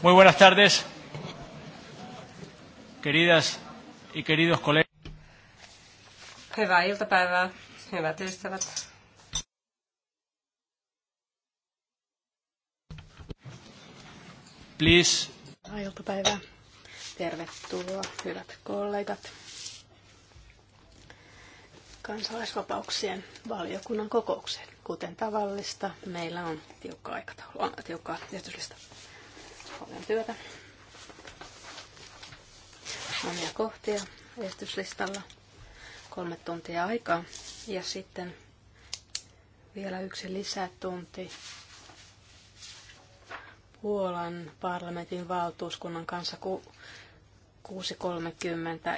Muy buenas tardes, queridas y queridos colegas. Hyvää iltapäivää, hyvät ystävät. Please. Hyvää iltapäivää. Tervetuloa, hyvät kollegat. Kansalaisvapauksien valiokunnan kokoukseen. Kuten tavallista, meillä on tiukka aikataulu, on tiukka tietyslista paljon työtä. Monia kohtia esityslistalla. Kolme tuntia aikaa. Ja sitten vielä yksi lisätunti Puolan parlamentin valtuuskunnan kanssa 6.30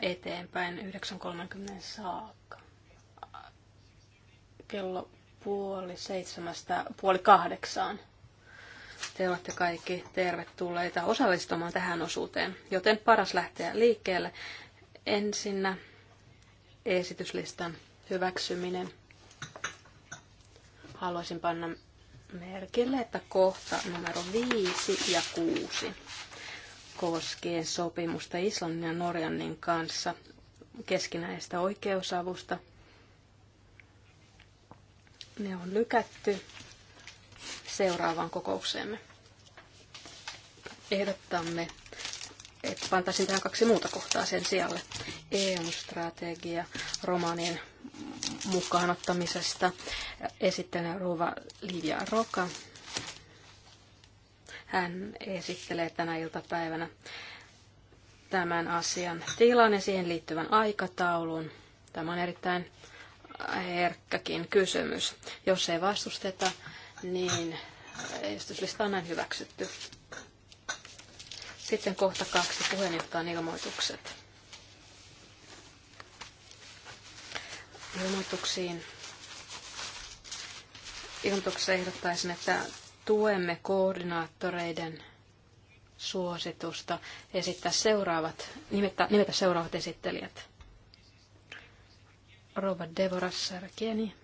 eteenpäin 9.30 saakka. Kello puoli seitsemästä, puoli kahdeksaan. Te olette kaikki tervetulleita osallistumaan tähän osuuteen, joten paras lähteä liikkeelle. Ensinnä esityslistan hyväksyminen. Haluaisin panna merkille, että kohta numero 5 ja 6 koskien sopimusta Islannin ja Norjannin kanssa keskinäistä oikeusavusta. Ne on lykätty seuraavaan kokoukseemme. Ehdottamme, että pantaisin tähän kaksi muuta kohtaa sen sijalle. EU-strategia romanien mukaanottamisesta esittelee Ruva Livia Roka. Hän esittelee tänä iltapäivänä tämän asian tilan ja siihen liittyvän aikataulun. Tämä on erittäin herkkäkin kysymys. Jos ei vastusteta, niin Esityslista on näin hyväksytty. Sitten kohta kaksi puheenjohtajan ilmoitukset. Ilmoituksiin ilmoituksessa ehdottaisin, että tuemme koordinaattoreiden suositusta esittää seuraavat, nimetä, nimetä seuraavat esittelijät. Robert Devorassar, Sarkieni,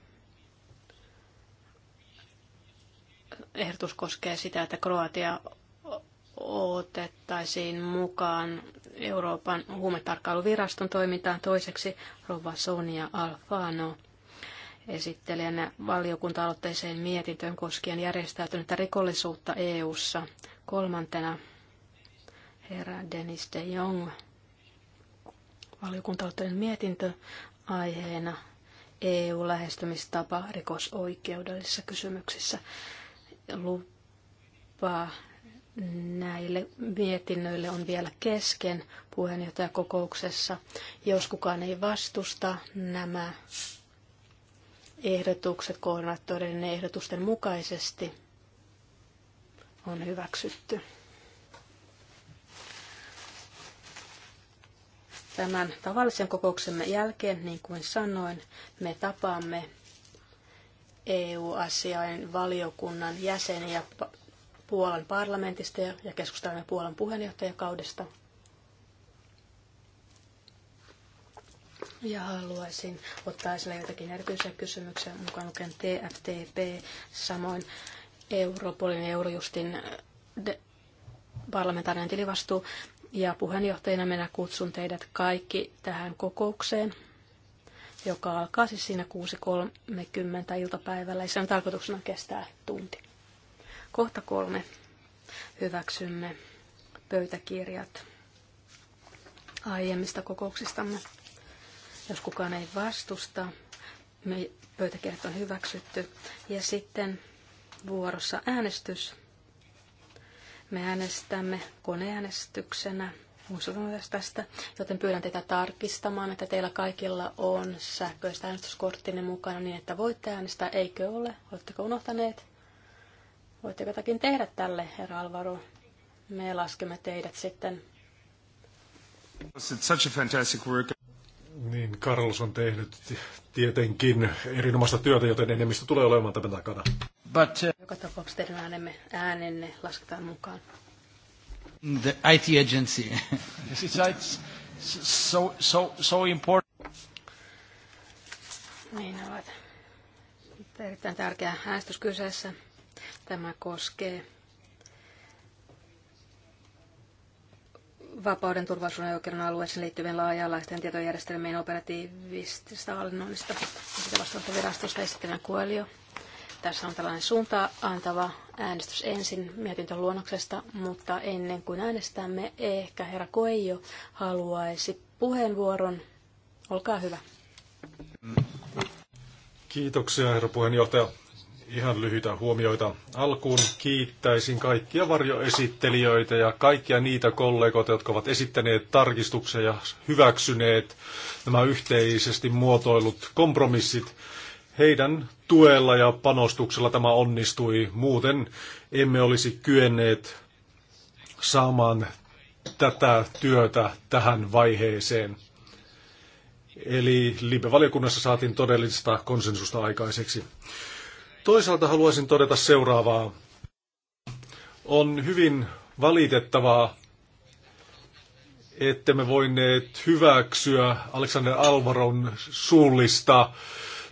ehdotus koskee sitä, että Kroatia otettaisiin mukaan Euroopan huumetarkkailuviraston toimintaan toiseksi Rova Sonia Alfano esittelijänä valiokunta aloitteeseen mietintöön koskien järjestäytynyttä rikollisuutta EU-ssa. Kolmantena herra Dennis de Jong valiokunta mietintö aiheena EU-lähestymistapa rikosoikeudellisissa kysymyksissä lupa näille mietinnöille on vielä kesken puheenjohtajakokouksessa. Jos kukaan ei vastusta, nämä ehdotukset koordinaattoreiden ehdotusten mukaisesti on hyväksytty. Tämän tavallisen kokouksemme jälkeen, niin kuin sanoin, me tapaamme EU-asiain valiokunnan jäseniä Puolan parlamentista ja keskustelemme Puolan puheenjohtajakaudesta. Ja haluaisin ottaa esille jotakin erityisiä kysymyksiä, mukaan lukien TFTP, samoin Europolin ja Eurojustin äh, parlamentaarinen tilivastuu. Ja puheenjohtajana minä kutsun teidät kaikki tähän kokoukseen, joka alkaa siis siinä 6.30 iltapäivällä ja sen tarkoituksena kestää tunti. Kohta kolme. Hyväksymme pöytäkirjat aiemmista kokouksistamme. Jos kukaan ei vastusta, me pöytäkirjat on hyväksytty. Ja sitten vuorossa äänestys. Me äänestämme koneäänestyksenä Muistutan tästä, joten pyydän teitä tarkistamaan, että teillä kaikilla on sähköistä äänestyskorttinne mukana niin, että voitte äänestää. Eikö ole? Oletteko unohtaneet? Voitteko jotakin tehdä tälle, herra Alvaro? Me laskemme teidät sitten. Such a fantastic work. Niin, Carlos on tehnyt tietenkin erinomaista työtä, joten enemmistö tulee olemaan tämän takana. But, uh... Joka tapauksessa teidän äänenne, äänenne lasketaan mukaan. The IT agency. yes, it's, it's so, so, so important. Niin ovat erittäin tärkeä äänestys kyseessä. Tämä koskee vapauden, turvallisuuden ja oikeuden alueeseen liittyvien laaja-alaisten tietojärjestelmien operatiivista hallinnoinnista. Sitä vastaavasta virastosta esittelen Kuelio. Tässä on tällainen suuntaa antava äänestys ensin mietintöluonnoksesta, mutta ennen kuin äänestämme, ehkä herra Koijo haluaisi puheenvuoron. Olkaa hyvä. Kiitoksia, herra puheenjohtaja. Ihan lyhyitä huomioita. Alkuun kiittäisin kaikkia varjoesittelijöitä ja kaikkia niitä kollegoita, jotka ovat esittäneet tarkistuksia ja hyväksyneet nämä yhteisesti muotoilut kompromissit. Heidän tuella ja panostuksella tämä onnistui. Muuten emme olisi kyenneet saamaan tätä työtä tähän vaiheeseen. Eli Libe-valiokunnassa saatiin todellista konsensusta aikaiseksi. Toisaalta haluaisin todeta seuraavaa. On hyvin valitettavaa, että me voineet hyväksyä Alexander Alvaron suullista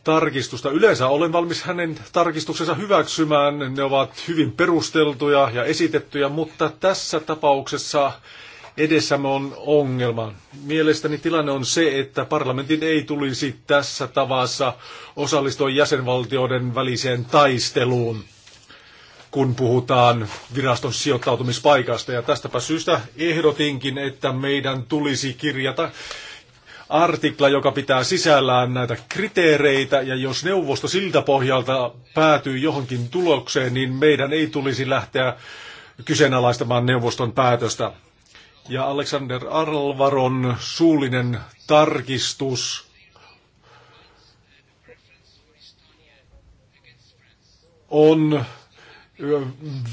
tarkistusta. Yleensä olen valmis hänen tarkistuksensa hyväksymään. Ne ovat hyvin perusteltuja ja esitettyjä, mutta tässä tapauksessa edessämme on ongelma. Mielestäni tilanne on se, että parlamentin ei tulisi tässä tavassa osallistua jäsenvaltioiden väliseen taisteluun kun puhutaan viraston sijoittautumispaikasta. Ja tästäpä syystä ehdotinkin, että meidän tulisi kirjata artikla, joka pitää sisällään näitä kriteereitä, ja jos neuvosto siltä pohjalta päätyy johonkin tulokseen, niin meidän ei tulisi lähteä kyseenalaistamaan neuvoston päätöstä. Ja Alexander Arlvaron suullinen tarkistus on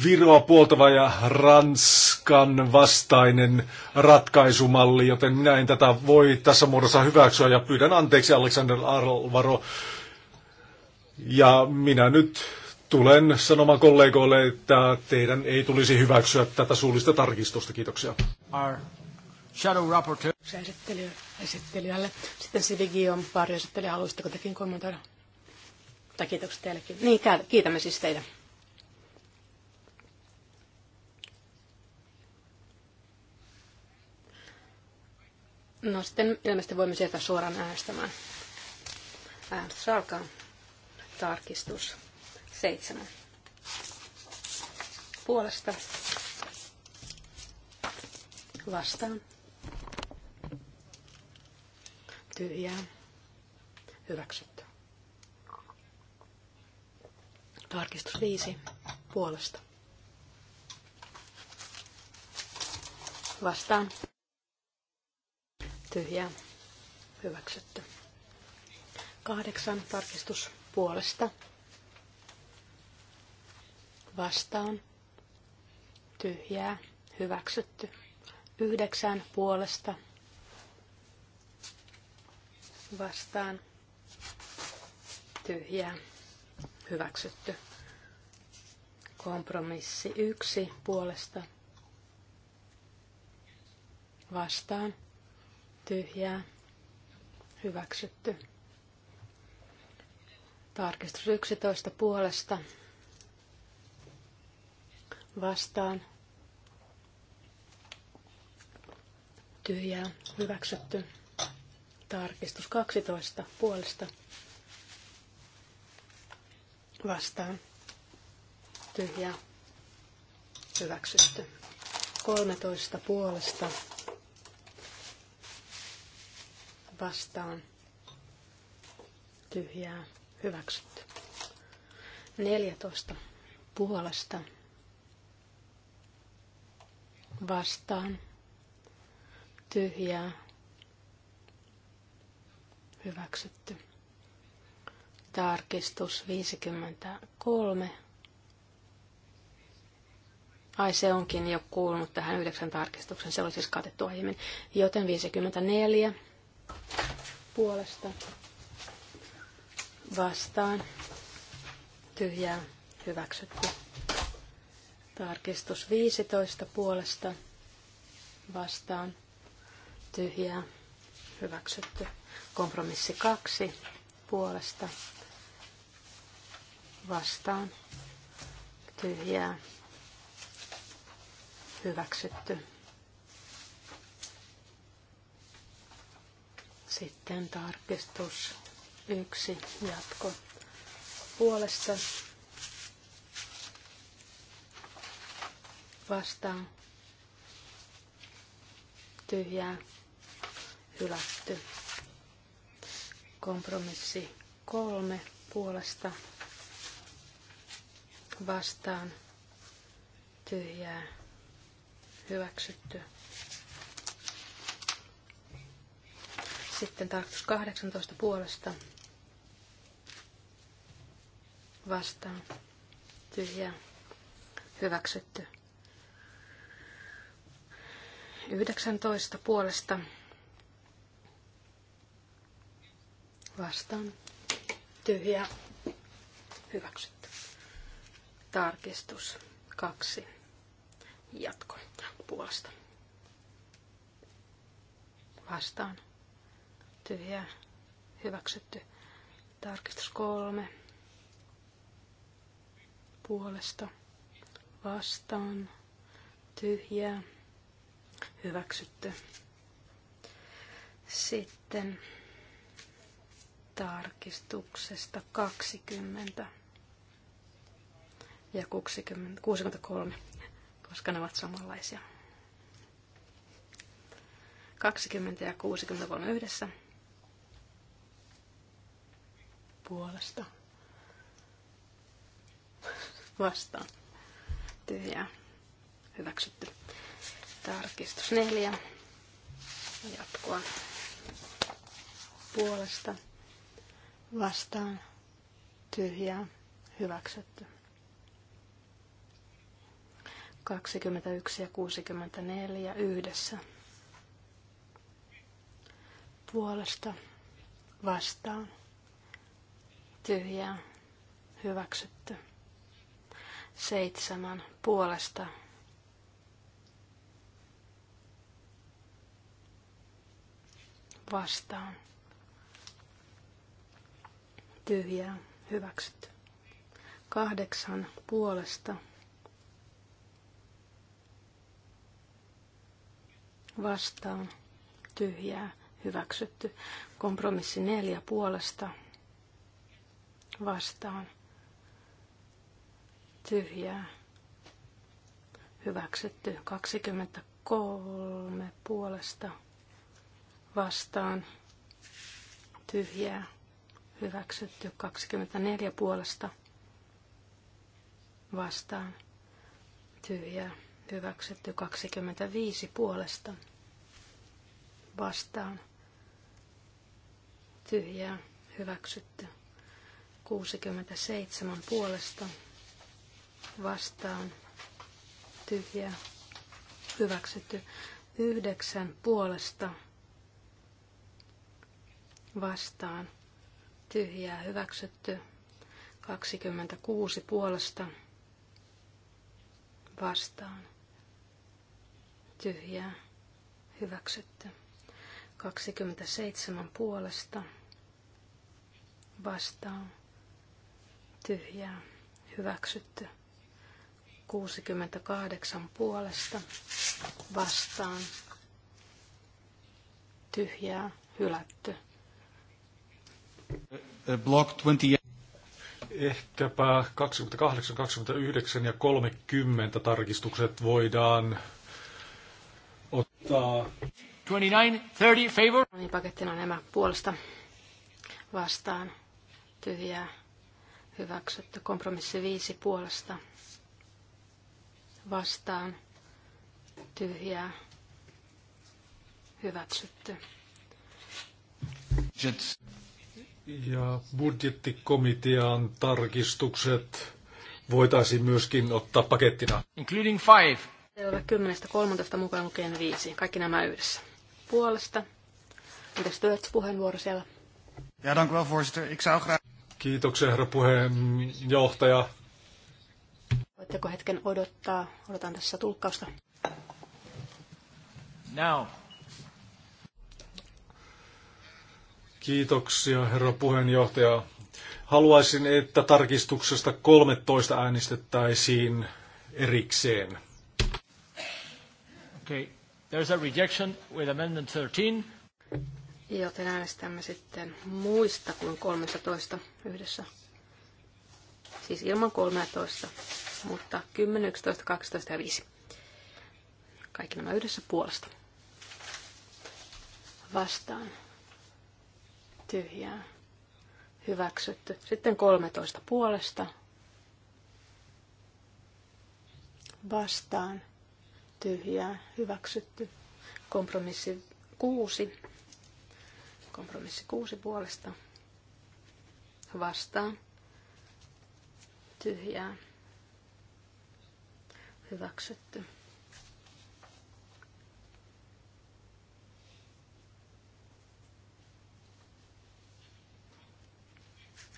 Viroa puoltava ja Ranskan vastainen ratkaisumalli, joten minä en tätä voi tässä muodossa hyväksyä ja pyydän anteeksi Alexander Alvaro. Ja minä nyt tulen sanomaan kollegoille, että teidän ei tulisi hyväksyä tätä suullista tarkistusta. Kiitoksia. Our shadow rapporteur. esitteli esittelijälle. Sitten Sivigi on pari esittelijä. Haluaisitteko tekin kommentoida? Tai kiitokset teillekin. Niin, kiitämme siis teidän. No sitten ilmeisesti voimme sieltä suoraan äänestämään. Äänestys alkaa. Tarkistus. Seitsemän. Puolesta. Vastaan. Tyhjää. Hyväksytty. Tarkistus viisi. Puolesta. Vastaan tyhjää hyväksytty. Kahdeksan tarkistus puolesta vastaan tyhjää hyväksytty. Yhdeksän puolesta vastaan tyhjää hyväksytty. Kompromissi yksi puolesta vastaan tyhjää, hyväksytty. Tarkistus 11 puolesta vastaan, tyhjää, hyväksytty. Tarkistus 12 puolesta vastaan, tyhjää, hyväksytty. 13 puolesta vastaan vastaan tyhjää hyväksytty. 14 puolesta vastaan tyhjää hyväksytty. Tarkistus 53. Ai se onkin jo kuulunut tähän yhdeksän tarkistuksen, se oli siis katettu aiemmin. Joten 54 puolesta vastaan tyhjää hyväksytty. Tarkistus 15 puolesta vastaan tyhjää hyväksytty. Kompromissi 2 puolesta vastaan tyhjää hyväksytty. Sitten tarkistus yksi jatko puolesta vastaan tyhjää hylätty. Kompromissi kolme puolesta vastaan tyhjää hyväksytty. Sitten tarkoitus 18 puolesta vastaan tyhjä hyväksytty. 19 puolesta vastaan tyhjä hyväksytty. Tarkistus 2 jatko puolesta vastaan tyhjä, hyväksytty. Tarkistus kolme puolesta vastaan tyhjä, hyväksytty. Sitten tarkistuksesta 20 ja 60, 63, koska ne ovat samanlaisia. 20 ja 63 yhdessä puolesta. Vastaan. Tyhjää. Hyväksytty. Tarkistus neljä. Jatkoa. Puolesta. Vastaan. Tyhjää. Hyväksytty. 21 ja 64 yhdessä puolesta vastaan tyhjää hyväksytty. Seitsemän puolesta vastaan tyhjää hyväksytty. Kahdeksan puolesta vastaan tyhjää hyväksytty. Kompromissi neljä puolesta vastaan tyhjää hyväksytty 23 puolesta vastaan tyhjää hyväksytty 24 puolesta vastaan tyhjää hyväksytty 25 puolesta vastaan tyhjää hyväksytty 67 puolesta vastaan tyhjää hyväksytty. 9 puolesta vastaan tyhjää hyväksytty. 26 puolesta vastaan tyhjää hyväksytty. 27 puolesta vastaan tyhjää hyväksytty. 68 puolesta vastaan tyhjää hylätty. Block 20. Ehkäpä 28, 29 ja 30 tarkistukset voidaan ottaa. 29, 30, favor. No niin pakettina nämä puolesta vastaan tyhjää Hyväksytty. Kompromissi viisi puolesta. Vastaan. Tyhjää. Hyväksytty. Ja budjettikomitean tarkistukset voitaisiin myöskin ottaa pakettina. Including five. Siellä 10-13 mukaan lukien viisi. Kaikki nämä yhdessä. Puolesta. Mitäs työt puheenvuoro siellä? Ja, dank wel, voorzitter. Ik zou graag... Kiitoksia, herra puheenjohtaja. Voitteko hetken odottaa? Odotan tässä tulkkausta. Now. Kiitoksia, herra puheenjohtaja. Haluaisin, että tarkistuksesta 13 äänestettäisiin erikseen. Okay. There's a rejection with amendment 13. Joten äänestämme sitten muista kuin 13 yhdessä. Siis ilman 13, mutta 10, 11, 12 ja 5. Kaikki nämä yhdessä puolesta. Vastaan. Tyhjää. Hyväksytty. Sitten 13 puolesta. Vastaan. Tyhjää. Hyväksytty. Kompromissi 6 Kompromissi kuusi puolesta vastaan. Tyhjää. Hyväksytty.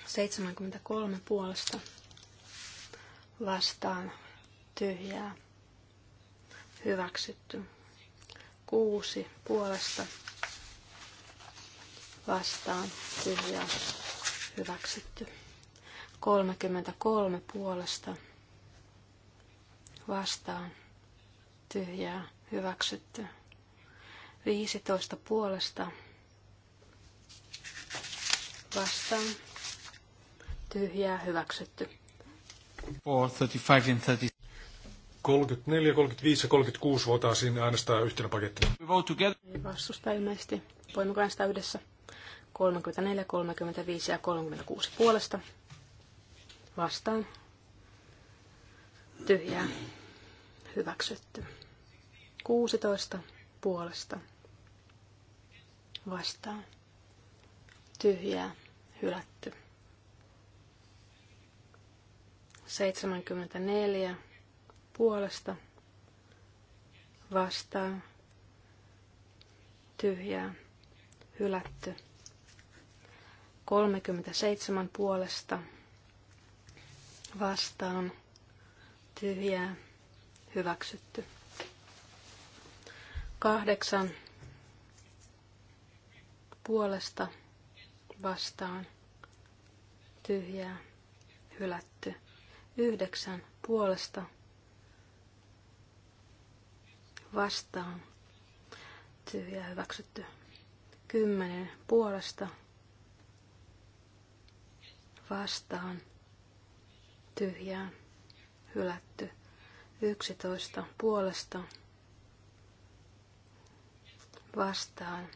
seitsemänkymmentä kolme puolesta vastaan tyhjää hyväksytty. Kuusi puolesta vastaan tyhjää hyväksytty. 33 puolesta vastaan tyhjää hyväksytty. 15 puolesta vastaan tyhjää hyväksytty. 34, 35 ja 36 voitaisiin äänestää yhtenä pakettina. vastusta ilmeisesti. Voimme äänestää yhdessä? 34, 35 ja 36 puolesta. Vastaan. Tyhjää. Hyväksytty. 16 puolesta. Vastaan. Tyhjää. Hylätty. 74 puolesta. Vastaan. Tyhjää. Hylätty. 37 puolesta vastaan tyhjää hyväksytty. Kahdeksan puolesta vastaan tyhjää hylätty. Yhdeksän puolesta vastaan tyhjää hyväksytty. Kymmenen puolesta vastaan tyhjää hylätty. 11 puolesta vastaan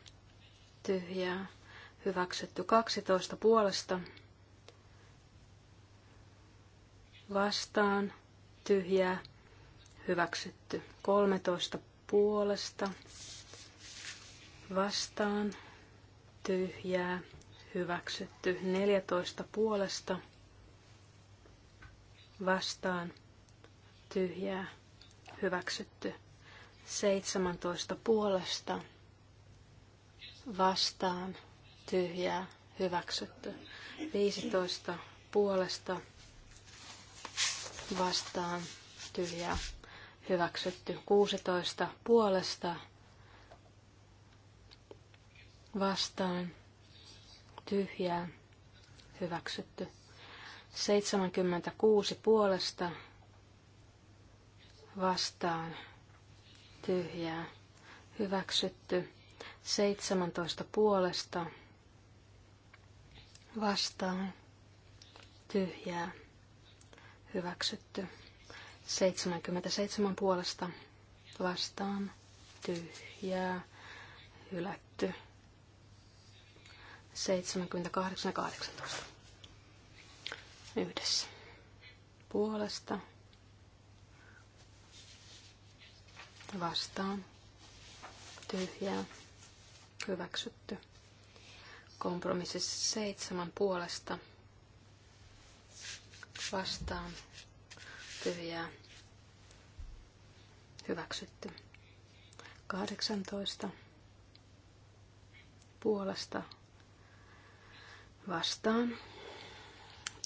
tyhjää hyväksytty. 12 puolesta vastaan tyhjää hyväksytty. 13 puolesta vastaan tyhjää hyväksytty 14 puolesta vastaan tyhjää hyväksytty 17 puolesta vastaan tyhjää hyväksytty 15 puolesta vastaan tyhjää hyväksytty 16 puolesta vastaan tyhjää, hyväksytty. 76 puolesta vastaan, tyhjää, hyväksytty. 17 puolesta vastaan, tyhjää, hyväksytty. 77 puolesta vastaan, tyhjää, hylätty. 78 ja 18. Yhdessä. Puolesta. Vastaan. Tyhjää. Hyväksytty. Kompromissi seitsemän puolesta. Vastaan. Tyhjää. Hyväksytty. 18 puolesta vastaan.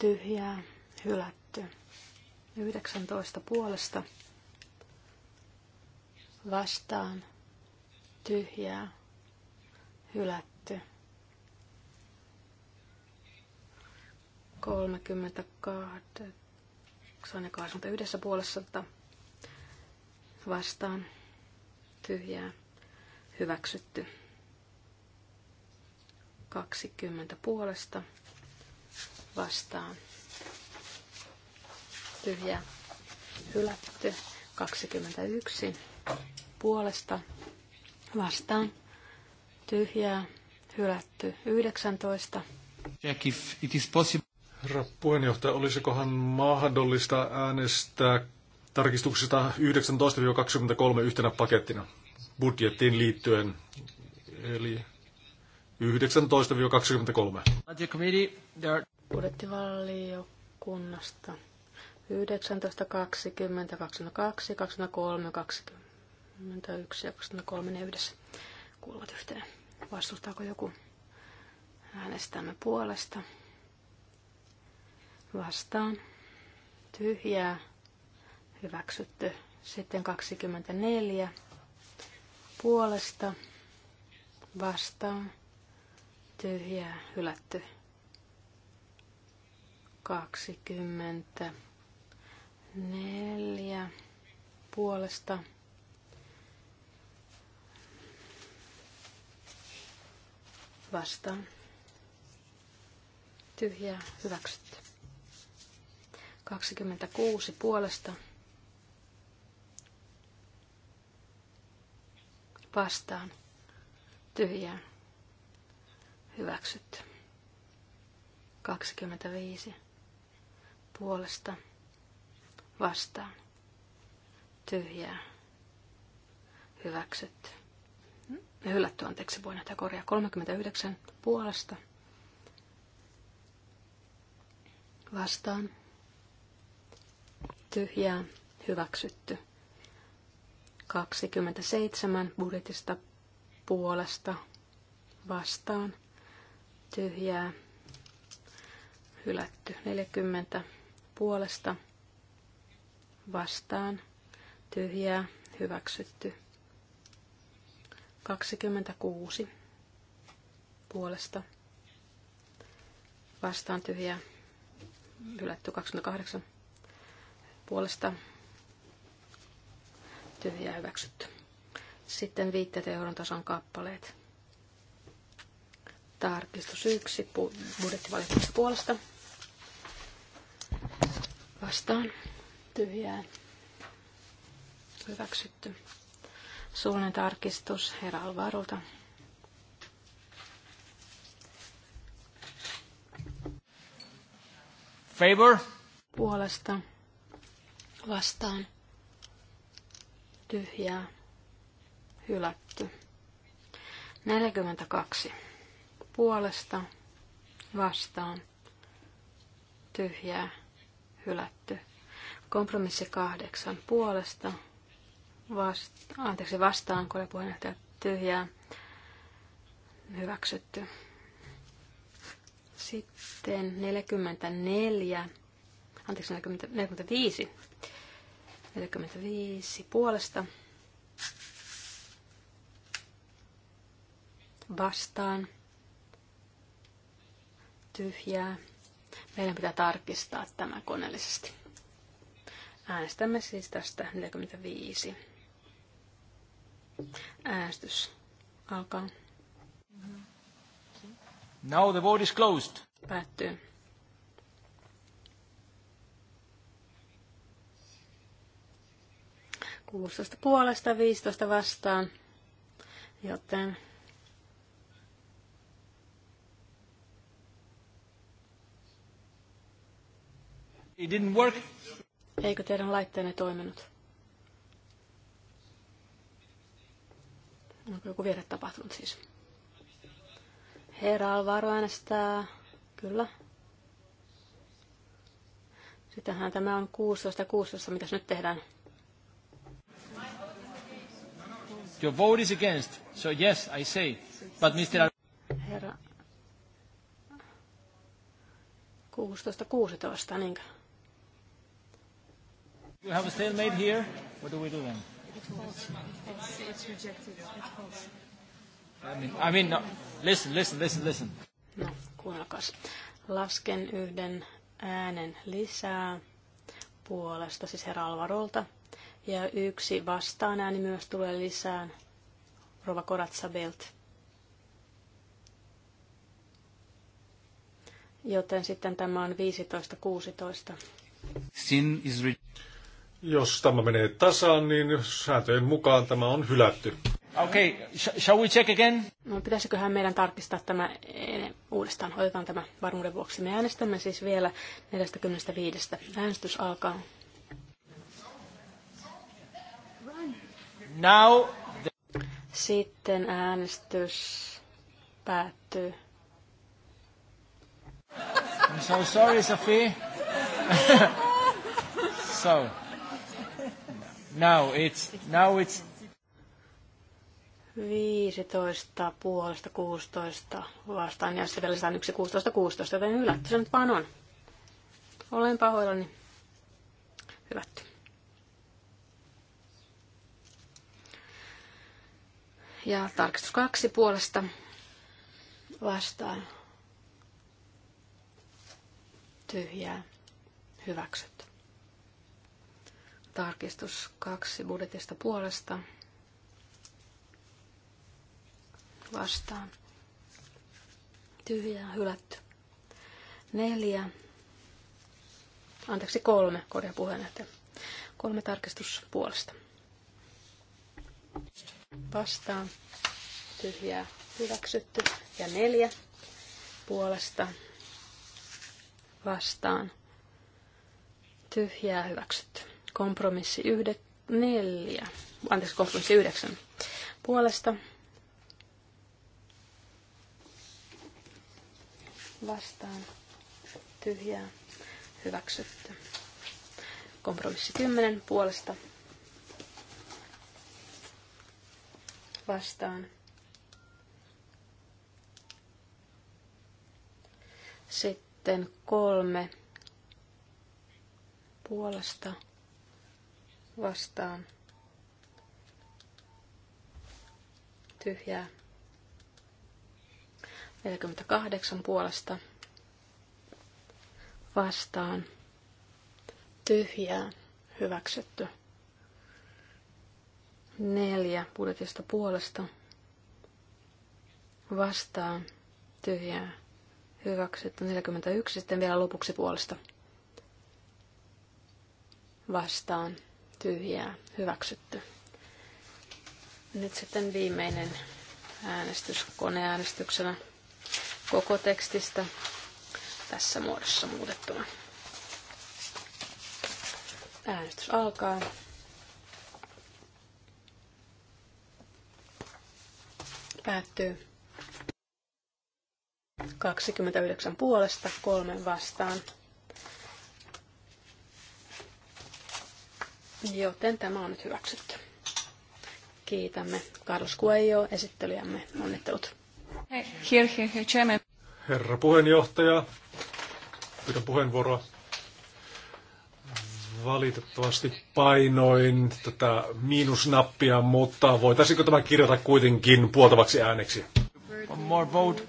Tyhjää, hylätty. 19 puolesta vastaan. Tyhjää, hylätty. 38 ja 81 puolessa vastaan. Tyhjää, hyväksytty. 20 puolesta vastaan. Tyhjä hylätty 21 puolesta vastaan. Tyhjää hylätty 19. Jack, if it is possible. Herra puheenjohtaja, olisikohan mahdollista äänestää tarkistuksista 19-23 yhtenä pakettina budjettiin liittyen? Eli 19-23. Budjettivaliokunnasta 19, 20, 22, 23, 21 ja 23 ne yhdessä kuuluvat yhteen. Vastustaako joku? Äänestämme puolesta. Vastaan. Tyhjää. Hyväksytty. Sitten 24. Puolesta. Vastaan tyhjää hylätty. 20 neljä puolesta. Vastaan. Tyhjää hyväksytty. 26 puolesta. Vastaan. Tyhjää Hyväksytty. 25. Puolesta. Vastaan. Tyhjää. Hyväksytty. Hyllätty, anteeksi, voin näitä korjaa. 39. Puolesta. Vastaan. Tyhjää. Hyväksytty. 27 budjetista puolesta vastaan tyhjää, hylätty 40 puolesta, vastaan, tyhjää, hyväksytty 26 puolesta, vastaan tyhjää, hylätty 28 puolesta, tyhjää hyväksytty. Sitten viitteet euron tasan kappaleet. Tarkistus 1 budjettivaliokunnassa puolesta. Vastaan. Tyhjää. Hyväksytty. Suullinen tarkistus herra Alvarolta. Favor. Puolesta. Vastaan. Tyhjää. Hylätty. 42 puolesta vastaan tyhjää hylätty. Kompromissi kahdeksan puolesta vasta, anteeksi, vastaan, kun puheenjohtaja tyhjää hyväksytty. Sitten 44, anteeksi 40, 45, 45 puolesta vastaan tyhjää. Meidän pitää tarkistaa tämä koneellisesti. Äänestämme siis tästä 45. Äänestys alkaa. Now the vote is closed. Päättyy. Kuusitoista puolesta, 15 vastaan, joten It didn't work. Eikö teidän laitteenne toiminut? Onko joku virhe tapahtunut siis? Herra Alvaro äänestää. Kyllä. Sittenhän tämä on 16.16. 16. Mitäs nyt tehdään? Your vote is against. So yes, I say. But Mr. Herra. 16.16, 16, niinkö? Do we have a stalemate here? What do we do then? It falls. It's rejected. It falls. I mean, I mean no. listen, listen, listen, listen. No, kuunnelkaas. Lasken yhden äänen lisää puolesta, siis herra Alvarolta. Ja yksi vastaan ääni myös tulee lisään Rova Koratsa Belt. Joten sitten tämä on 15.16. Sin is re- jos tämä menee tasaan, niin sääntöjen mukaan tämä on hylätty. Okei, okay. shall we check again? No, pitäisiköhän meidän tarkistaa tämä uudestaan? Otetaan tämä varmuuden vuoksi. Me äänestämme siis vielä 45. Äänestys alkaa. Now the... Sitten äänestys päättyy. I'm so sorry, Sophie. so. Now it's, now it's... 15 puolesta 16 vastaan ja sitten vielä 101 16 16, joten hylätty se nyt vaan on. Olen pahoillani. Hylätty. Ja tarkistus kaksi puolesta vastaan. Tyhjää. Hyväksytty. Tarkistus kaksi budjetista puolesta. Vastaan. Tyhjää, hylätty. Neljä. Anteeksi, kolme korja puheenjohtaja. Kolme tarkistus puolesta. Vastaan. Tyhjää, hyväksytty. Ja neljä puolesta vastaan. Tyhjää hyväksytty. Kompromissi yhde, neljä, anteeksi, kompromissi yhdeksän puolesta. Vastaan tyhjää hyväksytty. Kompromissi 10 puolesta vastaan. Sitten kolme puolesta vastaan tyhjää. 48 puolesta vastaan tyhjää hyväksytty. Neljä budjetista puolesta vastaan tyhjää hyväksytty. 41 sitten vielä lopuksi puolesta vastaan tyhjää hyväksytty. Nyt sitten viimeinen äänestys koneäänestyksenä koko tekstistä tässä muodossa muutettuna. Äänestys alkaa. Päättyy 29 puolesta, kolmen vastaan, joten tämä on nyt hyväksytty. Kiitämme Carlos Coelho esittelijämme. Onnittelut. Herra puheenjohtaja, pyydän puheenvuoroa. Valitettavasti painoin tätä miinusnappia, mutta voitaisiinko tämä kirjata kuitenkin puoltavaksi ääneksi? One more vote.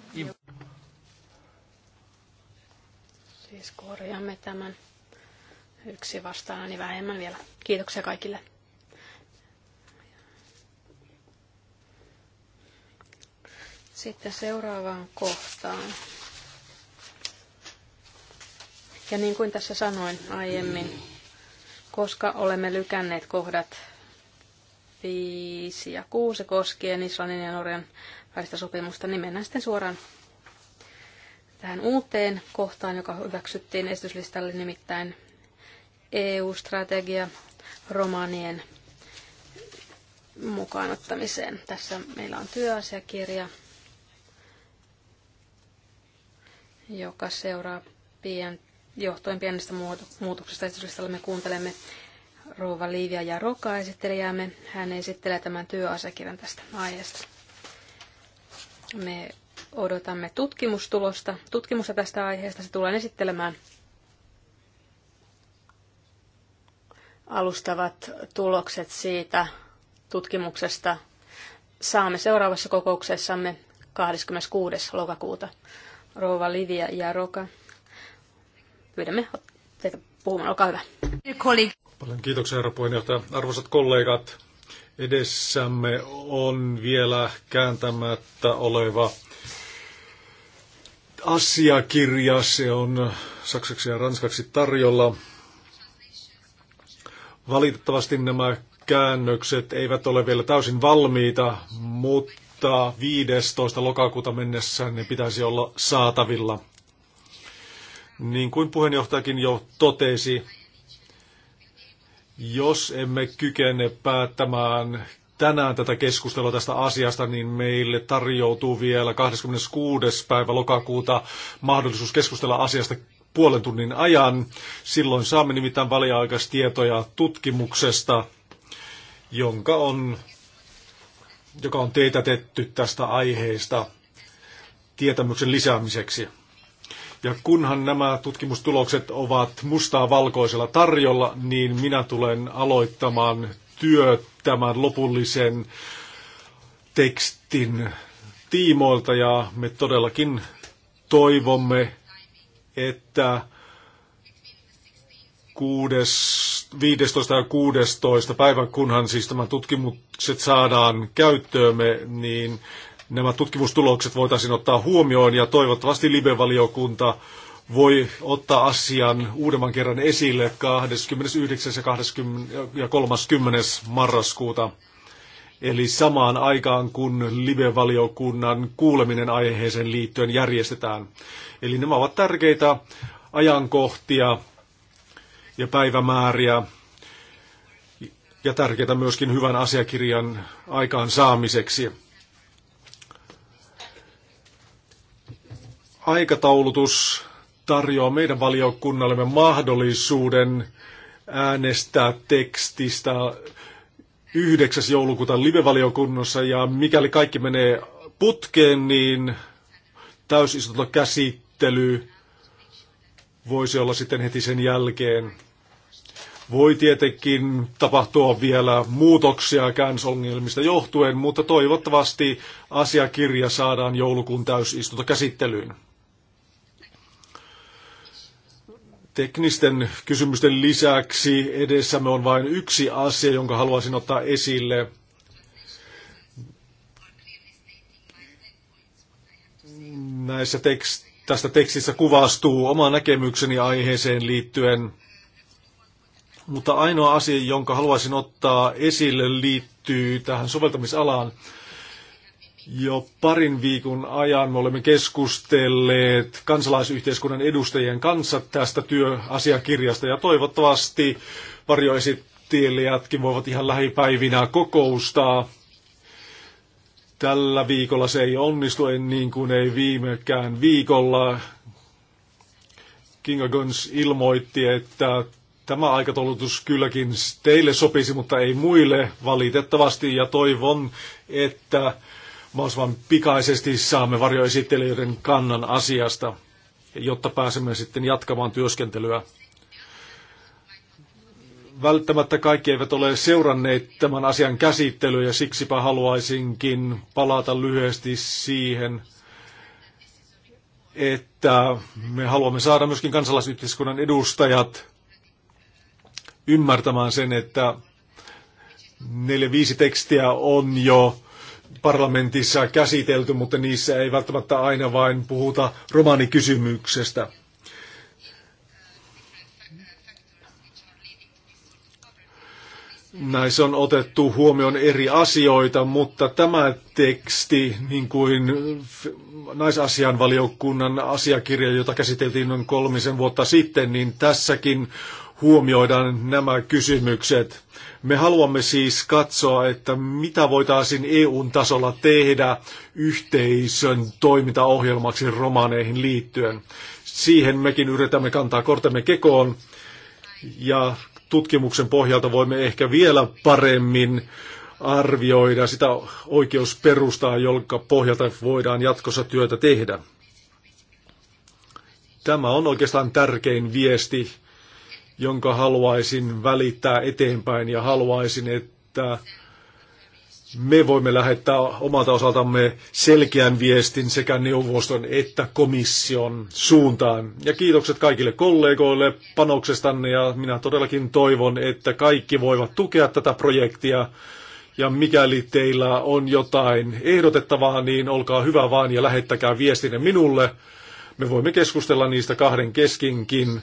Siis korjaamme tämän. Yksi vastaan, niin vähemmän vielä. Kiitoksia kaikille. Sitten seuraavaan kohtaan. Ja niin kuin tässä sanoin aiemmin, koska olemme lykänneet kohdat 5 ja 6 koskien Islannin ja Norjan välistä sopimusta, niin mennään sitten suoraan tähän uuteen kohtaan, joka hyväksyttiin esityslistalle nimittäin EU-strategia romanien mukaanottamiseen. Tässä meillä on työasiakirja, joka seuraa pien, johtuen pienestä muutoksesta esityslistalla. Me kuuntelemme rouva Liivia ja Roka esittelijäämme. Hän esittelee tämän työasiakirjan tästä aiheesta. Me odotamme tutkimustulosta. Tutkimusta tästä aiheesta se tulee esittelemään alustavat tulokset siitä tutkimuksesta saamme seuraavassa kokouksessamme 26. lokakuuta. Rouva Livia ja Roka. pyydämme teitä puhumaan. Olkaa hyvä. Paljon kiitoksia, herra puheenjohtaja. Arvoisat kollegat, edessämme on vielä kääntämättä oleva asiakirja. Se on saksaksi ja ranskaksi tarjolla. Valitettavasti nämä käännökset eivät ole vielä täysin valmiita, mutta 15. lokakuuta mennessä ne pitäisi olla saatavilla. Niin kuin puheenjohtajakin jo totesi, jos emme kykene päättämään tänään tätä keskustelua tästä asiasta, niin meille tarjoutuu vielä 26. päivä lokakuuta mahdollisuus keskustella asiasta puolen tunnin ajan. Silloin saamme nimittäin tietoja tutkimuksesta, jonka on, joka on teetätetty tästä aiheesta tietämyksen lisäämiseksi. Ja kunhan nämä tutkimustulokset ovat mustaa valkoisella tarjolla, niin minä tulen aloittamaan työ tämän lopullisen tekstin tiimoilta ja me todellakin toivomme, että 6, 15 ja 16 päivän, kunhan siis tämän tutkimukset saadaan käyttöömme, niin nämä tutkimustulokset voitaisiin ottaa huomioon ja toivottavasti live-valiokunta voi ottaa asian uudemman kerran esille 29. ja 30. marraskuuta. Eli samaan aikaan, kun live-valiokunnan kuuleminen aiheeseen liittyen järjestetään. Eli nämä ovat tärkeitä ajankohtia ja päivämääriä ja tärkeitä myöskin hyvän asiakirjan aikaan saamiseksi. Aikataulutus tarjoaa meidän valiokunnallemme mahdollisuuden äänestää tekstistä 9. joulukuuta live ja mikäli kaikki menee putkeen, niin käsittely voisi olla sitten heti sen jälkeen. Voi tietenkin tapahtua vielä muutoksia käänsongelmista johtuen, mutta toivottavasti asiakirja saadaan joulukuun käsittelyyn. Teknisten kysymysten lisäksi edessämme on vain yksi asia, jonka haluaisin ottaa esille. Näissä tekst- tästä tekstissä kuvastuu oma näkemykseni aiheeseen liittyen, mutta ainoa asia, jonka haluaisin ottaa esille, liittyy tähän soveltamisalaan. Jo parin viikon ajan me olemme keskustelleet kansalaisyhteiskunnan edustajien kanssa tästä työasiakirjasta ja toivottavasti varjoesittelijätkin voivat ihan lähipäivinä kokoustaa. Tällä viikolla se ei onnistu, en niin kuin ei viimekään viikolla. Kinga Guns ilmoitti, että tämä aikataulutus kylläkin teille sopisi, mutta ei muille valitettavasti. Ja toivon, että mahdollisimman pikaisesti saamme varjoesittelijöiden kannan asiasta, jotta pääsemme sitten jatkamaan työskentelyä. Välttämättä kaikki eivät ole seuranneet tämän asian käsittelyä ja siksipä haluaisinkin palata lyhyesti siihen, että me haluamme saada myöskin kansalaisyhteiskunnan edustajat ymmärtämään sen, että neljä viisi tekstiä on jo parlamentissa käsitelty, mutta niissä ei välttämättä aina vain puhuta romaanikysymyksestä. Näissä on otettu huomioon eri asioita, mutta tämä teksti, niin kuin valiokunnan asiakirja, jota käsiteltiin noin kolmisen vuotta sitten, niin tässäkin huomioidaan nämä kysymykset. Me haluamme siis katsoa, että mitä voitaisiin eu tasolla tehdä yhteisön toimintaohjelmaksi romaneihin liittyen. Siihen mekin yritämme kantaa kortemme kekoon ja tutkimuksen pohjalta voimme ehkä vielä paremmin arvioida sitä oikeusperustaa, jonka pohjalta voidaan jatkossa työtä tehdä. Tämä on oikeastaan tärkein viesti, jonka haluaisin välittää eteenpäin ja haluaisin, että me voimme lähettää omalta osaltamme selkeän viestin sekä neuvoston että komission suuntaan. Ja kiitokset kaikille kollegoille panoksestanne ja minä todellakin toivon, että kaikki voivat tukea tätä projektia. Ja mikäli teillä on jotain ehdotettavaa, niin olkaa hyvä vaan ja lähettäkää viestinne minulle. Me voimme keskustella niistä kahden keskinkin.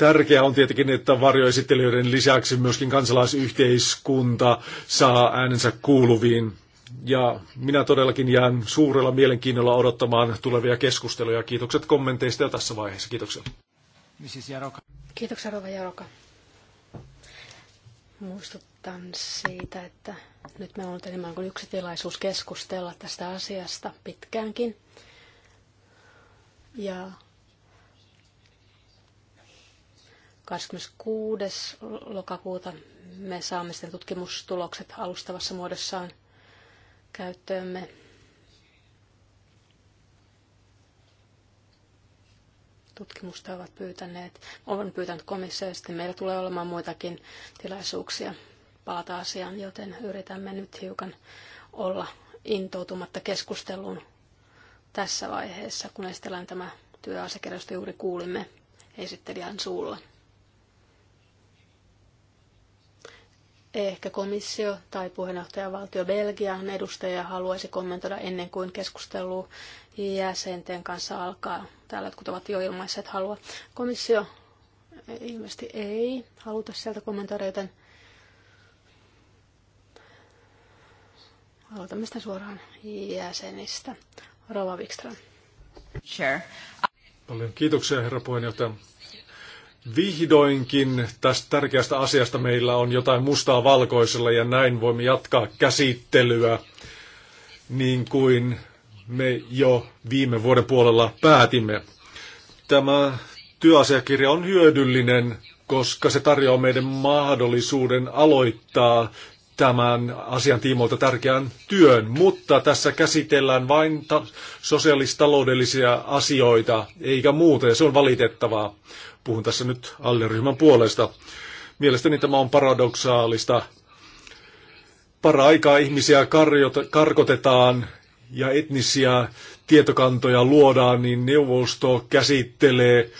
Tärkeää on tietenkin, että varjoesittelijöiden lisäksi myöskin kansalaisyhteiskunta saa äänensä kuuluviin. Ja minä todellakin jään suurella mielenkiinnolla odottamaan tulevia keskusteluja. Kiitokset kommenteista jo tässä vaiheessa. Kiitoksia. Kiitoksia Rova Jaroka. Muistutan siitä, että nyt me on ollut enemmän kuin yksi tilaisuus keskustella tästä asiasta pitkäänkin. Ja 26. lokakuuta me saamme sitten tutkimustulokset alustavassa muodossaan käyttöömme. Tutkimusta ovat pyytäneet, olen pyytänyt komissio ja sitten meillä tulee olemaan muitakin tilaisuuksia palata asiaan, joten yritämme nyt hiukan olla intoutumatta keskusteluun tässä vaiheessa, kun esitellään tämä työasiakirjasto juuri kuulimme esittelijän suulla. Ehkä komissio tai puheenjohtajavaltio Belgian edustaja haluaisi kommentoida ennen kuin keskustelu jäsenten kanssa alkaa. Täällä jotkut ovat jo ilmaisseet halua. Komissio eh, ilmeisesti ei haluta sieltä kommentoida, joten aloitamme sitä suoraan jäsenistä. Rova Wikström. Sure. Paljon kiitoksia, herra puheenjohtaja. Vihdoinkin tästä tärkeästä asiasta meillä on jotain mustaa valkoisella ja näin voimme jatkaa käsittelyä niin kuin me jo viime vuoden puolella päätimme. Tämä työasiakirja on hyödyllinen, koska se tarjoaa meidän mahdollisuuden aloittaa tämän asian tiimoilta tärkeän työn, mutta tässä käsitellään vain ta- sosiaalistaloudellisia asioita, eikä muuta, ja se on valitettavaa. Puhun tässä nyt alleryhmän puolesta. Mielestäni tämä on paradoksaalista. Paraikaa ihmisiä karjota, karkotetaan ja etnisiä tietokantoja luodaan, niin neuvosto käsittelee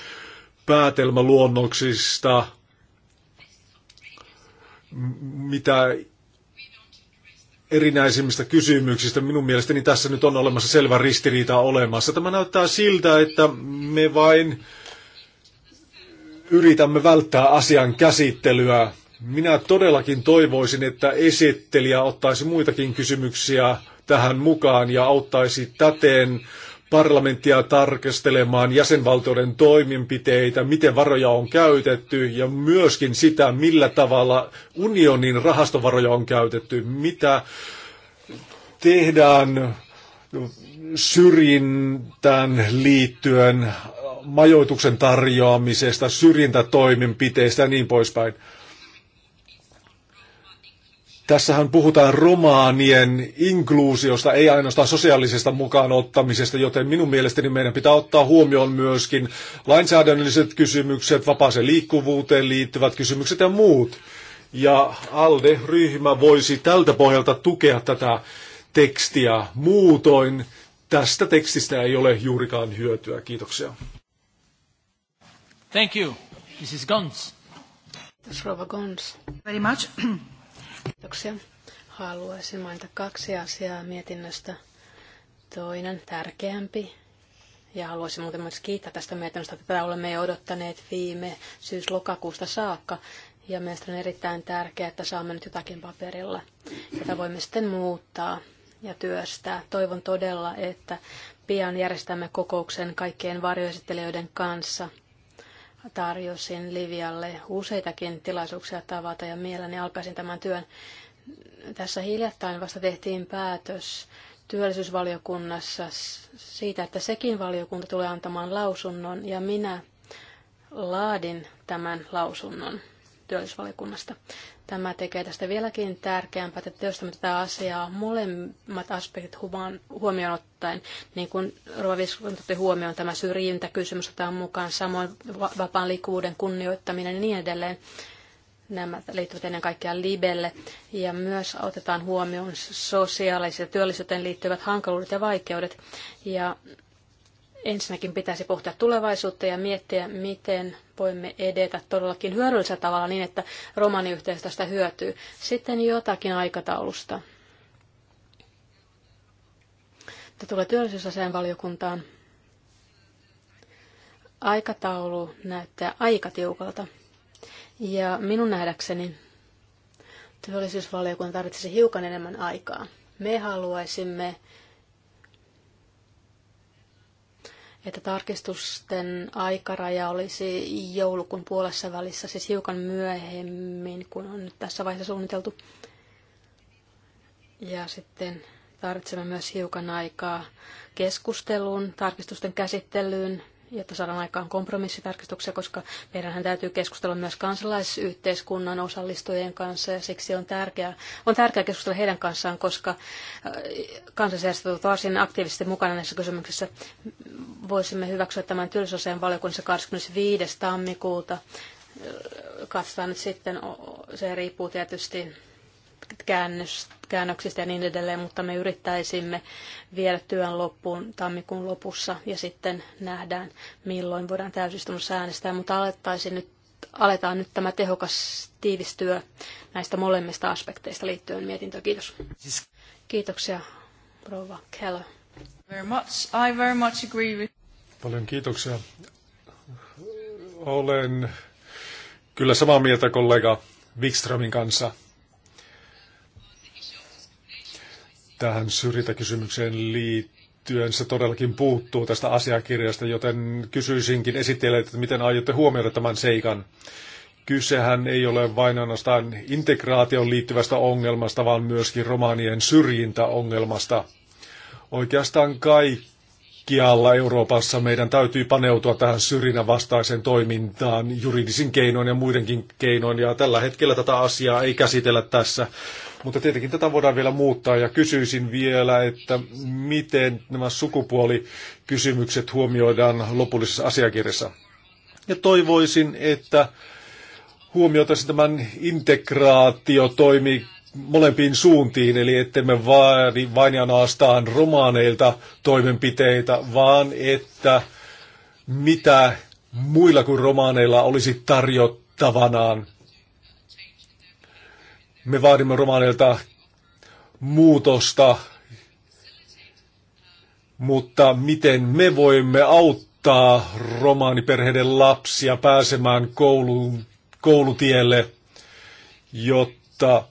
päätelmäluonnoksista mitä erinäisimmistä kysymyksistä. Minun mielestäni tässä nyt on olemassa selvä ristiriita olemassa. Tämä näyttää siltä, että me vain yritämme välttää asian käsittelyä. Minä todellakin toivoisin, että esittelijä ottaisi muitakin kysymyksiä tähän mukaan ja auttaisi täten parlamenttia tarkastelemaan jäsenvaltioiden toimenpiteitä, miten varoja on käytetty ja myöskin sitä, millä tavalla unionin rahastovaroja on käytetty, mitä tehdään syrjintään liittyen majoituksen tarjoamisesta, syrjintätoimenpiteistä ja niin poispäin. Tässähän puhutaan romaanien inkluusiosta, ei ainoastaan sosiaalisesta mukaan ottamisesta, joten minun mielestäni meidän pitää ottaa huomioon myöskin lainsäädännölliset kysymykset, vapaaseen liikkuvuuteen liittyvät kysymykset ja muut. Ja ALDE-ryhmä voisi tältä pohjalta tukea tätä tekstiä. Muutoin tästä tekstistä ei ole juurikaan hyötyä. Kiitoksia. Thank you. This is Gons. is Rova Gons. Very much. Kiitoksia. Haluaisin mainita kaksi asiaa mietinnöstä. Toinen tärkeämpi. Ja haluaisin muuten myös kiittää tästä mietinnöstä, että tätä olemme jo odottaneet viime syys-lokakuusta saakka. Ja mielestäni on erittäin tärkeää, että saamme nyt jotakin paperilla, jota voimme sitten muuttaa ja työstää. Toivon todella, että pian järjestämme kokouksen kaikkien varjoesittelijöiden kanssa – tarjosin Livialle useitakin tilaisuuksia tavata ja mielelläni alkaisin tämän työn. Tässä hiljattain vasta tehtiin päätös työllisyysvaliokunnassa siitä, että sekin valiokunta tulee antamaan lausunnon ja minä laadin tämän lausunnon työllisyysvaliokunnasta. Tämä tekee tästä vieläkin tärkeämpää, että teostamme tätä asiaa molemmat aspektit huomioon ottaen. Niin kuin Ruovis otti huomioon, tämä syrjintäkysymys otetaan mukaan, samoin vapaan liikkuvuuden kunnioittaminen ja niin edelleen. Nämä liittyvät ennen kaikkea libelle. Ja myös otetaan huomioon sosiaaliset ja työllisyyteen liittyvät hankaluudet ja vaikeudet. Ja Ensinnäkin pitäisi pohtia tulevaisuutta ja miettiä, miten voimme edetä todellakin hyödyllisellä tavalla niin, että romaniyhteisö tästä hyötyy. Sitten jotakin aikataulusta. Tämä tulee työllisyysasian valiokuntaan. Aikataulu näyttää aika tiukalta. Ja minun nähdäkseni työllisyysvaliokunta tarvitsisi hiukan enemmän aikaa. Me haluaisimme että tarkistusten aikaraja olisi joulukuun puolessa välissä, siis hiukan myöhemmin kuin on nyt tässä vaiheessa suunniteltu. Ja sitten tarvitsemme myös hiukan aikaa keskusteluun, tarkistusten käsittelyyn jotta saadaan aikaan kompromissitarkistuksia, koska meidän täytyy keskustella myös kansalaisyhteiskunnan osallistujien kanssa ja siksi on tärkeää, on tärkeää keskustella heidän kanssaan, koska äh, kansalaisjärjestöt ovat varsin aktiivisesti mukana näissä kysymyksissä. Voisimme hyväksyä tämän työllisyysasian valiokunnassa 25. tammikuuta. Äh, katsotaan nyt sitten, se riippuu tietysti käännöksistä ja niin edelleen, mutta me yrittäisimme viedä työn loppuun tammikuun lopussa ja sitten nähdään, milloin voidaan täysistunnossa äänestää, mutta alettaisiin nyt aletaan nyt tämä tehokas tiivistyö näistä molemmista aspekteista liittyen mietintöön. Kiitos. Kiitoksia, rouva Keller. Very much. I very much agree with... Paljon kiitoksia. Olen kyllä samaa mieltä kollega Wikströmin kanssa. tähän syrjintäkysymykseen liittyen se todellakin puuttuu tästä asiakirjasta, joten kysyisinkin esittäjälle, että miten aiotte huomioida tämän seikan. Kysehän ei ole vain ainoastaan integraation liittyvästä ongelmasta, vaan myöskin romaanien syrjintäongelmasta. Oikeastaan kaikkialla Euroopassa meidän täytyy paneutua tähän syrjinnän vastaiseen toimintaan juridisin keinoin ja muidenkin keinoin, ja tällä hetkellä tätä asiaa ei käsitellä tässä mutta tietenkin tätä voidaan vielä muuttaa ja kysyisin vielä, että miten nämä sukupuolikysymykset huomioidaan lopullisessa asiakirjassa. Ja toivoisin, että huomioitaisiin tämän integraatio toimi molempiin suuntiin, eli me vaadi vain ja naastaan romaaneilta toimenpiteitä, vaan että mitä muilla kuin romaaneilla olisi tarjottavanaan me vaadimme romaneilta muutosta, mutta miten me voimme auttaa romaaniperheiden lapsia pääsemään kouluun, koulutielle, jotta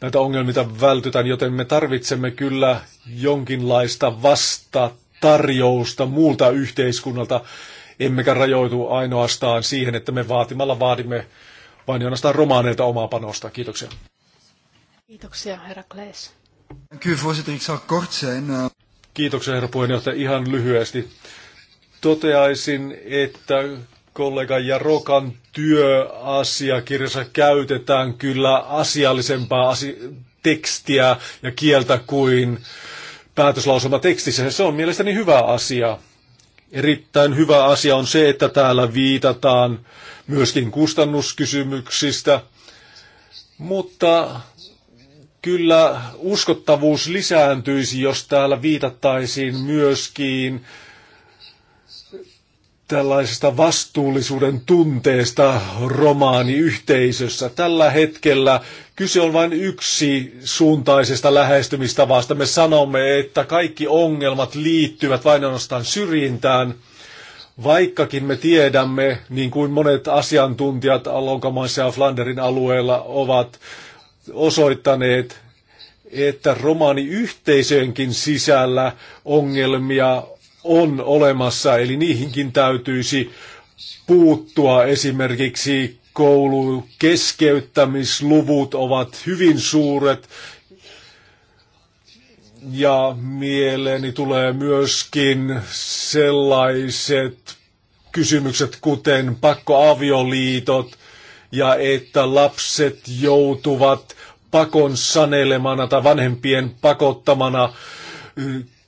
näitä ongelmia vältytään, joten me tarvitsemme kyllä jonkinlaista vasta tarjousta muulta yhteiskunnalta, emmekä rajoitu ainoastaan siihen, että me vaatimalla vaadimme vain ainoastaan romaaneilta omaa panosta. Kiitoksia. Kiitoksia, herra Klees. Eh. Kiitoksia, herra puheenjohtaja. Ihan lyhyesti toteaisin, että kollega Jarokan työasiakirjassa käytetään kyllä asiallisempaa asi- tekstiä ja kieltä kuin päätöslausuma tekstissä. Se on mielestäni hyvä asia. Erittäin hyvä asia on se, että täällä viitataan myöskin kustannuskysymyksistä, mutta kyllä uskottavuus lisääntyisi, jos täällä viitattaisiin myöskin tällaisesta vastuullisuuden tunteesta romaaniyhteisössä. Tällä hetkellä kyse on vain yksi suuntaisesta lähestymistavasta. Me sanomme, että kaikki ongelmat liittyvät vain ainoastaan syrjintään – Vaikkakin me tiedämme, niin kuin monet asiantuntijat Alonkamaissa ja Flanderin alueella ovat osoittaneet, että romaaniyhteisöjenkin sisällä ongelmia on olemassa, eli niihinkin täytyisi puuttua esimerkiksi koulukeskeyttämisluvut ovat hyvin suuret ja mieleeni tulee myöskin sellaiset kysymykset, kuten pakkoavioliitot ja että lapset joutuvat pakon sanelemana tai vanhempien pakottamana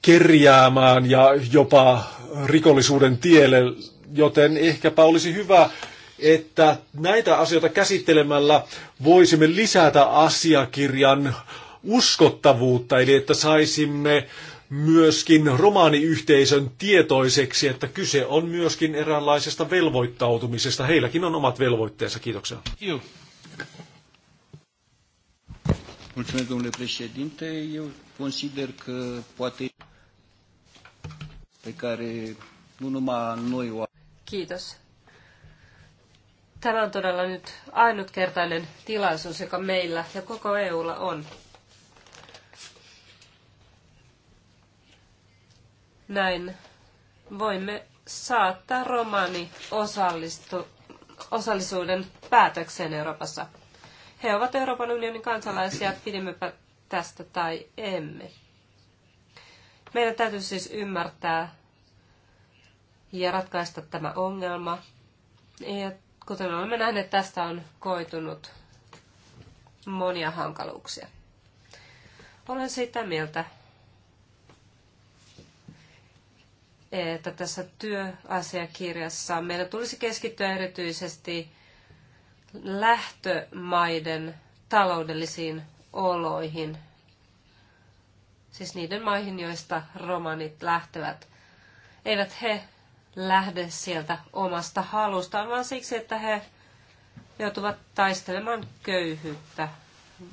kerjäämään ja jopa rikollisuuden tielle, joten ehkäpä olisi hyvä, että näitä asioita käsittelemällä voisimme lisätä asiakirjan uskottavuutta, eli että saisimme myöskin romaaniyhteisön tietoiseksi, että kyse on myöskin eräänlaisesta velvoittautumisesta. Heilläkin on omat velvoitteensa. Kiitoksia. Kiitos. Mulțumesc, domnule președinte. Eu consider că poate pe care nu numai noi o... Kiitos. Tämä on todella nyt ainutkertainen tilaisuus, joka meillä ja koko EUlla on. Näin voimme saattaa romani osallistu, osallisuuden päätökseen Euroopassa. He ovat Euroopan unionin kansalaisia, pidimmepä tästä tai emme. Meidän täytyy siis ymmärtää ja ratkaista tämä ongelma. Ja kuten olemme nähneet, tästä on koitunut monia hankaluuksia. Olen sitä mieltä, että tässä työasiakirjassa meidän tulisi keskittyä erityisesti lähtömaiden taloudellisiin oloihin, siis niiden maihin, joista romanit lähtevät. Eivät he lähde sieltä omasta halustaan, vaan siksi, että he joutuvat taistelemaan köyhyyttä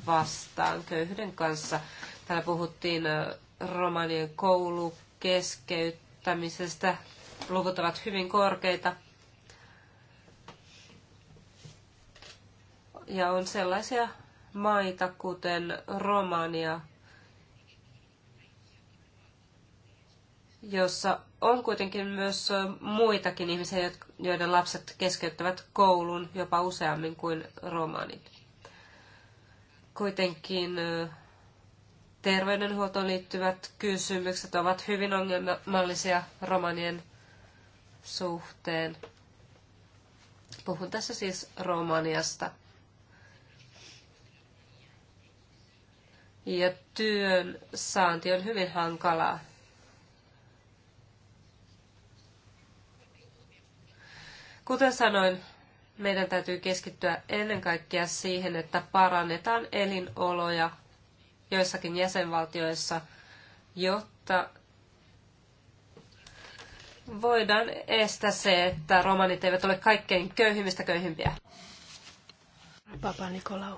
vastaan, köyhyyden kanssa. Täällä puhuttiin romanien koulukeskeyttä käyttämisestä. Luvut ovat hyvin korkeita. Ja on sellaisia maita, kuten Romania, jossa on kuitenkin myös muitakin ihmisiä, joiden lapset keskeyttävät koulun jopa useammin kuin romanit. Kuitenkin terveydenhuoltoon liittyvät kysymykset ovat hyvin ongelmallisia romanien suhteen. Puhun tässä siis Romaniasta. Ja työn saanti on hyvin hankalaa. Kuten sanoin, meidän täytyy keskittyä ennen kaikkea siihen, että parannetaan elinoloja joissakin jäsenvaltioissa, jotta voidaan estää se, että romanit eivät ole kaikkein köyhimmistä köyhimpiä. Papa Nikolaou.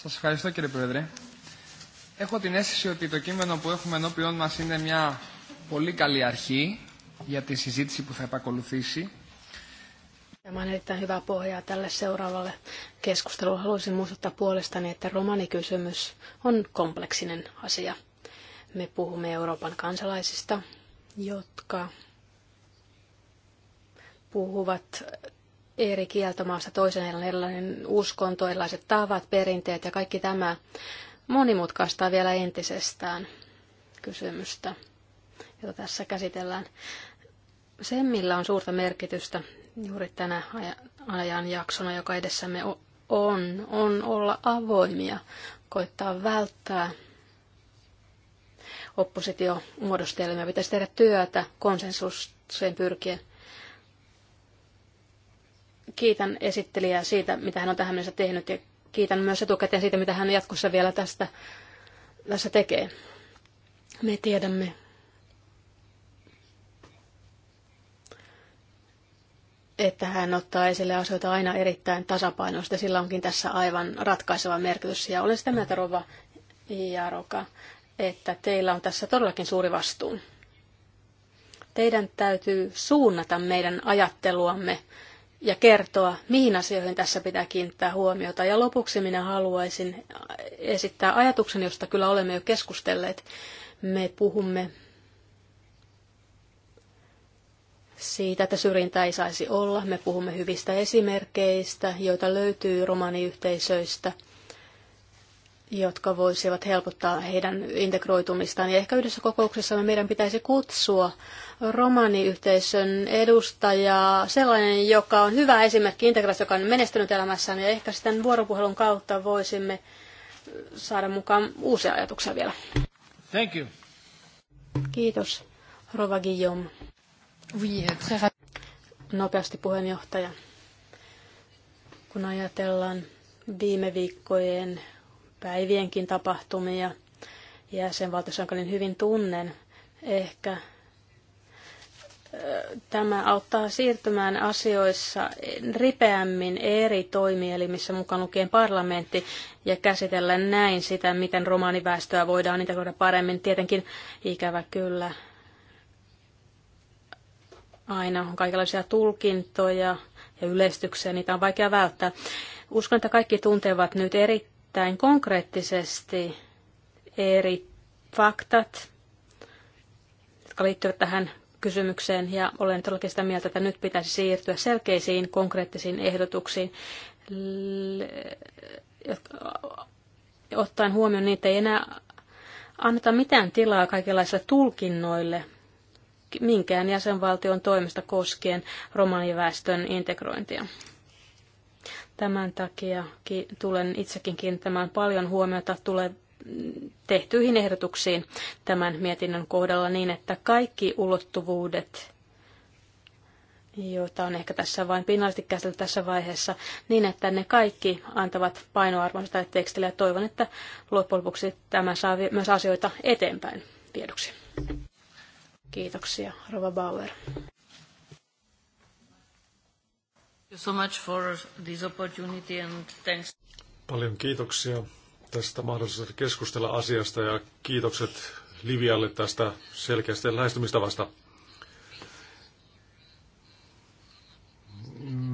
Σας ευχαριστώ κύριε Πρόεδρε. Έχω την αίσθηση ότι το κείμενο που έχουμε ενώπιόν μας είναι μια πολύ καλή αρχή για τη συζήτηση που θα επακολουθήσει. Tämä on erittäin hyvää pohjaa tälle seuraavalle keskustelulle. Haluaisin muistuttaa puolestani, että romanikysymys on kompleksinen asia. Me puhumme Euroopan kansalaisista, jotka puhuvat eri kieltomaassa toisen erilainen uskonto, erilaiset tavat, perinteet ja kaikki tämä monimutkaistaa vielä entisestään kysymystä, jota tässä käsitellään. Se, on suurta merkitystä juuri tänä ajanjaksona, joka edessämme on, on olla avoimia, koittaa välttää oppositiomuodostelmia. Pitäisi tehdä työtä konsensukseen pyrkien. Kiitän esittelijää siitä, mitä hän on tähän mennessä tehnyt ja kiitän myös etukäteen siitä, mitä hän jatkossa vielä tästä, tässä tekee. Me tiedämme, että hän ottaa esille asioita aina erittäin tasapainoista. Sillä onkin tässä aivan ratkaiseva merkitys. Ja olen sitä mieltä, Rova Jaroka, että teillä on tässä todellakin suuri vastuu. Teidän täytyy suunnata meidän ajatteluamme ja kertoa, mihin asioihin tässä pitää kiinnittää huomiota. Ja lopuksi minä haluaisin esittää ajatuksen, josta kyllä olemme jo keskustelleet. Me puhumme siitä, että syrjintää ei saisi olla. Me puhumme hyvistä esimerkkeistä, joita löytyy romaniyhteisöistä, jotka voisivat helpottaa heidän integroitumistaan. Ja ehkä yhdessä kokouksessa meidän pitäisi kutsua romaniyhteisön edustajaa, sellainen, joka on hyvä esimerkki integraatiosta, joka on menestynyt elämässään, ja ehkä sitten vuoropuhelun kautta voisimme saada mukaan uusia ajatuksia vielä. Thank you. Kiitos, Rova Guillaume. Euh, Nopeasti puheenjohtaja. Kun ajatellaan viime viikkojen päivienkin tapahtumia jäsenvaltiossa, jonka niin hyvin tunnen, ehkä tämä auttaa siirtymään asioissa ripeämmin eri toimielimissä mukaan lukien parlamentti ja käsitellä näin sitä, miten romaaniväestöä voidaan integroida paremmin. Tietenkin ikävä kyllä aina on kaikenlaisia tulkintoja ja yleistyksiä, niitä on vaikea välttää. Uskon, että kaikki tuntevat nyt erittäin konkreettisesti eri faktat, jotka liittyvät tähän kysymykseen, ja olen todellakin sitä mieltä, että nyt pitäisi siirtyä selkeisiin konkreettisiin ehdotuksiin, ottaen huomioon, niitä ei enää anneta mitään tilaa kaikenlaisille tulkinnoille, minkään jäsenvaltion toimesta koskien romaniväestön integrointia. Tämän takia tulen itsekin kiinnittämään paljon huomiota tulee tehtyihin ehdotuksiin tämän mietinnön kohdalla niin, että kaikki ulottuvuudet, joita on ehkä tässä vain pinnallisesti käsitelty tässä vaiheessa, niin että ne kaikki antavat painoarvonsa tälle tekstille ja toivon, että loppujen lopuksi tämä saa myös asioita eteenpäin viedoksi. Kiitoksia, Rova Bauer. So much for this opportunity and thanks. Paljon kiitoksia tästä mahdollisuudesta keskustella asiasta ja kiitokset Livialle tästä selkeästä lähestymistavasta.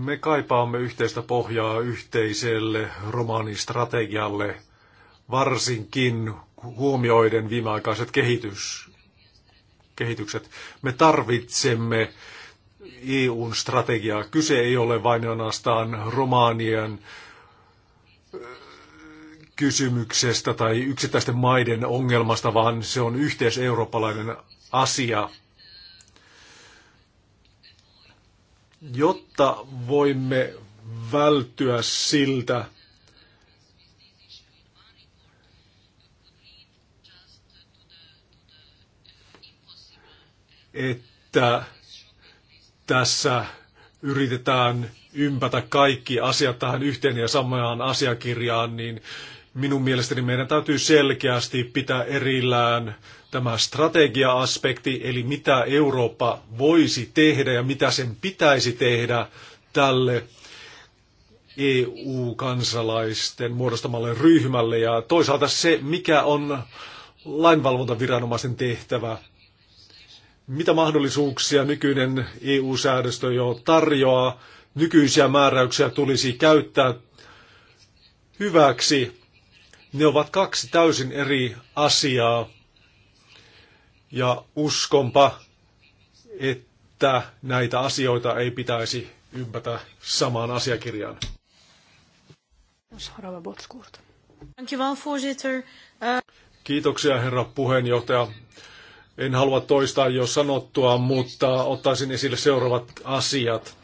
Me kaipaamme yhteistä pohjaa yhteiselle romaanistrategialle, varsinkin huomioiden viimeaikaiset kehitys, kehitykset. Me tarvitsemme EUn strategiaa. Kyse ei ole vain ainoastaan Romanian kysymyksestä tai yksittäisten maiden ongelmasta, vaan se on yhteiseurooppalainen asia. Jotta voimme välttyä siltä, että tässä yritetään ympätä kaikki asiat tähän yhteen ja samaan asiakirjaan, niin minun mielestäni meidän täytyy selkeästi pitää erillään tämä strategia-aspekti, eli mitä Eurooppa voisi tehdä ja mitä sen pitäisi tehdä tälle EU-kansalaisten muodostamalle ryhmälle ja toisaalta se, mikä on lainvalvontaviranomaisten tehtävä mitä mahdollisuuksia nykyinen EU-säädöstö jo tarjoaa. Nykyisiä määräyksiä tulisi käyttää hyväksi. Ne ovat kaksi täysin eri asiaa. Ja uskonpa, että näitä asioita ei pitäisi ympätä samaan asiakirjaan. Eh, Kiitoksia herra puheenjohtaja. En halua toistaa jo sanottua, mutta ottaisin esille seuraavat asiat.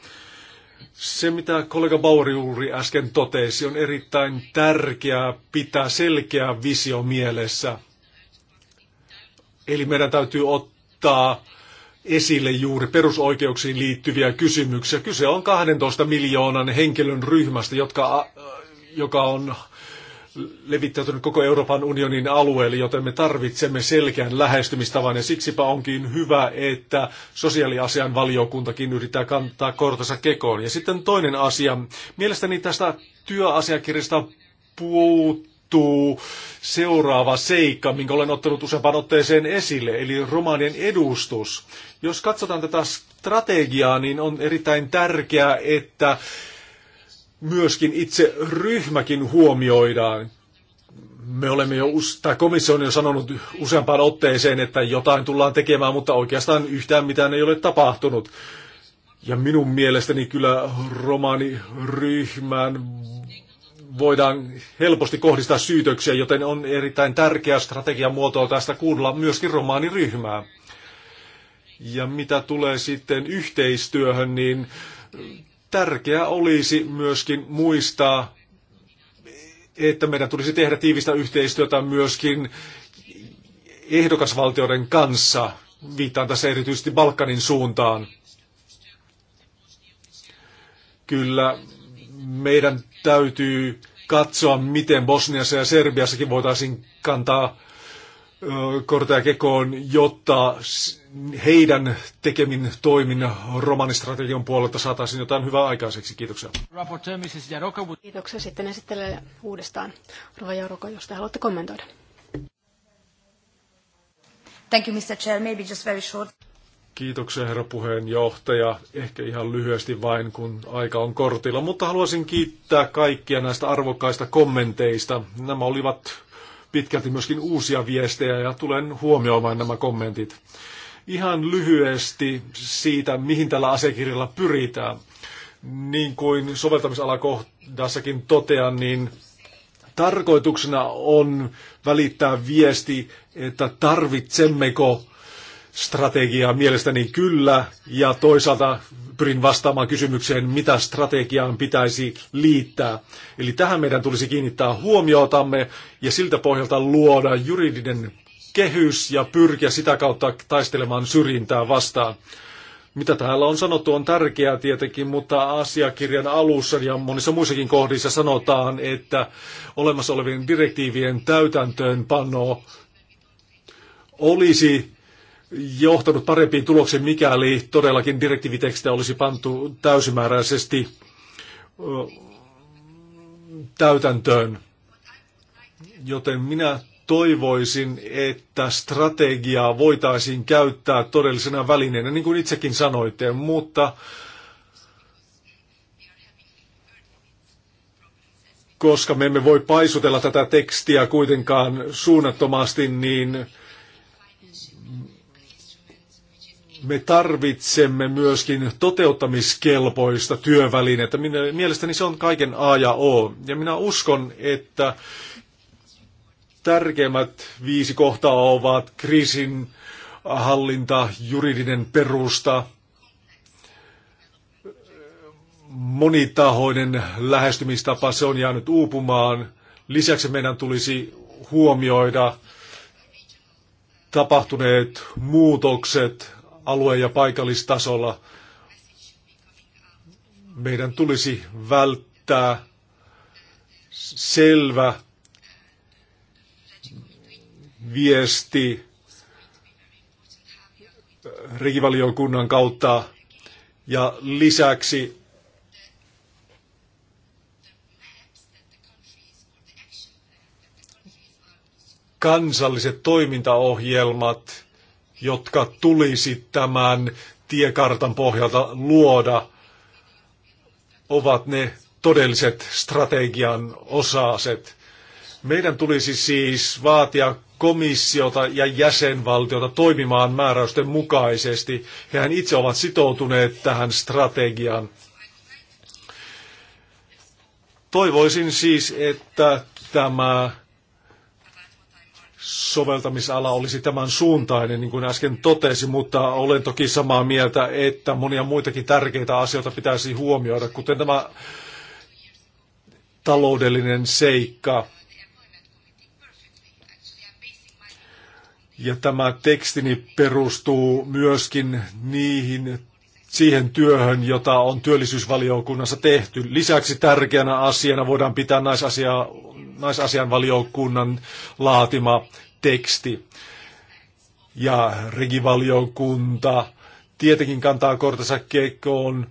Se, mitä kollega Bauri juuri äsken totesi, on erittäin tärkeää pitää selkeä visio mielessä. Eli meidän täytyy ottaa esille juuri perusoikeuksiin liittyviä kysymyksiä. Kyse on 12 miljoonan henkilön ryhmästä, jotka, joka on levittäytynyt koko Euroopan unionin alueelle, joten me tarvitsemme selkeän lähestymistavan ja siksipä onkin hyvä, että sosiaaliasian valiokuntakin yrittää kantaa kortensa kekoon. Ja sitten toinen asia. Mielestäni tästä työasiakirjasta puuttuu seuraava seikka, minkä olen ottanut useampaan otteeseen esille, eli romaanien edustus. Jos katsotaan tätä strategiaa, niin on erittäin tärkeää, että myöskin itse ryhmäkin huomioidaan. Me olemme jo, tämä komissio on jo sanonut useampaan otteeseen, että jotain tullaan tekemään, mutta oikeastaan yhtään mitään ei ole tapahtunut. Ja minun mielestäni kyllä romaaniryhmään voidaan helposti kohdistaa syytöksiä, joten on erittäin tärkeä strategian muotoa tästä kuunnella myöskin romaaniryhmää. Ja mitä tulee sitten yhteistyöhön, niin tärkeää olisi myöskin muistaa, että meidän tulisi tehdä tiivistä yhteistyötä myöskin ehdokasvaltioiden kanssa. Viittaan tässä erityisesti Balkanin suuntaan. Kyllä meidän täytyy katsoa, miten Bosniassa ja Serbiassakin voitaisiin kantaa korteakekoon, jotta heidän tekemin toimin romanistrategian puolelta saataisiin jotain hyvää aikaiseksi. Kiitoksia. Kiitoksia. Sitten esittelee uudestaan Rova Jaroko, jos te haluatte kommentoida. Thank you, Mr. Chair. Maybe just very short. Kiitoksia herra puheenjohtaja. Ehkä ihan lyhyesti vain, kun aika on kortilla, mutta haluaisin kiittää kaikkia näistä arvokkaista kommenteista. Nämä olivat pitkälti myöskin uusia viestejä ja tulen huomioimaan nämä kommentit. Ihan lyhyesti siitä, mihin tällä asiakirjalla pyritään. Niin kuin soveltamisalakohdassakin totean, niin tarkoituksena on välittää viesti, että tarvitsemmeko strategiaa mielestäni kyllä, ja toisaalta pyrin vastaamaan kysymykseen, mitä strategiaan pitäisi liittää. Eli tähän meidän tulisi kiinnittää huomiotamme ja siltä pohjalta luoda juridinen kehys ja pyrkiä sitä kautta taistelemaan syrjintää vastaan. Mitä täällä on sanottu on tärkeää tietenkin, mutta asiakirjan alussa ja monissa muissakin kohdissa sanotaan, että olemassa olevien direktiivien täytäntöönpano olisi johtanut parempiin tuloksiin, mikäli todellakin direktiivitekstejä olisi pantu täysimääräisesti täytäntöön. Joten minä toivoisin, että strategiaa voitaisiin käyttää todellisena välineenä, niin kuin itsekin sanoitte, mutta koska me emme voi paisutella tätä tekstiä kuitenkaan suunnattomasti, niin me tarvitsemme myöskin toteuttamiskelpoista työvälineitä. Mielestäni se on kaiken A ja O. Ja minä uskon, että tärkeimmät viisi kohtaa ovat kriisin hallinta, juridinen perusta, monitahoinen lähestymistapa, se on jäänyt uupumaan. Lisäksi meidän tulisi huomioida tapahtuneet muutokset alue- ja paikallistasolla. Meidän tulisi välttää selvä viesti rikivaliokunnan kautta ja lisäksi kansalliset toimintaohjelmat, jotka tulisi tämän tiekartan pohjalta luoda, ovat ne todelliset strategian osaset. Meidän tulisi siis vaatia komissiota ja jäsenvaltiota toimimaan määräysten mukaisesti. Hehän itse ovat sitoutuneet tähän strategiaan. Toivoisin siis, että tämä soveltamisala olisi tämän suuntainen, niin kuin äsken totesin, mutta olen toki samaa mieltä, että monia muitakin tärkeitä asioita pitäisi huomioida, kuten tämä taloudellinen seikka. Ja tämä tekstini perustuu myöskin niihin siihen työhön, jota on työllisyysvaliokunnassa tehty. Lisäksi tärkeänä asiana voidaan pitää naisasia, naisasianvaliokunnan laatima teksti. Ja regivaliokunta tietenkin kantaa kortensa kekoon,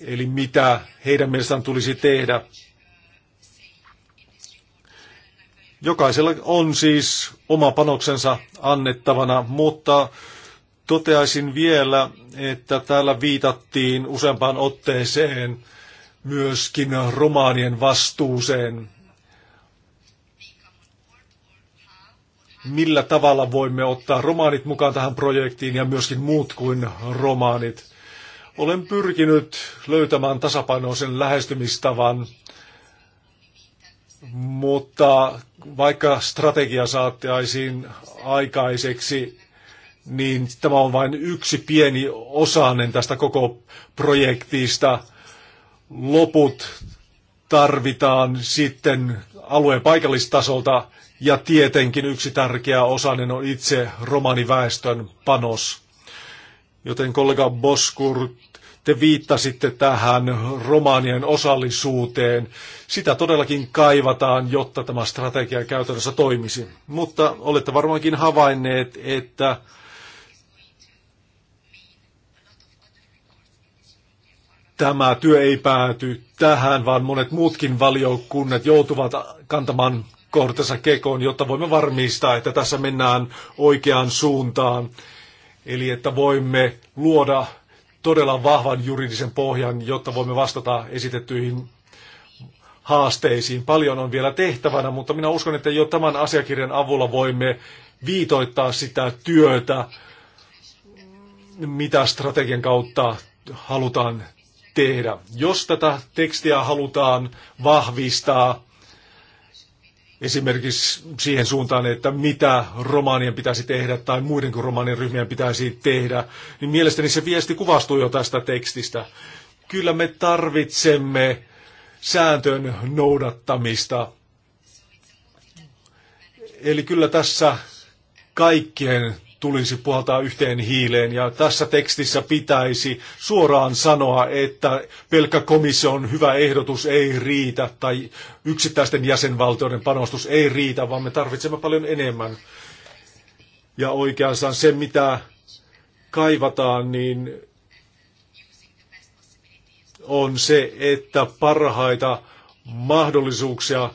eli mitä heidän mielestään tulisi tehdä. Jokaisella on siis oma panoksensa annettavana, mutta toteaisin vielä, että täällä viitattiin useampaan otteeseen myöskin romaanien vastuuseen. Millä tavalla voimme ottaa romaanit mukaan tähän projektiin ja myöskin muut kuin romaanit? Olen pyrkinyt löytämään tasapainoisen lähestymistavan, mutta vaikka strategia saattaisiin aikaiseksi, niin tämä on vain yksi pieni osainen tästä koko projektista. Loput tarvitaan sitten alueen paikallistasolta ja tietenkin yksi tärkeä osainen on itse romaniväestön panos. Joten kollega Boskur. Te viittasitte tähän romaanien osallisuuteen. Sitä todellakin kaivataan, jotta tämä strategia käytännössä toimisi. Mutta olette varmaankin havainneet, että tämä työ ei pääty tähän, vaan monet muutkin valiokunnat joutuvat kantamaan kortensa kekoon, jotta voimme varmistaa, että tässä mennään oikeaan suuntaan. Eli että voimme luoda todella vahvan juridisen pohjan, jotta voimme vastata esitettyihin haasteisiin. Paljon on vielä tehtävänä, mutta minä uskon, että jo tämän asiakirjan avulla voimme viitoittaa sitä työtä, mitä strategian kautta halutaan tehdä. Jos tätä tekstiä halutaan vahvistaa, esimerkiksi siihen suuntaan, että mitä romaanien pitäisi tehdä tai muiden kuin romaanien ryhmien pitäisi tehdä, niin mielestäni se viesti kuvastuu jo tästä tekstistä. Kyllä me tarvitsemme sääntön noudattamista. Eli kyllä tässä kaikkien tulisi puhaltaa yhteen hiileen. Ja tässä tekstissä pitäisi suoraan sanoa, että pelkkä komission hyvä ehdotus ei riitä tai yksittäisten jäsenvaltioiden panostus ei riitä, vaan me tarvitsemme paljon enemmän. Ja oikeastaan se, mitä kaivataan, niin on se, että parhaita mahdollisuuksia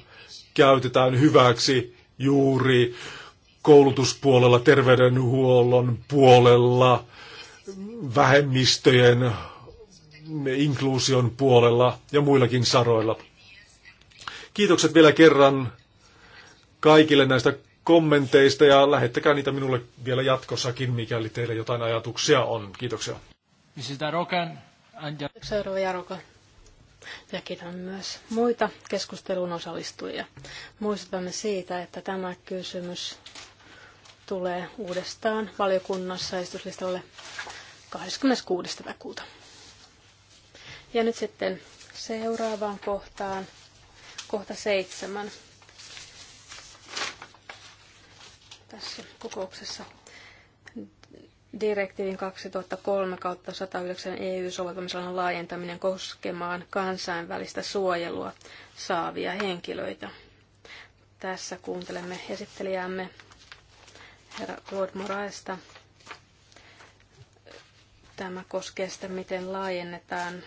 käytetään hyväksi juuri äh, koulutuspuolella, terveydenhuollon puolella, vähemmistöjen inkluusion puolella ja muillakin saroilla. Kiitokset vielä kerran kaikille näistä kommenteista ja lähettäkää niitä minulle vielä jatkossakin, mikäli teillä jotain ajatuksia on. Kiitoksia. Kiitoksia Jaroka. Ja kiitän myös muita keskusteluun osallistujia. Muistutamme siitä, että tämä kysymys tulee uudestaan valiokunnassa esityslistalle 26. Tätä Ja nyt sitten seuraavaan kohtaan, kohta seitsemän tässä kokouksessa direktiivin 2003-109 EU-soveltamisalan laajentaminen koskemaan kansainvälistä suojelua saavia henkilöitä. Tässä kuuntelemme esittelijäämme herra Lord Moraesta. Tämä koskee sitä, miten laajennetaan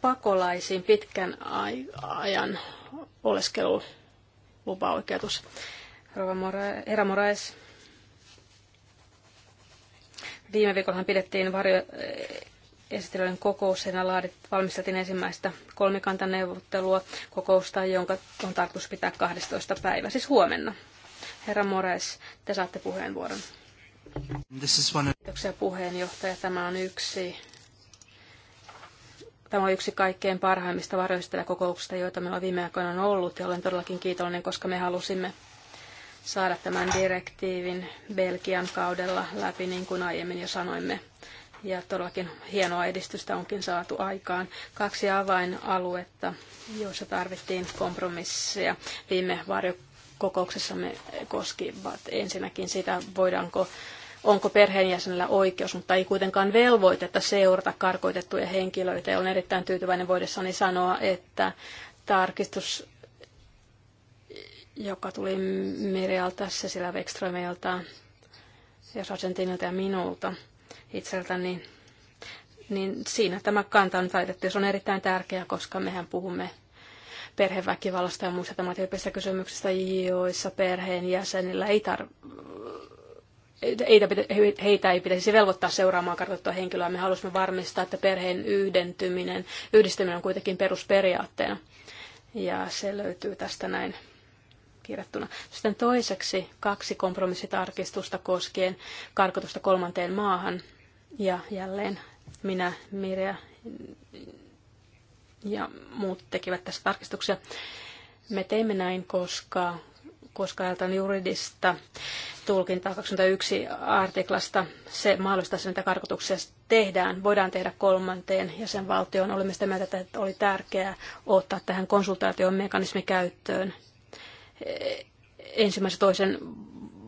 pakolaisiin pitkän ajan oleskelulupaoikeutus. Herra Moraes, viime viikollahan pidettiin varjo, esittelyiden kokous, siinä laadit, valmisteltiin ensimmäistä kolmikantaneuvottelua kokousta, jonka on tarkoitus pitää 12. päivä, siis huomenna. Herra Mores, te saatte puheenvuoron. This is one of... Kiitoksia puheenjohtaja. Tämä on yksi Tämä on yksi kaikkein parhaimmista varoista kokouksista, joita meillä on viime aikoina ollut, ja olen todellakin kiitollinen, koska me halusimme saada tämän direktiivin Belgian kaudella läpi, niin kuin aiemmin jo sanoimme. Ja todellakin hienoa edistystä onkin saatu aikaan. Kaksi avainaluetta, joissa tarvittiin kompromisseja viime varjo kokouksessamme koskivat ensinnäkin sitä, voidaanko onko perheenjäsenellä oikeus, mutta ei kuitenkaan velvoitetta seurata karkoitettuja henkilöitä. Ja olen erittäin tyytyväinen voidessani sanoa, että tarkistus, joka tuli Mirialta, Cecilia Wexströmiltä, jos Argentinilta ja minulta itseltäni, niin, niin siinä tämä kanta on taitettu. Se on erittäin tärkeää, koska mehän puhumme perheväkivallasta ja muista tämän tyyppisistä kysymyksistä, joissa perheen jäsenillä ei tar- heitä ei pitäisi velvoittaa seuraamaan kartoittua henkilöä. Me halusimme varmistaa, että perheen yhdentyminen, yhdistyminen on kuitenkin perusperiaatteena. Ja se löytyy tästä näin kirjattuna. Sitten toiseksi kaksi kompromissitarkistusta koskien karkotusta kolmanteen maahan. Ja jälleen minä, Mirja ja muut tekivät tässä tarkistuksia. Me teimme näin, koska, koska ajatellaan juridista tulkintaa 21 artiklasta. Se mahdollistaa sen, että karkotuksia tehdään, voidaan tehdä kolmanteen ja sen valtioon Olemme sitä mieltä, että oli tärkeää ottaa tähän konsultaation mekanismi käyttöön ensimmäisen ja toisen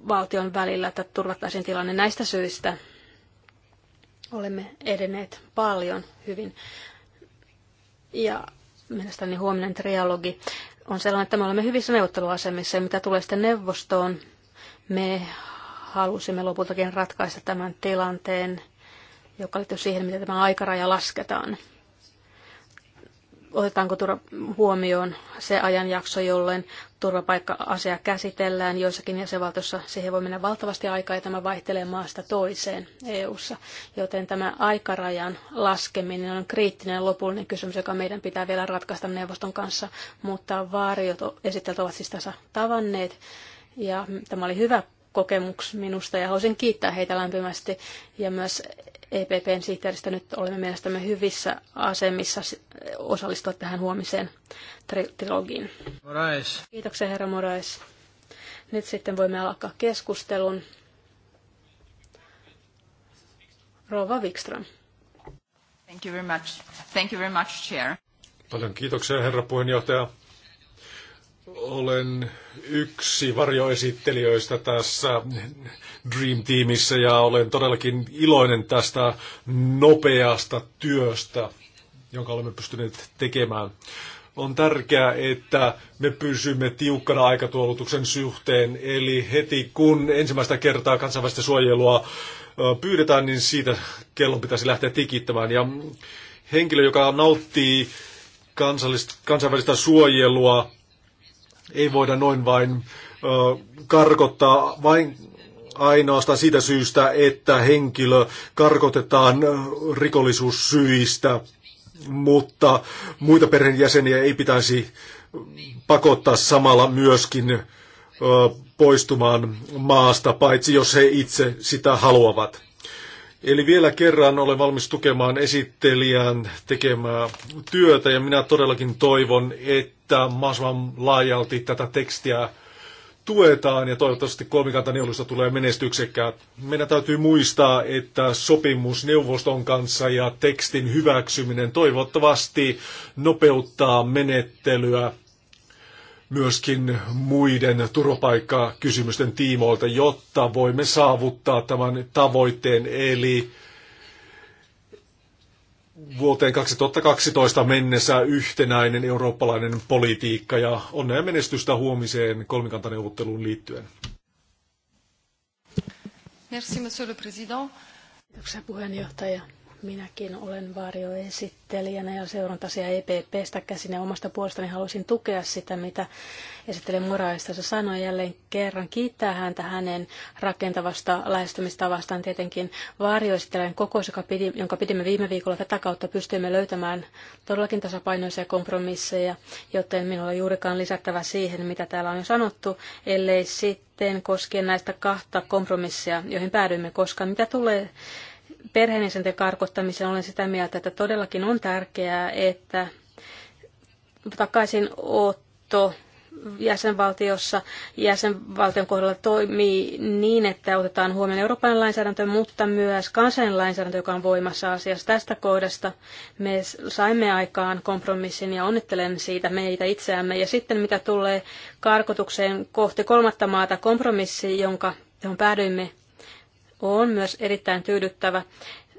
valtion välillä, että turvattaisiin tilanne näistä syistä. Olemme edenneet paljon hyvin ja mielestäni huominen trialogi on sellainen, että me olemme hyvissä neuvotteluasemissa ja mitä tulee sitten neuvostoon, me halusimme lopultakin ratkaista tämän tilanteen, joka liittyy siihen, miten tämä aikaraja lasketaan otetaanko turva- huomioon se ajanjakso, jolloin turvapaikka-asia käsitellään. Joissakin jäsenvaltiossa siihen voi mennä valtavasti aikaa ja tämä vaihtelee maasta toiseen EU-ssa. Joten tämä aikarajan laskeminen on kriittinen lopullinen kysymys, joka meidän pitää vielä ratkaista neuvoston kanssa. Mutta vaariot esittelijät ovat siis tässä tavanneet ja tämä oli hyvä kokemus minusta ja haluaisin kiittää heitä lämpimästi ja myös EPPn sihteeristä nyt olemme mielestämme hyvissä asemissa osallistua tähän huomiseen tri- trilogiin. Morais. Kiitoksia herra Morais. Nyt sitten voimme alkaa keskustelun. Rova Wikström. Thank you very much. Thank you very much, Chair. Paljon kiitoksia herra puheenjohtaja. Olen yksi varjoesittelijöistä tässä Dream Teamissa ja olen todellakin iloinen tästä nopeasta työstä, jonka olemme pystyneet tekemään. On tärkeää, että me pysymme tiukkana aikatuolutuksen suhteen, eli heti kun ensimmäistä kertaa kansainvälistä suojelua pyydetään, niin siitä kellon pitäisi lähteä tikittämään. Ja henkilö, joka nauttii kansainvälistä suojelua, ei voida noin vain karkottaa vain ainoastaan siitä syystä, että henkilö karkotetaan rikollisuussyistä, mutta muita perheenjäseniä ei pitäisi pakottaa samalla myöskin poistumaan maasta, paitsi jos he itse sitä haluavat. Eli vielä kerran olen valmis tukemaan esittelijän tekemää työtä ja minä todellakin toivon, että mahdollisimman laajalti tätä tekstiä tuetaan ja toivottavasti kolmikantaneuvosto tulee menestyksekkäät. Meidän täytyy muistaa, että sopimus neuvoston kanssa ja tekstin hyväksyminen toivottavasti nopeuttaa menettelyä myöskin muiden turvapaikkakysymysten tiimoilta, jotta voimme saavuttaa tämän tavoitteen, eli vuoteen 2012 mennessä yhtenäinen eurooppalainen politiikka ja onnea menestystä huomiseen kolmikantaneuvotteluun liittyen. Merci, monsieur le président. Kiitoksia puheenjohtaja. Minäkin olen varjoesittelijänä ja seuran tasia EPPstä käsin ja omasta puolestani haluaisin tukea sitä, mitä esittelen Moraista. sanoi jälleen kerran kiittää häntä hänen rakentavasta lähestymistavastaan tietenkin varjoesittelijän kokous, joka pidi, jonka pidimme viime viikolla. Tätä kautta pystyimme löytämään todellakin tasapainoisia kompromisseja, joten minulla ei juurikaan lisättävä siihen, mitä täällä on jo sanottu, ellei sitten koskien näistä kahta kompromissia, joihin päädyimme, koska mitä tulee perheenjäsenten karkottamisen olen sitä mieltä, että todellakin on tärkeää, että takaisinotto jäsenvaltiossa jäsenvaltion kohdalla toimii niin, että otetaan huomioon Euroopan lainsäädäntö, mutta myös kansallinen lainsäädäntö, joka on voimassa asiassa. Tästä kohdasta me saimme aikaan kompromissin ja onnittelen siitä meitä itseämme. Ja sitten mitä tulee karkotukseen kohti kolmatta maata kompromissi, jonka johon päädyimme on myös erittäin tyydyttävä.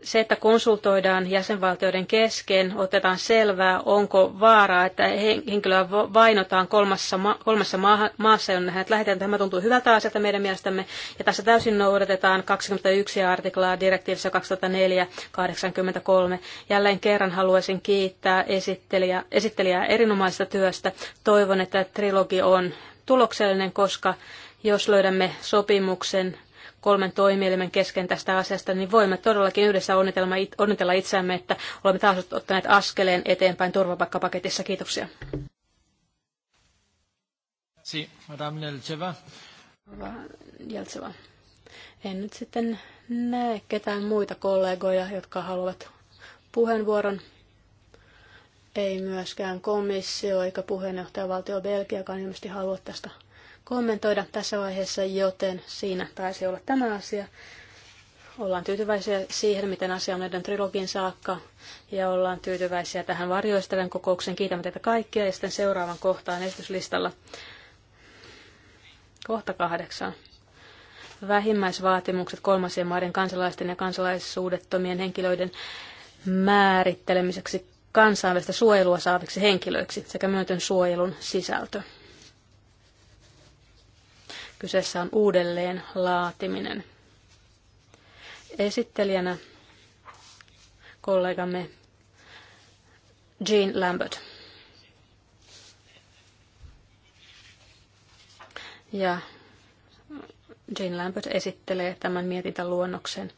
Se, että konsultoidaan jäsenvaltioiden kesken, otetaan selvää, onko vaaraa, että henkilöä vainotaan kolmassa, ma- kolmassa maaha- maassa, jonne hänet lähetetään. Tämä tuntuu hyvältä asialta meidän mielestämme. Ja tässä täysin noudatetaan 21 artiklaa direktiivissä 2004-83. Jälleen kerran haluaisin kiittää esittelijä, esittelijää erinomaisesta työstä. Toivon, että trilogi on tuloksellinen, koska jos löydämme sopimuksen kolmen toimielimen kesken tästä asiasta, niin voimme todellakin yhdessä onnitella, itseämme, että olemme taas ottaneet askeleen eteenpäin turvapaikkapaketissa. Kiitoksia. Si, Madame Neltseva. Jeltseva. En nyt sitten näe ketään muita kollegoja, jotka haluavat puheenvuoron. Ei myöskään komissio eikä puheenjohtaja valtio Belgiakaan ilmeisesti halua tästä kommentoida tässä vaiheessa, joten siinä taisi olla tämä asia. Ollaan tyytyväisiä siihen, miten asia on meidän trilogin saakka, ja ollaan tyytyväisiä tähän varjoistelijan kokoukseen. Kiitämme teitä kaikkia, ja sitten seuraavan kohtaan esityslistalla. Kohta kahdeksan vähimmäisvaatimukset kolmansien maiden kansalaisten ja kansalaisuudettomien henkilöiden määrittelemiseksi kansainvälistä suojelua saaviksi henkilöiksi sekä myöntön suojelun sisältö. Kyseessä on uudelleen laatiminen. Esittelijänä kollegamme Jean Lambert. Ja Jean Lambert esittelee tämän mietintäluonnoksen.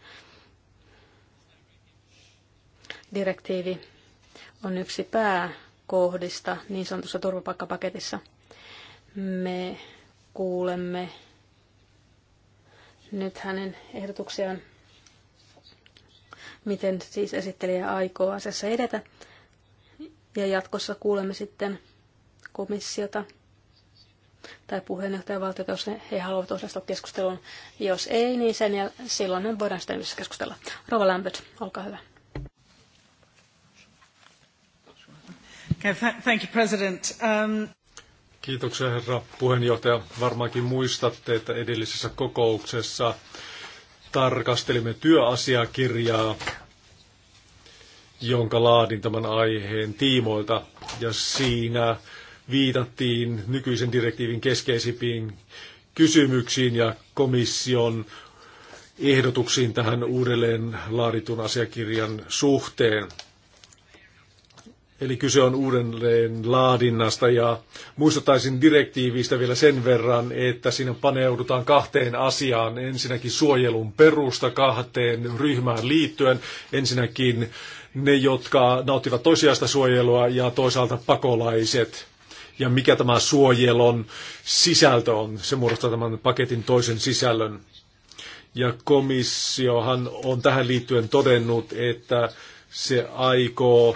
Direktiivi on yksi pääkohdista niin sanotussa turvapaikkapaketissa. Me kuulemme nyt hänen ehdotuksiaan, miten siis esittelijä aikoo asiassa edetä. Ja jatkossa kuulemme sitten komissiota tai valtiota, jos he haluavat osallistua keskusteluun. Jos ei, niin sen ja silloin ne voidaan sitten yhdessä keskustella. Rova Lambert, olkaa hyvä. Okay, thank you, President. Um... Kiitoksia herra puheenjohtaja. Varmaankin muistatte, että edellisessä kokouksessa tarkastelimme työasiakirjaa, jonka laadin tämän aiheen tiimoilta. Ja siinä viitattiin nykyisen direktiivin keskeisimpiin kysymyksiin ja komission ehdotuksiin tähän uudelleen laaditun asiakirjan suhteen. Eli kyse on uudelleen laadinnasta ja muistuttaisin direktiivistä vielä sen verran, että siinä paneudutaan kahteen asiaan. Ensinnäkin suojelun perusta kahteen ryhmään liittyen. Ensinnäkin ne, jotka nauttivat toisiaista suojelua ja toisaalta pakolaiset. Ja mikä tämä suojelon sisältö on, se muodostaa tämän paketin toisen sisällön. Ja komissiohan on tähän liittyen todennut, että se aikoo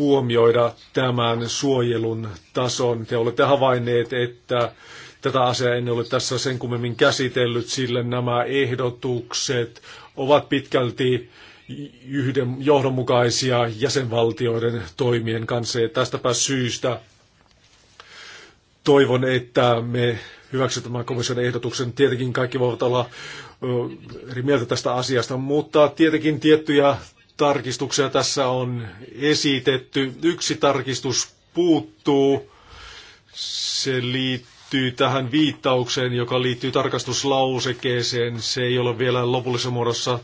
huomioida tämän suojelun tason. Te olette havainneet, että tätä asiaa en ole tässä sen kummemmin käsitellyt, sillä nämä ehdotukset ovat pitkälti yhden johdonmukaisia jäsenvaltioiden toimien kanssa. Ja tästäpä syystä toivon, että me hyväksy tämän komission ehdotuksen. Tietenkin kaikki voivat olla eri mieltä tästä asiasta, mutta tietenkin tiettyjä tarkistuksia tässä on esitetty. Yksi tarkistus puuttuu. Se liittyy tähän viittaukseen, joka liittyy tarkastuslausekeeseen. Se ei ole vielä lopullisessa muodossa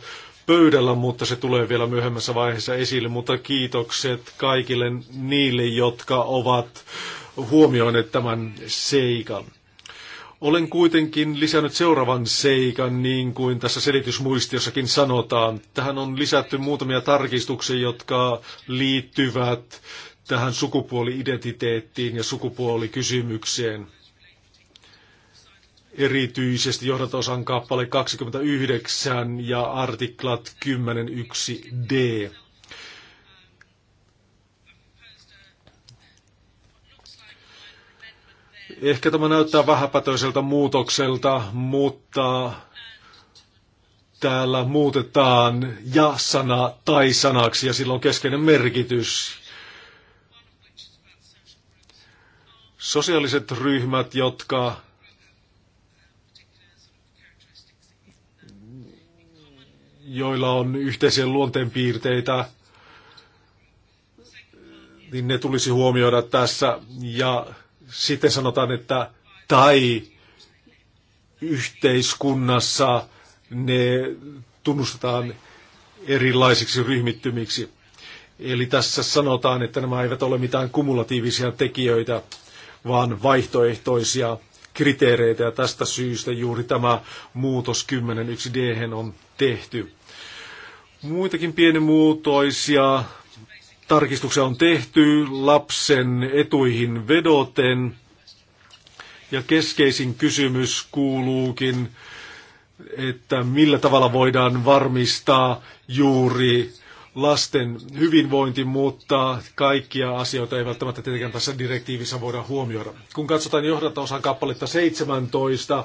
pöydällä, mutta se tulee vielä myöhemmässä vaiheessa esille. Mutta kiitokset kaikille niille, jotka ovat huomioineet tämän seikan. Olen kuitenkin lisännyt seuraavan seikan, niin kuin tässä selitysmuistiossakin sanotaan. Tähän on lisätty muutamia tarkistuksia, jotka liittyvät tähän sukupuoli-identiteettiin ja sukupuolikysymykseen. Erityisesti johdatosan kappale 29 ja artiklat 10.1d. Ehkä tämä näyttää vähäpätöiseltä muutokselta, mutta täällä muutetaan ja-sana tai sanaksi ja sillä on keskeinen merkitys. Sosiaaliset ryhmät, jotka joilla on yhteisiä luonteenpiirteitä, niin ne tulisi huomioida tässä. Ja sitten sanotaan, että tai yhteiskunnassa ne tunnustetaan erilaisiksi ryhmittymiksi. Eli tässä sanotaan, että nämä eivät ole mitään kumulatiivisia tekijöitä, vaan vaihtoehtoisia kriteereitä ja tästä syystä juuri tämä muutos 10.1.d d on tehty. Muitakin pienimuotoisia tarkistuksia on tehty lapsen etuihin vedoten. Ja keskeisin kysymys kuuluukin, että millä tavalla voidaan varmistaa juuri lasten hyvinvointi, mutta kaikkia asioita ei välttämättä tietenkään tässä direktiivissä voida huomioida. Kun katsotaan johdanto-osan kappaletta 17,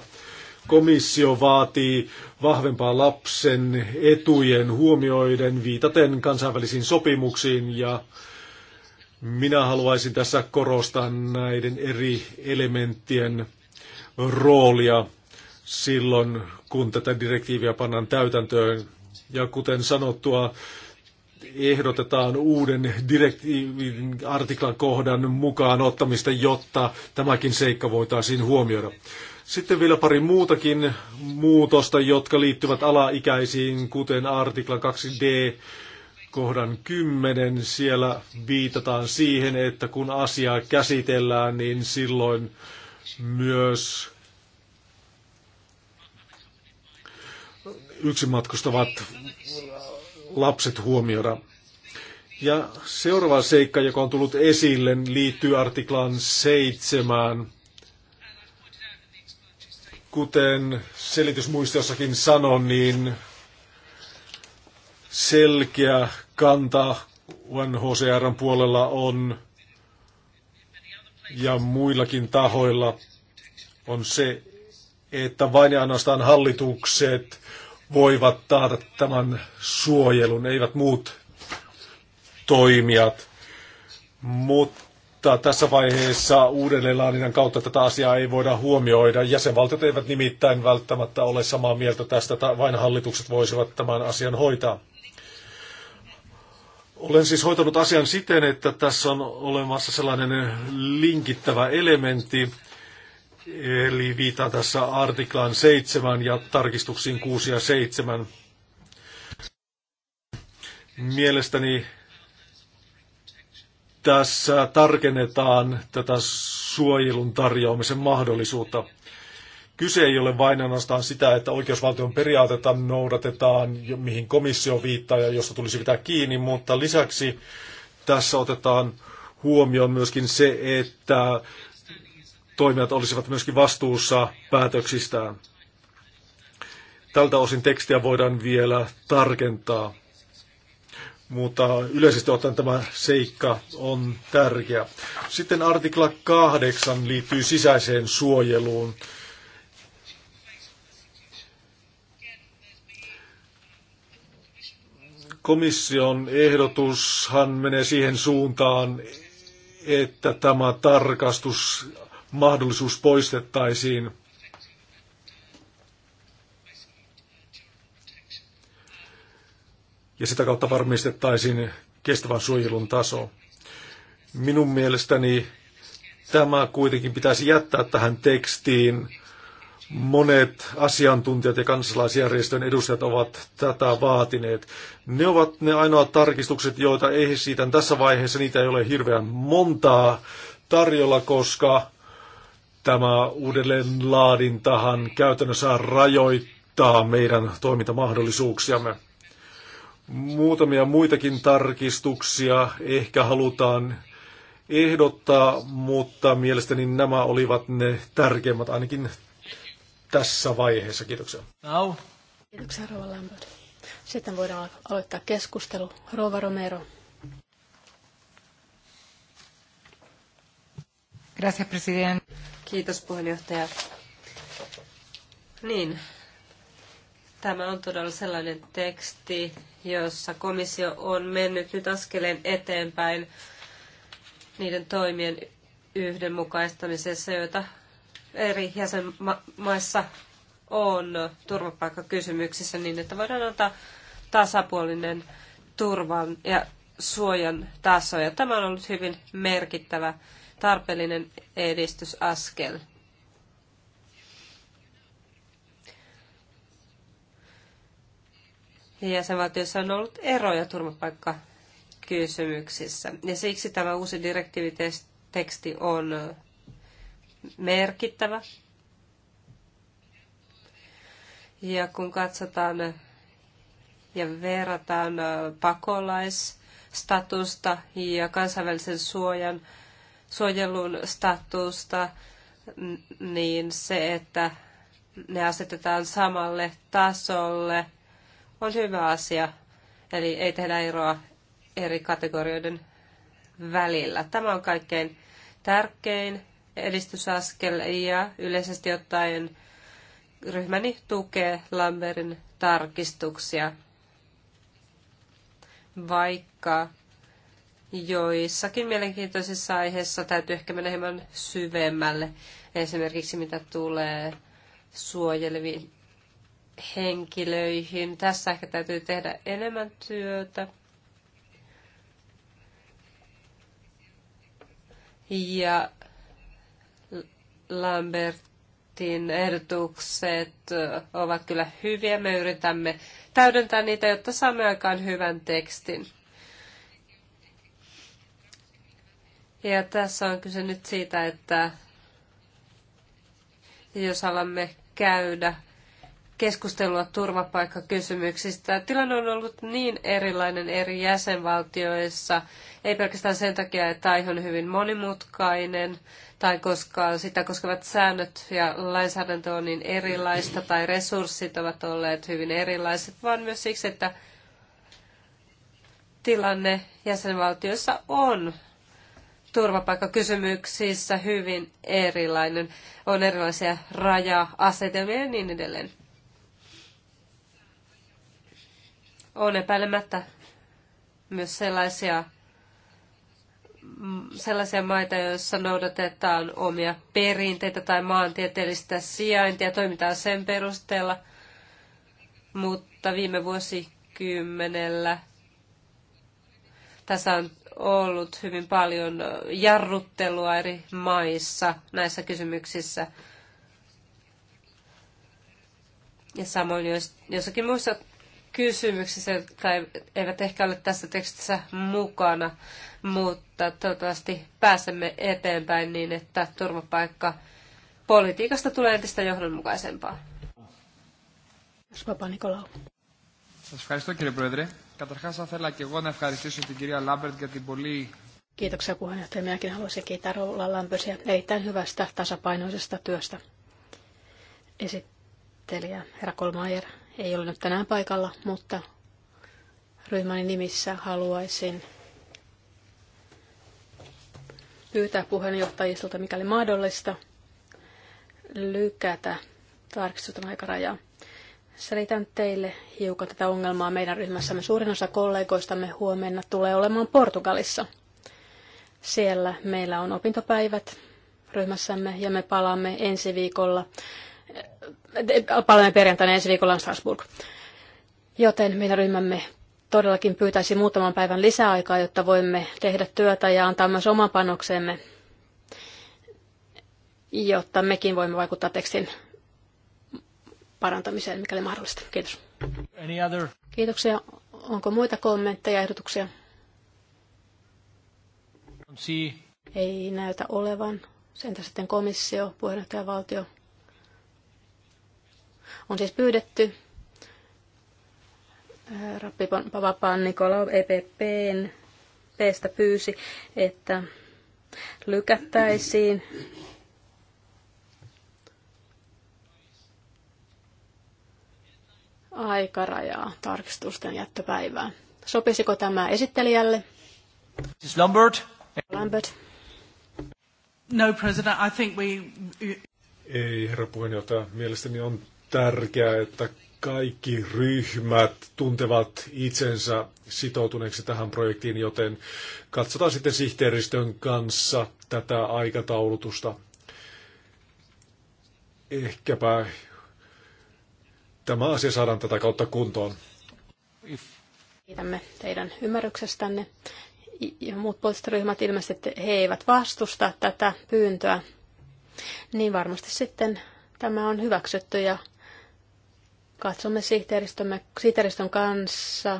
komissio vaatii vahvempaa lapsen etujen huomioiden viitaten kansainvälisiin sopimuksiin ja minä haluaisin tässä korostaa näiden eri elementtien roolia silloin, kun tätä direktiiviä pannaan täytäntöön. Ja kuten sanottua, ehdotetaan uuden direktiivin artiklan kohdan mukaan ottamista, jotta tämäkin seikka voitaisiin huomioida. Sitten vielä pari muutakin muutosta, jotka liittyvät alaikäisiin, kuten artikla 2d kohdan 10. Siellä viitataan siihen, että kun asiaa käsitellään, niin silloin myös yksin matkustavat lapset huomioida. Ja seuraava seikka, joka on tullut esille, liittyy artiklaan 7 Kuten selitysmuistiossakin sanon, niin selkeä kanta UNHCRn puolella on ja muillakin tahoilla on se, että vain ja ainoastaan hallitukset voivat taata tämän suojelun, eivät muut toimijat. Mutta mutta tässä vaiheessa uudelleenlaadinnan kautta tätä asiaa ei voida huomioida. Jäsenvaltiot eivät nimittäin välttämättä ole samaa mieltä tästä, että vain hallitukset voisivat tämän asian hoitaa. Olen siis hoitanut asian siten, että tässä on olemassa sellainen linkittävä elementti, eli viitaan tässä artiklaan 7 ja tarkistuksiin 6 ja 7. Mielestäni tässä tarkennetaan tätä suojelun tarjoamisen mahdollisuutta. Kyse ei ole vain ainoastaan sitä, että oikeusvaltion periaatetta noudatetaan, mihin komissio viittaa ja josta tulisi pitää kiinni, mutta lisäksi tässä otetaan huomioon myöskin se, että toimijat olisivat myöskin vastuussa päätöksistään. Tältä osin tekstiä voidaan vielä tarkentaa mutta yleisesti ottaen tämä seikka on tärkeä. Sitten artikla 8 liittyy sisäiseen suojeluun. Komission ehdotushan menee siihen suuntaan, että tämä tarkastusmahdollisuus poistettaisiin – ja sitä kautta varmistettaisiin kestävän suojelun taso. Minun mielestäni tämä kuitenkin pitäisi jättää tähän tekstiin. Monet asiantuntijat ja kansalaisjärjestön edustajat ovat tätä vaatineet. Ne ovat ne ainoat tarkistukset, joita esitän tässä vaiheessa. Niitä ei ole hirveän montaa tarjolla, koska tämä uudelleen laadintahan käytännössä rajoittaa meidän toimintamahdollisuuksiamme. Muutamia muitakin tarkistuksia ehkä halutaan ehdottaa, mutta mielestäni nämä olivat ne tärkeimmät ainakin tässä vaiheessa. Kiitoksia. Au. Kiitoksia Rova Lambert. Sitten voidaan aloittaa keskustelu. Rova Romero. Gracias, president. Kiitos puheenjohtaja. Niin, Tämä on todella sellainen teksti, jossa komissio on mennyt nyt askeleen eteenpäin niiden toimien yhdenmukaistamisessa, joita eri jäsenmaissa on turvapaikkakysymyksissä niin, että voidaan antaa tasapuolinen turvan ja suojan taso. Ja tämä on ollut hyvin merkittävä tarpeellinen edistysaskel. jäsenvaltioissa on ollut eroja turvapaikkakysymyksissä. Ja siksi tämä uusi direktiiviteksti on merkittävä. Ja kun katsotaan ja verrataan pakolaisstatusta ja kansainvälisen suojan, suojelun statusta, niin se, että ne asetetaan samalle tasolle – on hyvä asia, eli ei tehdä eroa eri kategorioiden välillä. Tämä on kaikkein tärkein edistysaskel ja yleisesti ottaen ryhmäni tukee Lamberin tarkistuksia, vaikka joissakin mielenkiintoisissa aiheissa täytyy ehkä mennä hieman syvemmälle, esimerkiksi mitä tulee suojeleviin henkilöihin. Tässä ehkä täytyy tehdä enemmän työtä. Ja Lambertin ehdotukset ovat kyllä hyviä. Me yritämme täydentää niitä, jotta saamme aikaan hyvän tekstin. Ja tässä on kyse nyt siitä, että jos alamme käydä keskustelua turvapaikkakysymyksistä. Tilanne on ollut niin erilainen eri jäsenvaltioissa, ei pelkästään sen takia, että aihe on hyvin monimutkainen, tai koska sitä koskevat säännöt ja lainsäädäntö on niin erilaista, tai resurssit ovat olleet hyvin erilaiset, vaan myös siksi, että tilanne jäsenvaltioissa on turvapaikkakysymyksissä hyvin erilainen. On erilaisia raja-asetelmia ja niin edelleen. on epäilemättä myös sellaisia, mm, sellaisia maita, joissa noudatetaan omia perinteitä tai maantieteellistä sijaintia, toimitaan sen perusteella, mutta viime vuosikymmenellä tässä on ollut hyvin paljon jarruttelua eri maissa näissä kysymyksissä. Ja samoin jos, jossakin muissa kysymyksissä, jotka eivät ehkä ole tässä tekstissä mukana, mutta toivottavasti pääsemme eteenpäin niin, että turvapaikka politiikasta tulee entistä johdonmukaisempaa. Παπα Νικολάου. Σας ευχαριστώ κύριε Πρόεδρε. Καταρχάς θα ήθελα και εγώ να ευχαριστήσω την κυρία Λάμπερτ για την πολύ Kiitoksia puheenjohtaja. Minäkin haluaisin kiittää Rolla Lämpösiä erittäin hyvästä tasapainoisesta työstä. Esittelijä herra Kolmaajera ei ole nyt tänään paikalla, mutta ryhmäni nimissä haluaisin pyytää puheenjohtajistolta, mikäli mahdollista, lykätä tarkistusten aikarajaa. Selitän teille hiukan tätä ongelmaa meidän ryhmässämme. Suurin osa kollegoistamme huomenna tulee olemaan Portugalissa. Siellä meillä on opintopäivät ryhmässämme ja me palaamme ensi viikolla palaamme perjantaina ensi viikolla Strasbourg. Joten meidän ryhmämme todellakin pyytäisi muutaman päivän lisäaikaa, jotta voimme tehdä työtä ja antaa myös oman panoksemme, jotta mekin voimme vaikuttaa tekstin parantamiseen, mikäli mahdollista. Kiitos. Any other? Kiitoksia. Onko muita kommentteja ja ehdotuksia? Ei näytä olevan. Sentä sitten komissio, puheenjohtajavaltio. valtio on siis pyydetty. Rappi Papapaan Nikolau EPPn Pstä pyysi, että lykättäisiin aikarajaa tarkistusten jättöpäivää. Sopisiko tämä esittelijälle? Mrs. Lambert. Lambert. No, President, I think we... Ei, herra puheenjohtaja. Mielestäni on tärkeää, että kaikki ryhmät tuntevat itsensä sitoutuneeksi tähän projektiin, joten katsotaan sitten sihteeristön kanssa tätä aikataulutusta. Ehkäpä tämä asia saadaan tätä kautta kuntoon. Kiitämme teidän ymmärryksestänne. Ja muut puolustusryhmät ilmeisesti he eivät vastusta tätä pyyntöä. Niin varmasti sitten tämä on hyväksytty ja Katsomme sihteeristön kanssa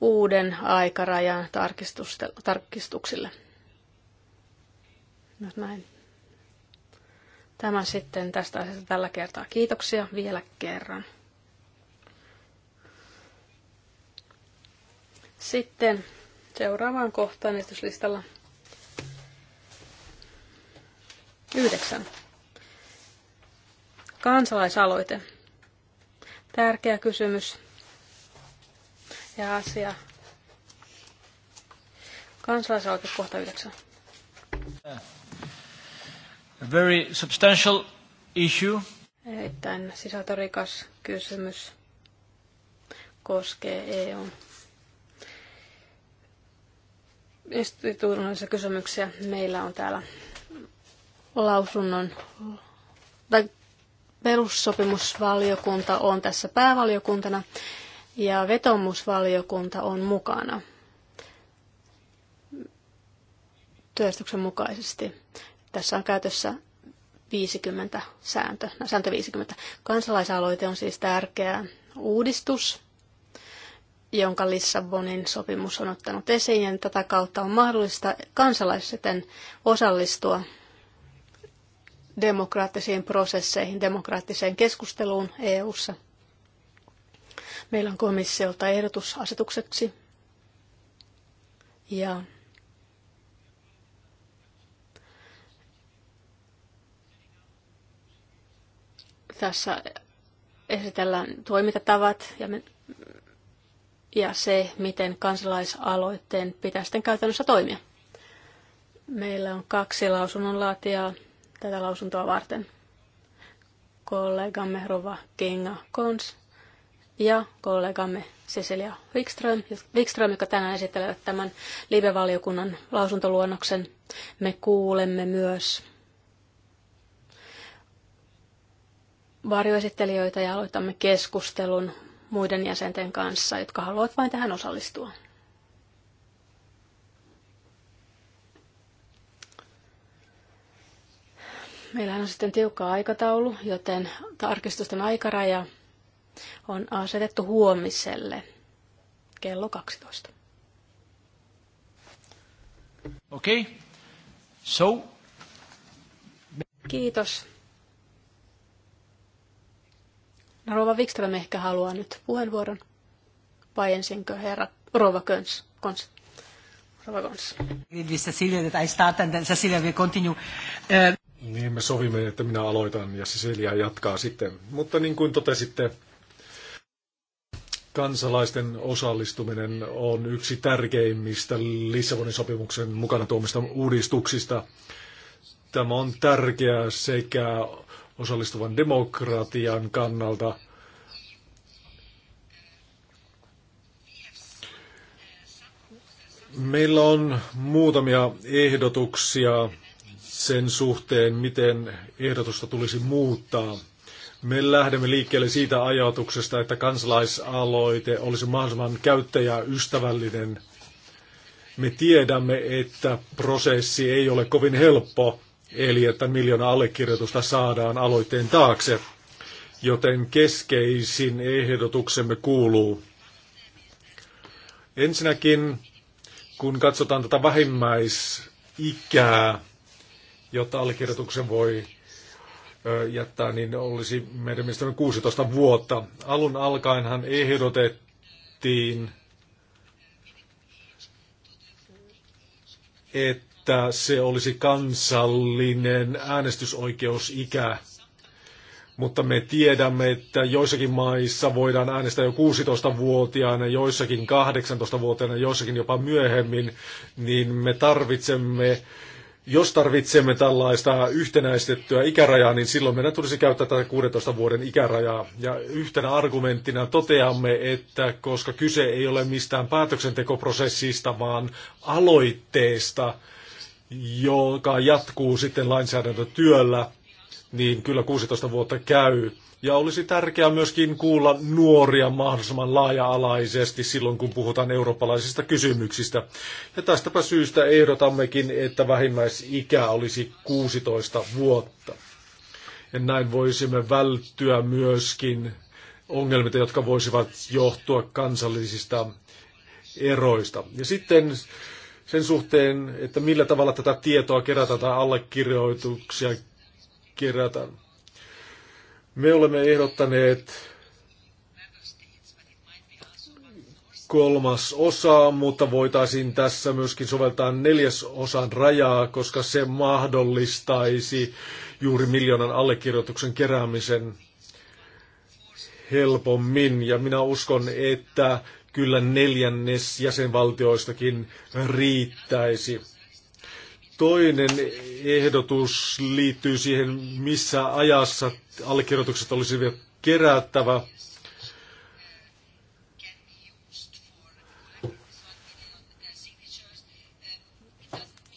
uuden aikarajan tarkistuksille. Nyt no, näin. Tämä sitten tästä asiasta tällä kertaa. Kiitoksia vielä kerran. Sitten seuraavaan kohtaan esityslistalla. Yhdeksän. Kansalaisaloite. Tärkeä kysymys ja asia. Kansalaisaloite kohta 9. A very substantial issue. Erittäin sisältörikas kysymys koskee EU. instituutioissa kysymyksiä. Meillä on täällä lausunnon tai perussopimusvaliokunta on tässä päävaliokuntana ja vetomusvaliokunta on mukana työjärjestyksen mukaisesti. Tässä on käytössä 50 sääntö, no, sääntö 50. Kansalaisaloite on siis tärkeä uudistus, jonka Lissabonin sopimus on ottanut esiin, ja tätä kautta on mahdollista kansalaisten osallistua demokraattisiin prosesseihin, demokraattiseen keskusteluun EU-ssa. Meillä on komissiolta ehdotus asetukseksi ja tässä esitellään toimintatavat ja, me, ja se, miten kansalaisaloitteen pitää sitten käytännössä toimia. Meillä on kaksi lausunnonlaatijaa tätä lausuntoa varten. Kollegamme Rova Kinga Kons ja kollegamme Cecilia Wikström, Wikström joka tänään esittelee tämän live-valiokunnan lausuntoluonnoksen. Me kuulemme myös varjoesittelijöitä ja aloitamme keskustelun muiden jäsenten kanssa, jotka haluavat vain tähän osallistua. Meillähän on sitten tiukka aikataulu, joten tarkistusten aikaraja on asetettu huomiselle kello 12. Okei, okay. so. Kiitos. No Rova Wikström ehkä haluaa nyt puheenvuoron. Vai ensinkö herra Rova Köns? Kons. Rova Köns. Cecilia, that I start and then Cecilia will continue. Uh... Niin me sovimme, että minä aloitan ja Cecilia jatkaa sitten. Mutta niin kuin totesitte, kansalaisten osallistuminen on yksi tärkeimmistä Lissabonin sopimuksen mukana tuomista uudistuksista. Tämä on tärkeää sekä osallistuvan demokratian kannalta, Meillä on muutamia ehdotuksia sen suhteen, miten ehdotusta tulisi muuttaa. Me lähdemme liikkeelle siitä ajatuksesta, että kansalaisaloite olisi mahdollisimman käyttäjäystävällinen. Me tiedämme, että prosessi ei ole kovin helppo, eli että miljoona allekirjoitusta saadaan aloitteen taakse, joten keskeisin ehdotuksemme kuuluu. Ensinnäkin, kun katsotaan tätä vähimmäisikää, jotta allekirjoituksen voi jättää, niin olisi meidän mielestämme 16 vuotta. Alun alkaenhan ehdotettiin, että se olisi kansallinen äänestysoikeusikä. Mutta me tiedämme, että joissakin maissa voidaan äänestää jo 16-vuotiaana, joissakin 18-vuotiaana, joissakin jopa myöhemmin, niin me tarvitsemme jos tarvitsemme tällaista yhtenäistettyä ikärajaa, niin silloin meidän tulisi käyttää tätä 16 vuoden ikärajaa. Ja yhtenä argumenttina toteamme, että koska kyse ei ole mistään päätöksentekoprosessista, vaan aloitteesta, joka jatkuu sitten lainsäädäntötyöllä, niin kyllä 16 vuotta käy. Ja olisi tärkeää myöskin kuulla nuoria mahdollisimman laaja-alaisesti silloin, kun puhutaan eurooppalaisista kysymyksistä. Ja tästäpä syystä ehdotammekin, että vähimmäisikä olisi 16 vuotta. Ja näin voisimme välttyä myöskin ongelmilta, jotka voisivat johtua kansallisista eroista. Ja sitten sen suhteen, että millä tavalla tätä tietoa kerätään tai allekirjoituksia kerätään. Me olemme ehdottaneet kolmas osa, mutta voitaisiin tässä myöskin soveltaa osan rajaa, koska se mahdollistaisi juuri miljoonan allekirjoituksen keräämisen helpommin. Ja minä uskon, että kyllä neljännes jäsenvaltioistakin riittäisi. Toinen ehdotus liittyy siihen, missä ajassa allekirjoitukset olisi vielä kerättävä.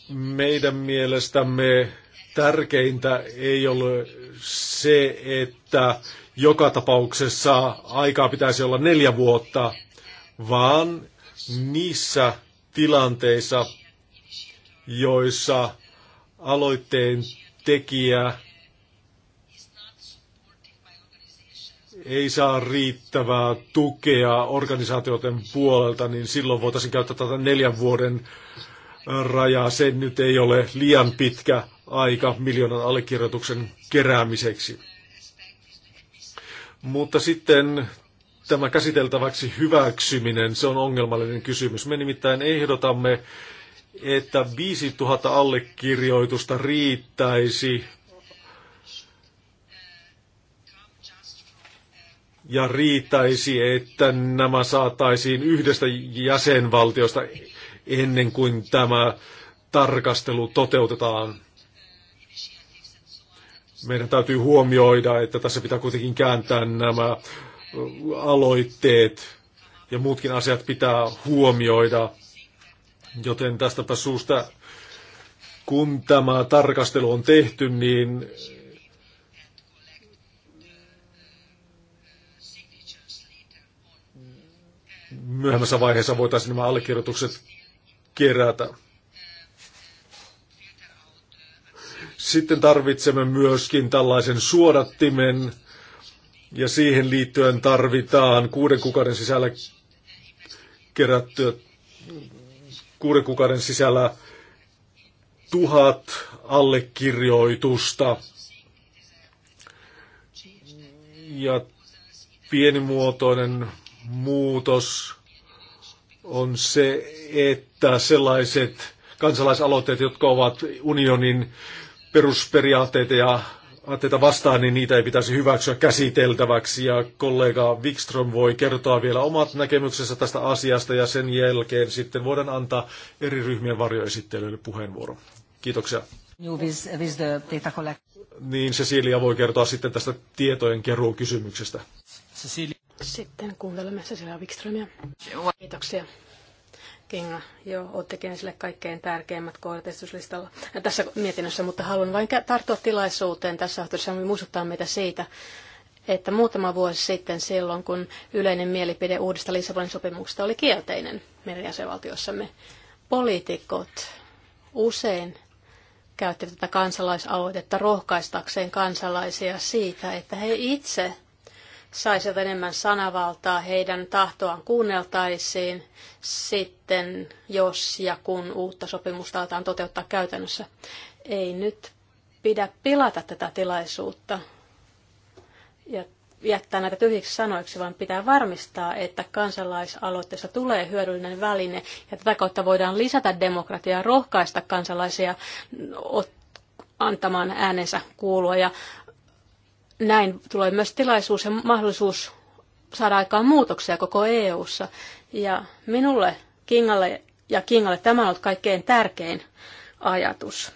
Meidän mielestämme tärkeintä ei ole se, että joka tapauksessa aikaa pitäisi olla neljä vuotta, vaan niissä tilanteissa joissa aloitteen tekijä ei saa riittävää tukea organisaatioiden puolelta, niin silloin voitaisiin käyttää tätä neljän vuoden rajaa. Se nyt ei ole liian pitkä aika miljoonan allekirjoituksen keräämiseksi. Mutta sitten tämä käsiteltäväksi hyväksyminen, se on ongelmallinen kysymys. Me nimittäin ehdotamme, että 5000 allekirjoitusta riittäisi ja riittäisi, että nämä saataisiin yhdestä jäsenvaltiosta ennen kuin tämä tarkastelu toteutetaan. Meidän täytyy huomioida, että tässä pitää kuitenkin kääntää nämä aloitteet ja muutkin asiat pitää huomioida. Joten tästäpä suusta, kun tämä tarkastelu on tehty, niin myöhemmässä vaiheessa voitaisiin nämä allekirjoitukset kerätä. Sitten tarvitsemme myöskin tällaisen suodattimen, ja siihen liittyen tarvitaan kuuden kuukauden sisällä kerättyä kuuden kuukauden sisällä tuhat allekirjoitusta. Ja pienimuotoinen muutos on se, että sellaiset kansalaisaloitteet, jotka ovat unionin perusperiaatteita ja aatteita vastaan, niin niitä ei pitäisi hyväksyä käsiteltäväksi. Ja kollega Wikström voi kertoa vielä omat näkemyksensä tästä asiasta ja sen jälkeen sitten voidaan antaa eri ryhmien varjoesittelyille puheenvuoro. Kiitoksia. Niin Cecilia voi kertoa sitten tästä tietojen keruukysymyksestä. Cecilia. Sitten kuuntelemme Cecilia Wikströmiä. Kiitoksia. Kinga jo ottikin esille kaikkein tärkeimmät kohdatestuslistalla tässä mietinnössä, mutta haluan vain tarttua tilaisuuteen tässä yhteydessä muistuttaa meitä siitä, että muutama vuosi sitten silloin, kun yleinen mielipide uudesta Lissabonin sopimuksesta oli kielteinen meidän jäsenvaltiossamme, poliitikot usein käyttivät tätä kansalaisaloitetta rohkaistakseen kansalaisia siitä, että he itse – saisivat enemmän sanavaltaa, heidän tahtoaan kuunneltaisiin sitten, jos ja kun uutta sopimusta aletaan toteuttaa käytännössä. Ei nyt pidä pilata tätä tilaisuutta ja jättää näitä tyhjiksi sanoiksi, vaan pitää varmistaa, että kansalaisaloitteessa tulee hyödyllinen väline ja tätä kautta voidaan lisätä demokratiaa, rohkaista kansalaisia antamaan äänensä kuulua ja näin tulee myös tilaisuus ja mahdollisuus saada aikaan muutoksia koko EU:ssa. Ja minulle Kingalle ja Kingalle tämä on ollut kaikkein tärkein ajatus.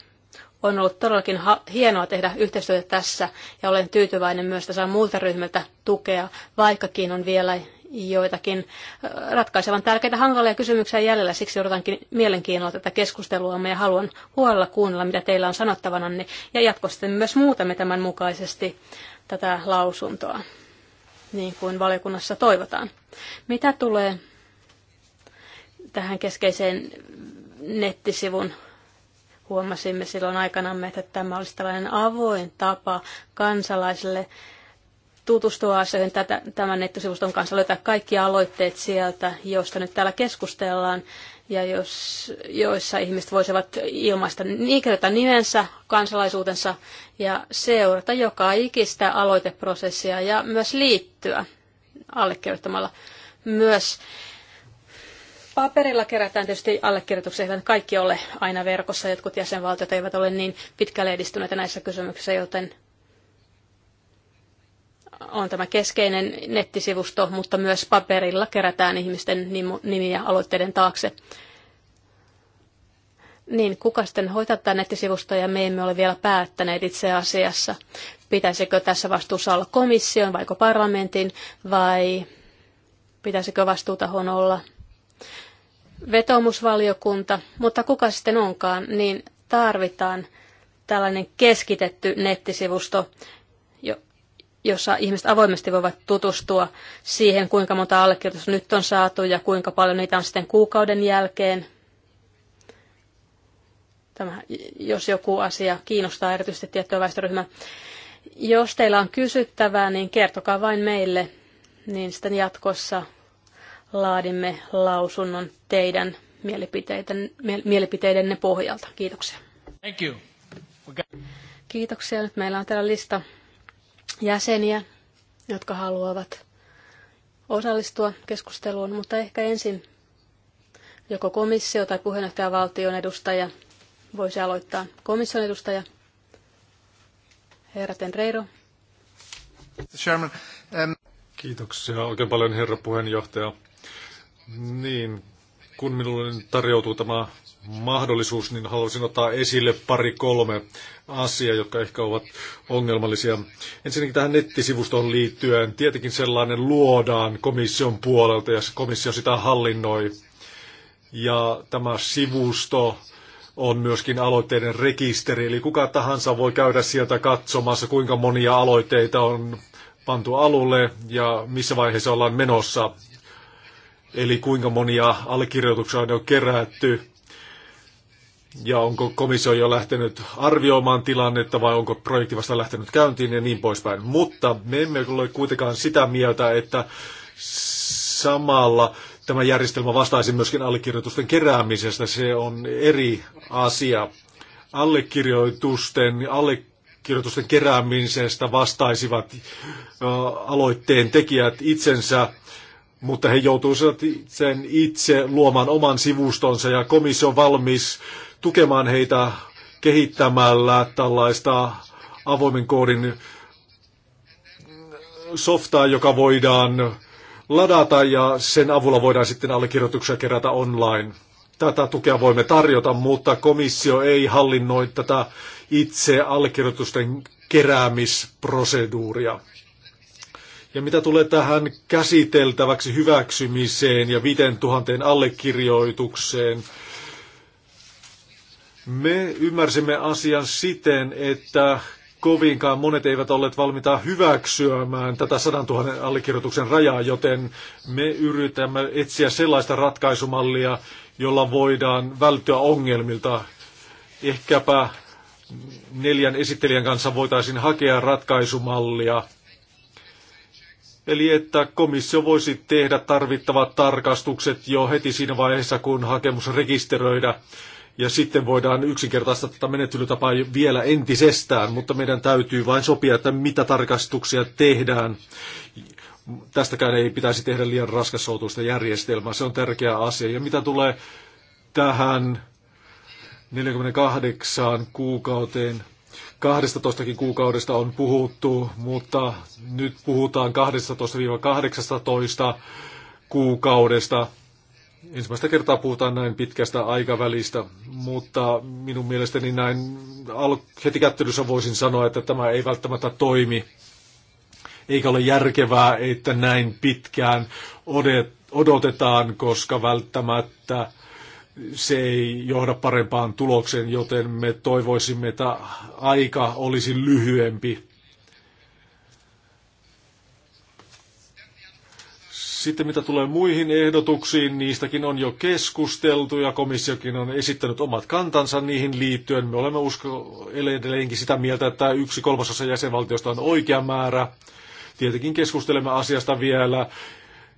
On ollut todellakin hienoa tehdä yhteistyötä tässä ja olen tyytyväinen myös, että saan muilta ryhmiltä tukea, vaikkakin on vielä joitakin ratkaisevan tärkeitä hankalia kysymyksiä jäljellä. Siksi odotankin mielenkiinnolla tätä keskustelua ja haluan huolella kuunnella, mitä teillä on sanottavananne ja jatkossa myös muutamme tämän mukaisesti tätä lausuntoa, niin kuin valiokunnassa toivotaan. Mitä tulee tähän keskeiseen nettisivun huomasimme silloin aikanamme, että tämä olisi tällainen avoin tapa kansalaisille tutustua asioihin tämän nettisivuston kanssa, löytää kaikki aloitteet sieltä, joista nyt täällä keskustellaan, ja jos, joissa ihmiset voisivat ilmaista niin nimensä, kansalaisuutensa ja seurata joka ikistä aloiteprosessia ja myös liittyä allekirjoittamalla. Myös paperilla kerätään tietysti allekirjoituksia, että kaikki ole aina verkossa, jotkut jäsenvaltiot eivät ole niin pitkälle edistyneitä näissä kysymyksissä, joten on tämä keskeinen nettisivusto, mutta myös paperilla kerätään ihmisten nimiä aloitteiden taakse. Niin, kuka sitten hoitaa tämä nettisivusto ja me emme ole vielä päättäneet itse asiassa. Pitäisikö tässä vastuussa olla komission vai parlamentin vai pitäisikö vastuutahon olla vetomusvaliokunta, mutta kuka sitten onkaan, niin tarvitaan tällainen keskitetty nettisivusto, jossa ihmiset avoimesti voivat tutustua siihen, kuinka monta allekirjoitusta nyt on saatu ja kuinka paljon niitä on sitten kuukauden jälkeen. Tämä, jos joku asia kiinnostaa erityisesti tiettyä väestöryhmää. Jos teillä on kysyttävää, niin kertokaa vain meille, niin sitten jatkossa laadimme lausunnon teidän mielipiteidenne pohjalta. Kiitoksia. Thank you. Kiitoksia. Nyt meillä on täällä lista jäseniä, jotka haluavat osallistua keskusteluun, mutta ehkä ensin joko komissio tai valtion edustaja voisi aloittaa. Komission edustaja, herra Tenreiro. Kiitoksia oikein paljon herra puheenjohtaja. Niin, kun minulle tarjoutuu tämä mahdollisuus, niin haluaisin ottaa esille pari-kolme asiaa, jotka ehkä ovat ongelmallisia. Ensinnäkin tähän nettisivustoon liittyen, tietenkin sellainen luodaan komission puolelta ja komissio sitä hallinnoi. Ja tämä sivusto on myöskin aloitteiden rekisteri, eli kuka tahansa voi käydä sieltä katsomassa, kuinka monia aloitteita on pantu alulle ja missä vaiheessa ollaan menossa. Eli kuinka monia allekirjoituksia on jo kerätty ja onko komissio jo lähtenyt arvioimaan tilannetta vai onko projekti vasta lähtenyt käyntiin ja niin poispäin. Mutta me emme ole kuitenkaan sitä mieltä, että samalla tämä järjestelmä vastaisi myöskin allekirjoitusten keräämisestä. Se on eri asia. Allekirjoitusten, allekirjoitusten keräämisestä vastaisivat aloitteen tekijät itsensä mutta he joutuisivat sen itse luomaan oman sivustonsa ja komissio on valmis tukemaan heitä kehittämällä tällaista avoimen koodin softaa, joka voidaan ladata ja sen avulla voidaan sitten allekirjoituksia kerätä online. Tätä tukea voimme tarjota, mutta komissio ei hallinnoi tätä itse allekirjoitusten keräämisproseduuria. Ja mitä tulee tähän käsiteltäväksi hyväksymiseen ja 5000 allekirjoitukseen, me ymmärsimme asian siten, että kovinkaan monet eivät olleet valmiita hyväksyämään tätä 100 000 allekirjoituksen rajaa, joten me yritämme etsiä sellaista ratkaisumallia, jolla voidaan välttyä ongelmilta. Ehkäpä neljän esittelijän kanssa voitaisiin hakea ratkaisumallia. Eli että komissio voisi tehdä tarvittavat tarkastukset jo heti siinä vaiheessa, kun hakemus rekisteröidä ja sitten voidaan yksinkertaistaa tätä menettelytapaa vielä entisestään, mutta meidän täytyy vain sopia, että mitä tarkastuksia tehdään. Tästäkään ei pitäisi tehdä liian raskasoutuista järjestelmää, se on tärkeä asia. Ja mitä tulee tähän 48 kuukauteen, 12 kuukaudesta on puhuttu, mutta nyt puhutaan 12-18 kuukaudesta – ensimmäistä kertaa puhutaan näin pitkästä aikavälistä, mutta minun mielestäni näin heti kättelyssä voisin sanoa, että tämä ei välttämättä toimi, eikä ole järkevää, että näin pitkään odotetaan, koska välttämättä se ei johda parempaan tulokseen, joten me toivoisimme, että aika olisi lyhyempi Sitten mitä tulee muihin ehdotuksiin, niistäkin on jo keskusteltu ja komissiokin on esittänyt omat kantansa niihin liittyen. Me olemme usko edelleenkin sitä mieltä, että yksi kolmasosa jäsenvaltiosta on oikea määrä. Tietenkin keskustelemme asiasta vielä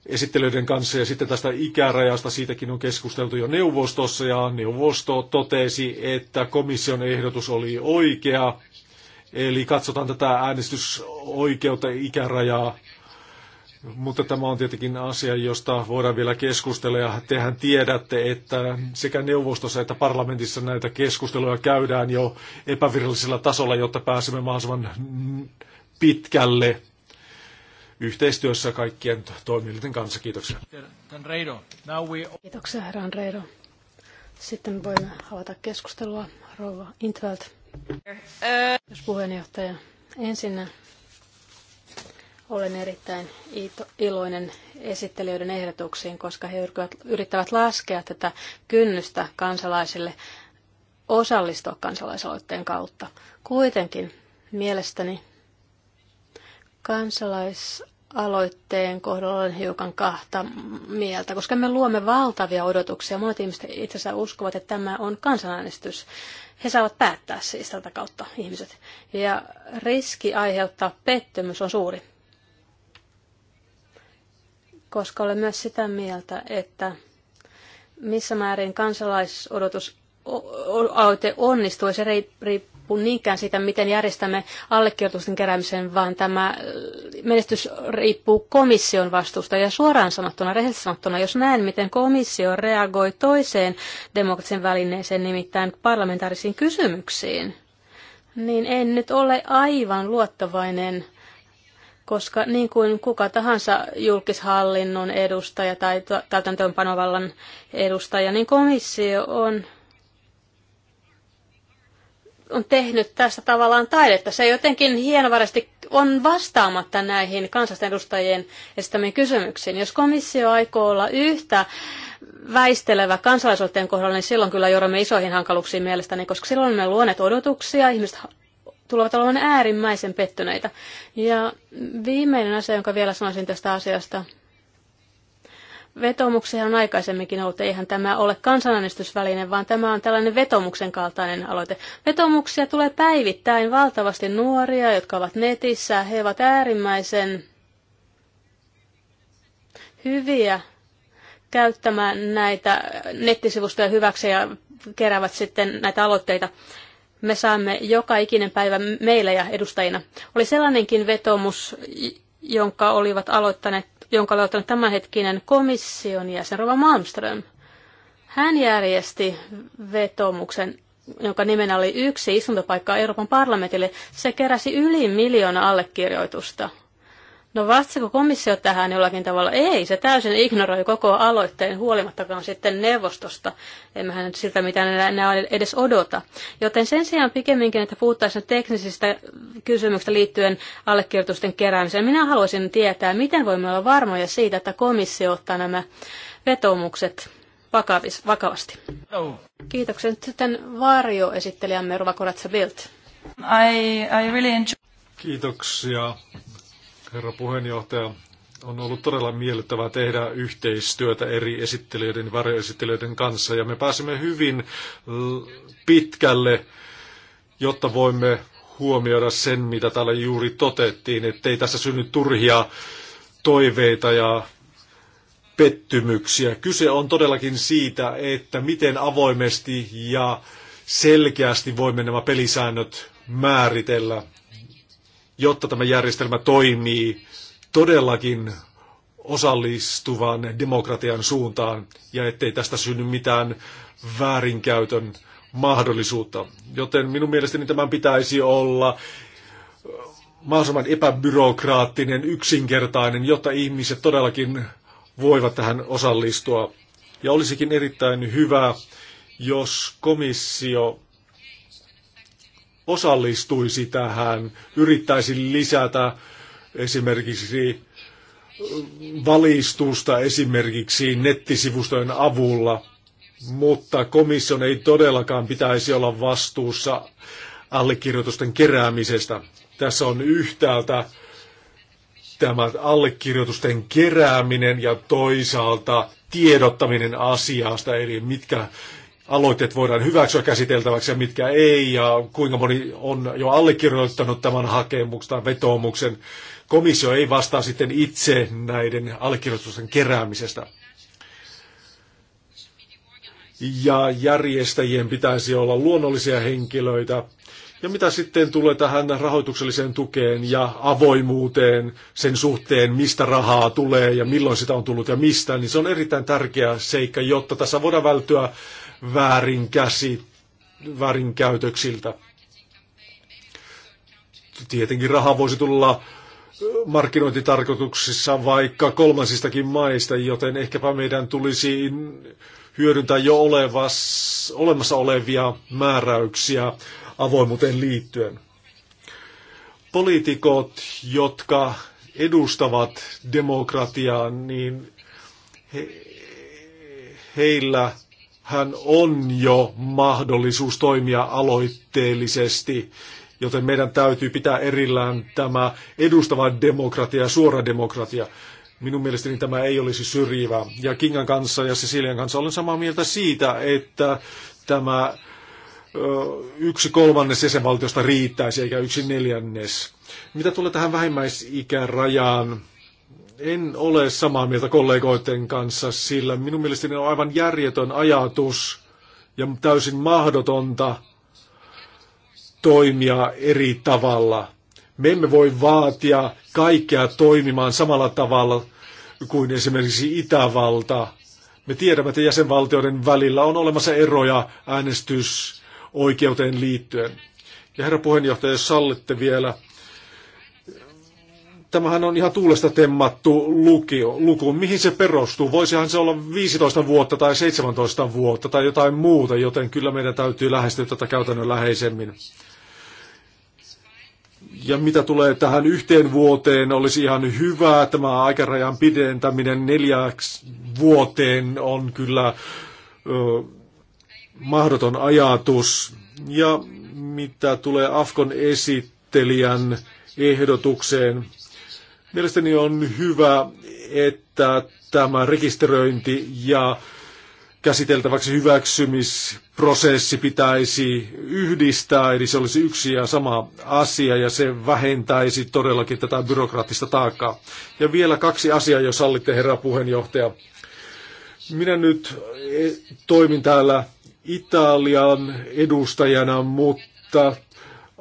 esittelyiden kanssa ja sitten tästä ikärajasta, siitäkin on keskusteltu jo neuvostossa ja neuvosto totesi, että komission ehdotus oli oikea. Eli katsotaan tätä äänestysoikeutta ikärajaa mutta tämä on tietenkin asia, josta voidaan vielä keskustella ja tehän tiedätte, että sekä neuvostossa että parlamentissa näitä keskusteluja käydään jo epävirallisella tasolla, jotta pääsemme mahdollisimman pitkälle yhteistyössä kaikkien toimijoiden kanssa. Kiitoksia. Kiitoksia, herra Andreiro. Sitten voimme avata keskustelua. Rouva Intveld. Äh. Jos puheenjohtaja, ensinnä olen erittäin iloinen esittelijöiden ehdotuksiin, koska he yrittävät laskea tätä kynnystä kansalaisille osallistua kansalaisaloitteen kautta. Kuitenkin mielestäni kansalaisaloitteen kohdalla olen hiukan kahta mieltä, koska me luomme valtavia odotuksia. Monet ihmiset itse asiassa uskovat, että tämä on kansanäänestys. He saavat päättää siis tätä kautta ihmiset. Ja riski aiheuttaa pettymys on suuri koska olen myös sitä mieltä, että missä määrin kansalaisodotus aloite onnistuu, se riippuu niinkään siitä, miten järjestämme allekirjoitusten keräämisen, vaan tämä äh, menestys riippuu komission vastuusta. Ja suoraan sanottuna, rehellisesti sanottuna, jos näen, miten komissio reagoi toiseen demokratian välineeseen, nimittäin parlamentaarisiin kysymyksiin, niin en nyt ole aivan luottavainen koska niin kuin kuka tahansa julkishallinnon edustaja tai täytäntöönpanovallan edustaja, niin komissio on on tehnyt tästä tavallaan taidetta. Se jotenkin hienovaraisesti on vastaamatta näihin kansanedustajien esittämiin kysymyksiin. Jos komissio aikoo olla yhtä väistelevä kansalaisuuteen kohdalla, niin silloin kyllä joudumme isoihin hankaluuksiin mielestäni, koska silloin me luoneet odotuksia, ihmiset tulevat olemaan äärimmäisen pettyneitä. Ja viimeinen asia, jonka vielä sanoisin tästä asiasta, vetomuksia on aikaisemminkin ollut. Eihän tämä ole kansanäänestysväline, vaan tämä on tällainen vetomuksen kaltainen aloite. Vetomuksia tulee päivittäin valtavasti nuoria, jotka ovat netissä. He ovat äärimmäisen hyviä käyttämään näitä nettisivustoja hyväksi ja keräävät sitten näitä aloitteita me saamme joka ikinen päivä meille ja edustajina. Oli sellainenkin vetomus, jonka olivat aloittaneet, jonka oli aloittanut tämänhetkinen komission jäsen Rova Malmström. Hän järjesti vetomuksen jonka nimenä oli yksi istuntopaikka Euroopan parlamentille, se keräsi yli miljoona allekirjoitusta. No vastasiko komissio tähän jollakin tavalla? Ei, se täysin ignoroi koko aloitteen huolimattakaan sitten neuvostosta. Emmehän nyt siltä mitään enää edes odota. Joten sen sijaan pikemminkin, että puhuttaisiin teknisistä kysymyksistä liittyen allekirjoitusten keräämiseen, minä haluaisin tietää, miten voimme olla varmoja siitä, että komissio ottaa nämä vetomukset vakavis, vakavasti. No. Kiitoksia. Nyt sitten varjoesittelijämme Ruva Koratsa Bild. I, I really enjoy... Kiitoksia herra puheenjohtaja. On ollut todella miellyttävää tehdä yhteistyötä eri esittelijöiden, varjoesittelijöiden kanssa ja me pääsemme hyvin pitkälle, jotta voimme huomioida sen, mitä täällä juuri totettiin, ettei tässä synny turhia toiveita ja pettymyksiä. Kyse on todellakin siitä, että miten avoimesti ja selkeästi voimme nämä pelisäännöt määritellä jotta tämä järjestelmä toimii todellakin osallistuvan demokratian suuntaan ja ettei tästä synny mitään väärinkäytön mahdollisuutta. Joten minun mielestäni tämän pitäisi olla eh, mahdollisimman epäbyrokraattinen, yksinkertainen, jotta ihmiset todellakin voivat tähän osallistua. Ja olisikin erittäin hyvä, jos komissio osallistuisi tähän, yrittäisi lisätä esimerkiksi valistusta esimerkiksi nettisivustojen avulla, mutta komission ei todellakaan pitäisi olla vastuussa allekirjoitusten keräämisestä. Tässä on yhtäältä tämä allekirjoitusten kerääminen ja toisaalta tiedottaminen asiasta, eli mitkä aloitteet voidaan hyväksyä käsiteltäväksi ja mitkä ei, ja kuinka moni on jo allekirjoittanut tämän hakemuksen tai vetoomuksen. Komissio ei vastaa sitten itse näiden allekirjoitusten keräämisestä. Ja järjestäjien pitäisi olla luonnollisia henkilöitä. Ja mitä sitten tulee tähän rahoitukselliseen tukeen ja avoimuuteen sen suhteen, mistä rahaa tulee ja milloin sitä on tullut ja mistä, niin se on erittäin tärkeä seikka, jotta tässä voidaan välttyä väärinkäsi, väärinkäytöksiltä. Tietenkin raha voisi tulla markkinointitarkoituksissa vaikka kolmansistakin maista, joten ehkäpä meidän tulisi hyödyntää jo olevas, olemassa olevia määräyksiä avoimuuteen liittyen. Poliitikot, jotka edustavat demokratiaa, niin he, heillä hän on jo mahdollisuus toimia aloitteellisesti, joten meidän täytyy pitää erillään tämä edustava demokratia ja suora demokratia. Minun mielestäni tämä ei olisi syrjivä. Ja Kingan kanssa ja Cecilian kanssa olen samaa mieltä siitä, että tämä yksi kolmannes jäsenvaltiosta riittäisi eikä yksi neljännes. Mitä tulee tähän vähimmäisikärajaan, en ole samaa mieltä kollegoiden kanssa, sillä minun mielestäni on aivan järjetön ajatus ja täysin mahdotonta toimia eri tavalla. Me emme voi vaatia kaikkea toimimaan samalla tavalla kuin esimerkiksi Itävalta. Me tiedämme, että jäsenvaltioiden välillä on olemassa eroja äänestysoikeuteen liittyen. Ja herra puheenjohtaja, jos sallitte vielä, tämähän on ihan tuulesta temmattu lukio, luku. Mihin se perustuu? Voisihan se olla 15 vuotta tai 17 vuotta tai jotain muuta, joten kyllä meidän täytyy lähestyä tätä käytännön läheisemmin. Ja mitä tulee tähän yhteen vuoteen, olisi ihan hyvä. Tämä aikarajan pidentäminen neljäksi vuoteen on kyllä ö, mahdoton ajatus. Ja mitä tulee Afkon esittelijän ehdotukseen, Mielestäni on hyvä, että tämä rekisteröinti ja käsiteltäväksi hyväksymisprosessi pitäisi yhdistää, eli se olisi yksi ja sama asia, ja se vähentäisi todellakin tätä byrokraattista taakkaa. Ja vielä kaksi asiaa, jos sallitte, herra puheenjohtaja. Minä nyt eh, toimin täällä Italian edustajana, mutta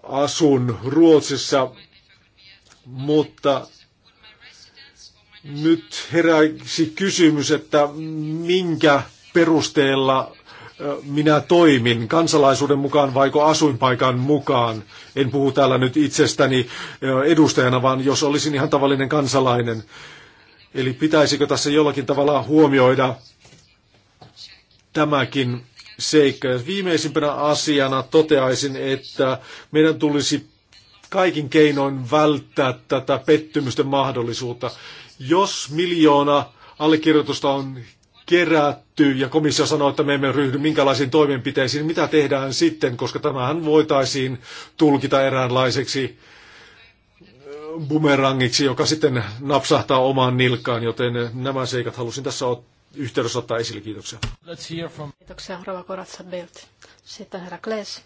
asun Ruotsissa, mutta nyt heräisi kysymys, että minkä perusteella minä toimin, kansalaisuuden mukaan vaiko asuinpaikan mukaan. En puhu täällä nyt itsestäni edustajana, vaan jos olisin ihan tavallinen kansalainen. Eli pitäisikö tässä jollakin tavalla huomioida tämäkin seikka. Viimeisimpänä asiana toteaisin, että meidän tulisi kaikin keinoin välttää tätä pettymysten mahdollisuutta. Jos miljoona allekirjoitusta on kerätty ja komissio sanoo, että me emme ryhdy minkälaisiin toimenpiteisiin, mitä tehdään sitten, koska tämähän voitaisiin tulkita eräänlaiseksi äh, bumerangiksi, joka sitten napsahtaa omaan nilkkaan, joten nämä seikat halusin tässä yhteydessä ottaa esille. Kiitoksia. Let's hear from... Kiitoksia, Rova Koratsa Belt, Sitten herra Klees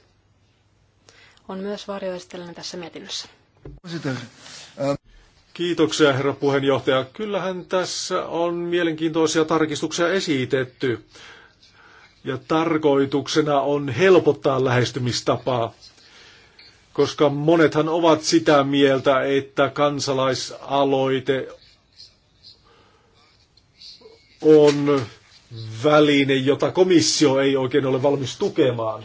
on myös varjoistellinen tässä mietinnössä. Kiitoksia, herra puheenjohtaja. Kyllähän tässä on mielenkiintoisia tarkistuksia esitetty. Ja tarkoituksena on helpottaa lähestymistapaa, koska monethan ovat sitä mieltä, että kansalaisaloite on väline, jota komissio ei oikein ole valmis tukemaan.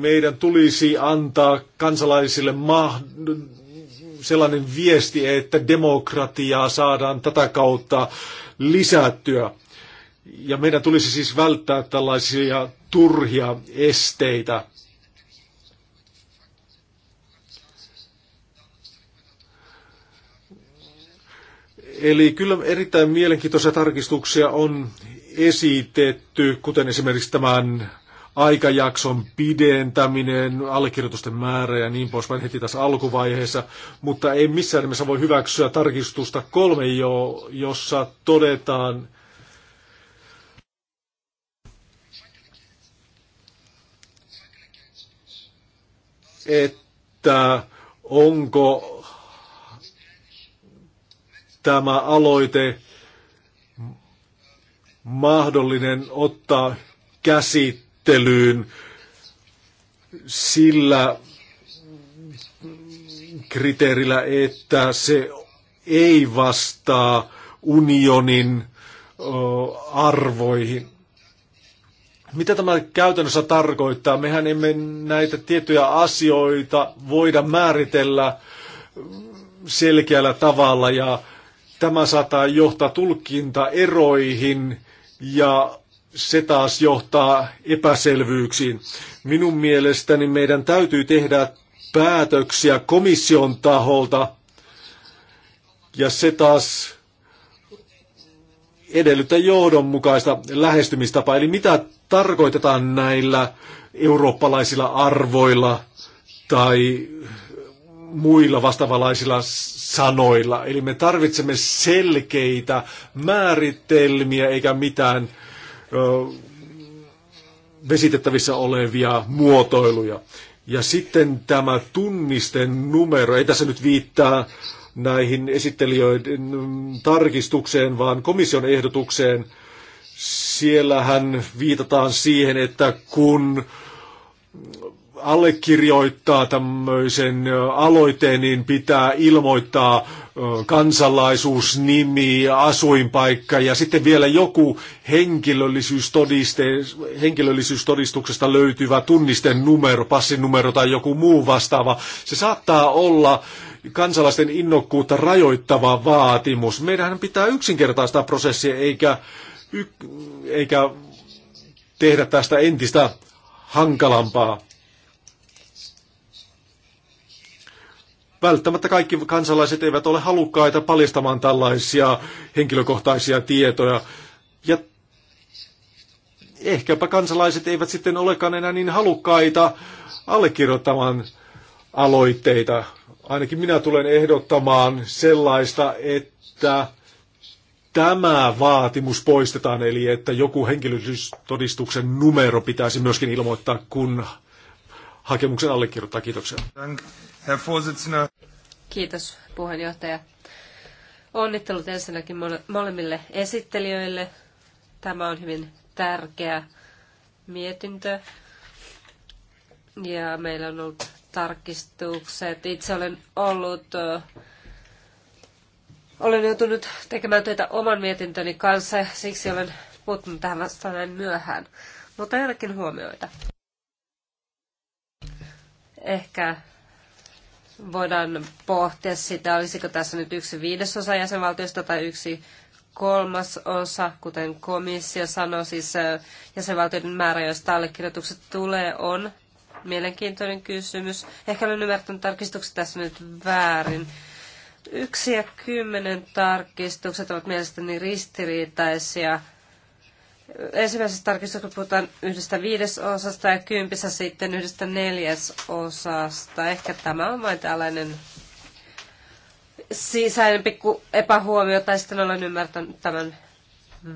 Meidän tulisi antaa kansalaisille mahdollisuus sellainen viesti, että demokratiaa saadaan tätä kautta lisättyä. Ja meidän tulisi siis välttää tällaisia turhia esteitä. Eli kyllä erittäin mielenkiintoisia tarkistuksia on esitetty, kuten esimerkiksi tämän aikajakson pidentäminen, allekirjoitusten määrä ja niin poispäin heti tässä alkuvaiheessa, mutta ei missään nimessä voi hyväksyä tarkistusta kolme, jo, jossa todetaan, että onko tämä aloite mahdollinen ottaa käsittelyyn käsittelyyn sillä kriteerillä, että se ei vastaa unionin arvoihin. Mitä tämä käytännössä tarkoittaa? Mehän emme näitä tiettyjä asioita voida määritellä selkeällä tavalla ja tämä saattaa johtaa tulkintaeroihin ja se taas johtaa epäselvyyksiin. Minun mielestäni meidän täytyy tehdä päätöksiä komission taholta, ja se taas edellyttää johdonmukaista lähestymistapaa. Eli mitä tarkoitetaan näillä eurooppalaisilla arvoilla tai muilla vastavalaisilla sanoilla. Eli me tarvitsemme selkeitä määritelmiä eikä mitään vesitettävissä olevia muotoiluja. Ja sitten tämä tunnisten numero, ei tässä nyt viittaa näihin esittelijöiden tarkistukseen, vaan komission ehdotukseen. Siellähän viitataan siihen, että kun allekirjoittaa tämmöisen aloitteen, niin pitää ilmoittaa nimi, asuinpaikka ja sitten vielä joku henkilöllisyystodiste, henkilöllisyystodistuksesta löytyvä tunnisten numero, passin numero tai joku muu vastaava. Se saattaa olla kansalaisten innokkuutta rajoittava vaatimus. Meidän pitää yksinkertaistaa prosessia eikä, eikä tehdä tästä entistä hankalampaa. välttämättä kaikki kansalaiset eivät ole halukkaita paljastamaan tällaisia henkilökohtaisia tietoja. Ja ehkäpä kansalaiset eivät sitten olekaan enää niin halukkaita allekirjoittamaan aloitteita. Ainakin minä tulen ehdottamaan sellaista, että tämä vaatimus poistetaan, eli että joku henkilöllisyystodistuksen numero pitäisi myöskin ilmoittaa, kun hakemuksen allekirjoittaa. Kiitoksia. Herr Vorsitzender. Kiitos puheenjohtaja. Onnittelut ensinnäkin molemmille esittelijöille. Tämä on hyvin tärkeä mietintö. Ja meillä on ollut tarkistukset. Itse olen ollut, olen joutunut tekemään töitä oman mietintöni kanssa ja siksi olen puuttunut tähän vasta näin myöhään. Mutta jotakin huomioita. Ehkä voidaan pohtia sitä, olisiko tässä nyt yksi viidesosa jäsenvaltiosta tai yksi kolmas osa, kuten komissio sanoi, siis jäsenvaltioiden määrä, joista allekirjoitukset tulee, on mielenkiintoinen kysymys. Ehkä olen ymmärtänyt tarkistukset tässä nyt väärin. Yksi ja kymmenen tarkistukset ovat mielestäni ristiriitaisia. Ensimmäisessä tarkistuksessa puhutaan yhdestä viidesosasta ja kympissä sitten yhdestä neljäsosasta. Ehkä tämä on vain tällainen sisäinen pikku epähuomio, tai sitten olen ymmärtänyt tämän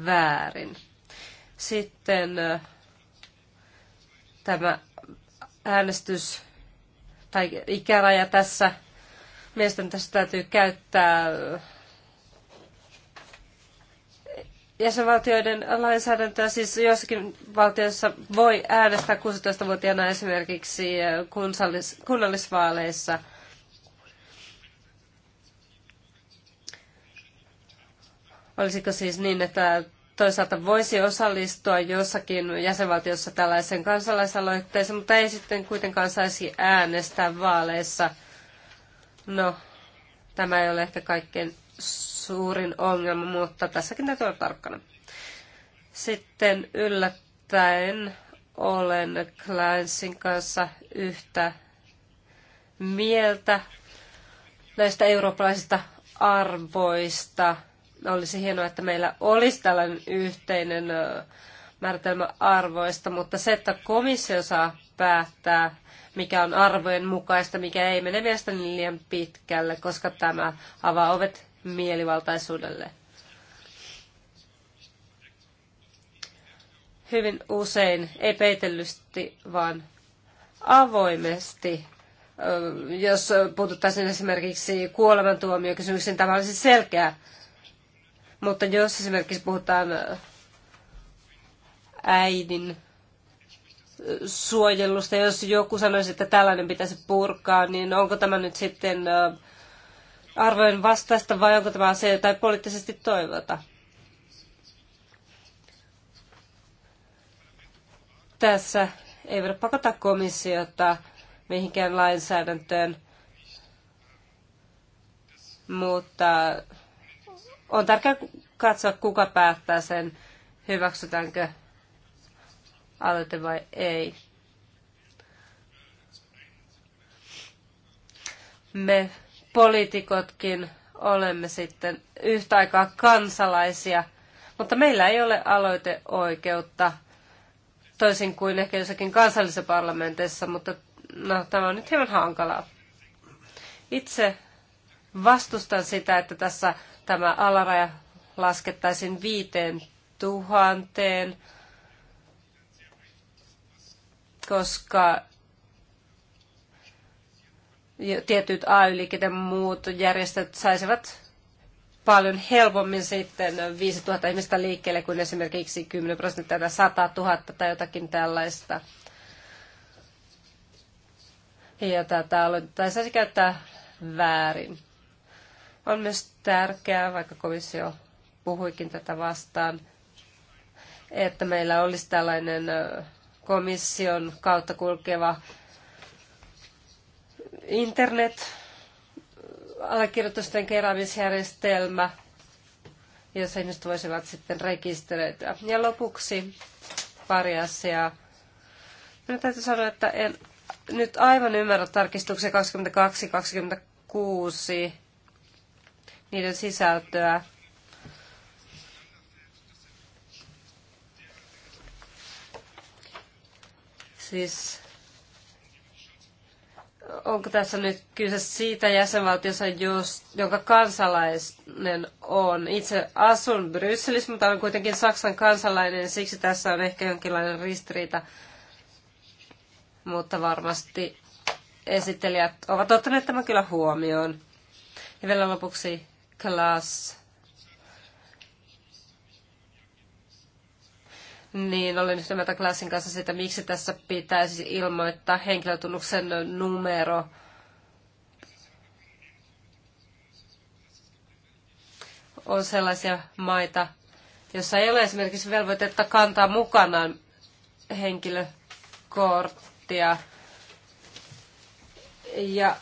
väärin. Sitten äh, tämä äänestys tai ikäraja tässä. Mielestäni tässä täytyy käyttää äh, jäsenvaltioiden lainsäädäntöä, siis joissakin valtioissa voi äänestää 16-vuotiaana esimerkiksi eh, kunnallisvaaleissa. Olisiko siis niin, että toisaalta voisi osallistua jossakin jäsenvaltiossa tällaisen kansalaisaloitteeseen, mutta ei sitten kuitenkaan saisi äänestää vaaleissa. No, tämä ei ole ehkä kaikkein suurin ongelma, mutta tässäkin täytyy olla tarkkana. Sitten yllättäen olen Clansin kanssa yhtä mieltä näistä eurooppalaisista arvoista. Olisi hienoa, että meillä olisi tällainen yhteinen määritelmä arvoista, mutta se, että komissio saa päättää, mikä on arvojen mukaista, mikä ei, mene mielestäni liian pitkälle, koska tämä avaa ovet mielivaltaisuudelle. Hyvin usein, ei peitellysti, vaan avoimesti jos puututtaisiin esimerkiksi kuolemantuomiokysymyksiin, tämä olisi selkeä. Mutta jos esimerkiksi puhutaan äidin suojelusta, jos joku sanoisi, että tällainen pitäisi purkaa, niin onko tämä nyt sitten arvojen vastaista vai onko tämä asia, jota ei poliittisesti toivota? Tässä ei voida pakota komissiota mihinkään lainsäädäntöön, mutta on tärkeää katsoa, kuka päättää sen, hyväksytäänkö aloite vai ei. Me poliitikotkin olemme sitten yhtä aikaa kansalaisia, mutta meillä ei ole aloiteoikeutta toisin kuin ehkä jossakin kansallisessa parlamentissa, mutta no, tämä on nyt hieman hankalaa. Itse vastustan sitä, että tässä tämä alaraja laskettaisiin viiteen tuhanteen, koska tietyt ay ja muut järjestöt saisivat paljon helpommin sitten 5000 ihmistä liikkeelle kuin esimerkiksi 10 prosenttia tai 100 000 tai jotakin tällaista. Ja tätä tai saisi käyttää väärin. On myös tärkeää, vaikka komissio puhuikin tätä vastaan, että meillä olisi tällainen komission kautta kulkeva internet, allekirjoitusten keräämisjärjestelmä, jos ihmiset voisivat sitten rekisteröityä. Ja lopuksi pari asiaa. Minä täytyy sanoa, että en nyt aivan ymmärrä tarkistuksia 22-26, niiden sisältöä. Siis onko tässä nyt kyse siitä jäsenvaltiossa, jos, jonka kansalainen on. Itse asun Brysselissä, mutta olen kuitenkin Saksan kansalainen, siksi tässä on ehkä jonkinlainen ristiriita. Mutta varmasti esittelijät ovat ottaneet tämän kyllä huomioon. Ja vielä lopuksi Klaas niin olen yhtä mieltä Klassin kanssa siitä, miksi tässä pitäisi ilmoittaa henkilötunnuksen numero. On sellaisia maita, jossa ei ole esimerkiksi velvoitetta kantaa mukanaan henkilökorttia. Ja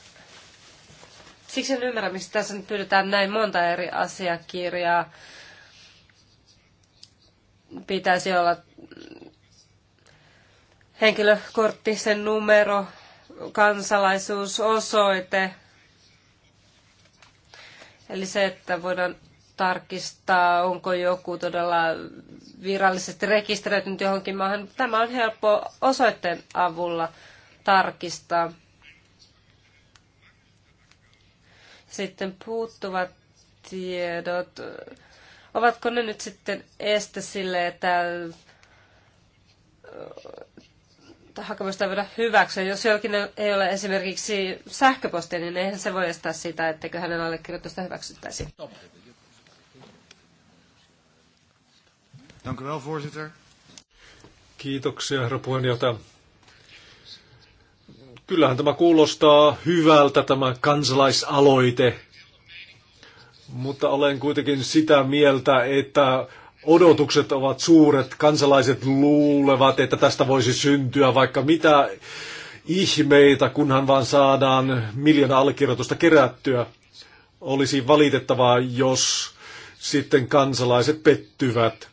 siksi en ymmärrä, miksi tässä nyt pyydetään näin monta eri asiakirjaa pitäisi olla henkilökortti, sen numero, kansalaisuus, osoite. Eli se, että voidaan tarkistaa, onko joku todella virallisesti rekisteröitynyt johonkin maahan. Tämä on helppo osoitteen avulla tarkistaa. Sitten puuttuvat tiedot Ovatko ne nyt sitten este sille, että hakemusta ei voida hyväksyä. Jos jollakin ei ole esimerkiksi sähköpostia, niin eihän se voi estää sitä, etteikö hänen allekirjoitusta hyväksyttäisi. Dank u wel, voorzitter. Kiitoksia, herra puheenjohtaja. Kyllähän tämä kuulostaa hyvältä, tämä kansalaisaloite. Mutta olen kuitenkin sitä mieltä, että odotukset ovat suuret. Kansalaiset luulevat, että tästä voisi syntyä vaikka mitä ihmeitä, kunhan vaan saadaan miljoona allekirjoitusta kerättyä. Olisi valitettavaa, jos sitten kansalaiset pettyvät.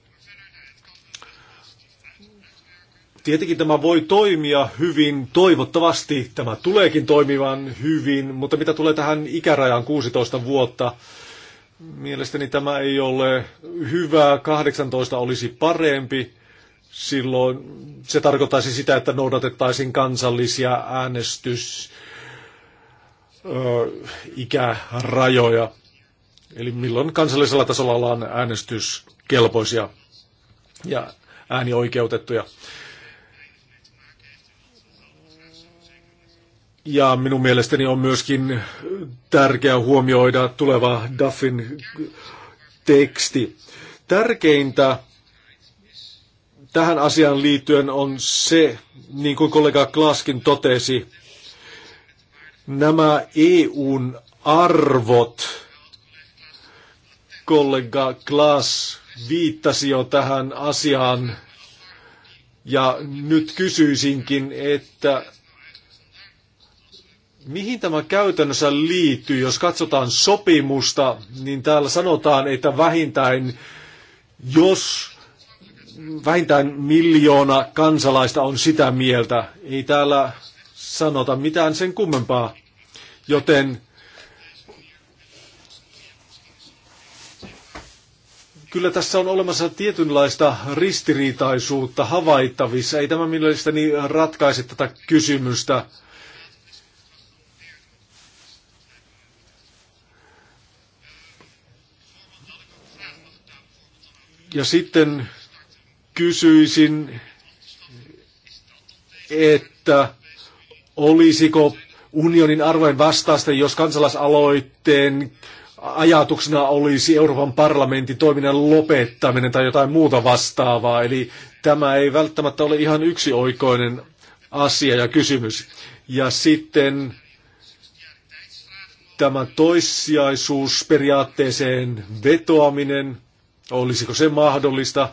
Tietenkin tämä voi toimia hyvin, toivottavasti tämä tuleekin toimivan hyvin, mutta mitä tulee tähän ikärajaan 16 vuotta, Mielestäni tämä ei ole hyvä. 18 olisi parempi. Silloin se tarkoittaisi sitä, että noudatettaisiin kansallisia äänestys ikärajoja. Eli milloin kansallisella tasolla ollaan äänestyskelpoisia ja äänioikeutettuja. Ja minun mielestäni on myöskin tärkeää huomioida tuleva Duffin teksti. Tärkeintä tähän asiaan liittyen on se, niin kuin kollega Klaskin totesi, nämä EUn arvot, kollega Klas viittasi jo tähän asiaan, ja nyt kysyisinkin, että Mihin tämä käytännössä liittyy? Jos katsotaan sopimusta, niin täällä sanotaan, että vähintään jos vähintään miljoona kansalaista on sitä mieltä, ei täällä sanota mitään sen kummempaa. Joten kyllä tässä on olemassa tietynlaista ristiriitaisuutta havaittavissa. Ei tämä mielestäni ratkaise tätä kysymystä. Ja sitten kysyisin, että olisiko unionin arvojen vastaista, jos kansalaisaloitteen ajatuksena olisi Euroopan parlamentin toiminnan lopettaminen tai jotain muuta vastaavaa. Eli tämä ei välttämättä ole ihan yksioikoinen asia ja kysymys. Ja sitten tämä toissijaisuusperiaatteeseen vetoaminen – Olisiko se mahdollista?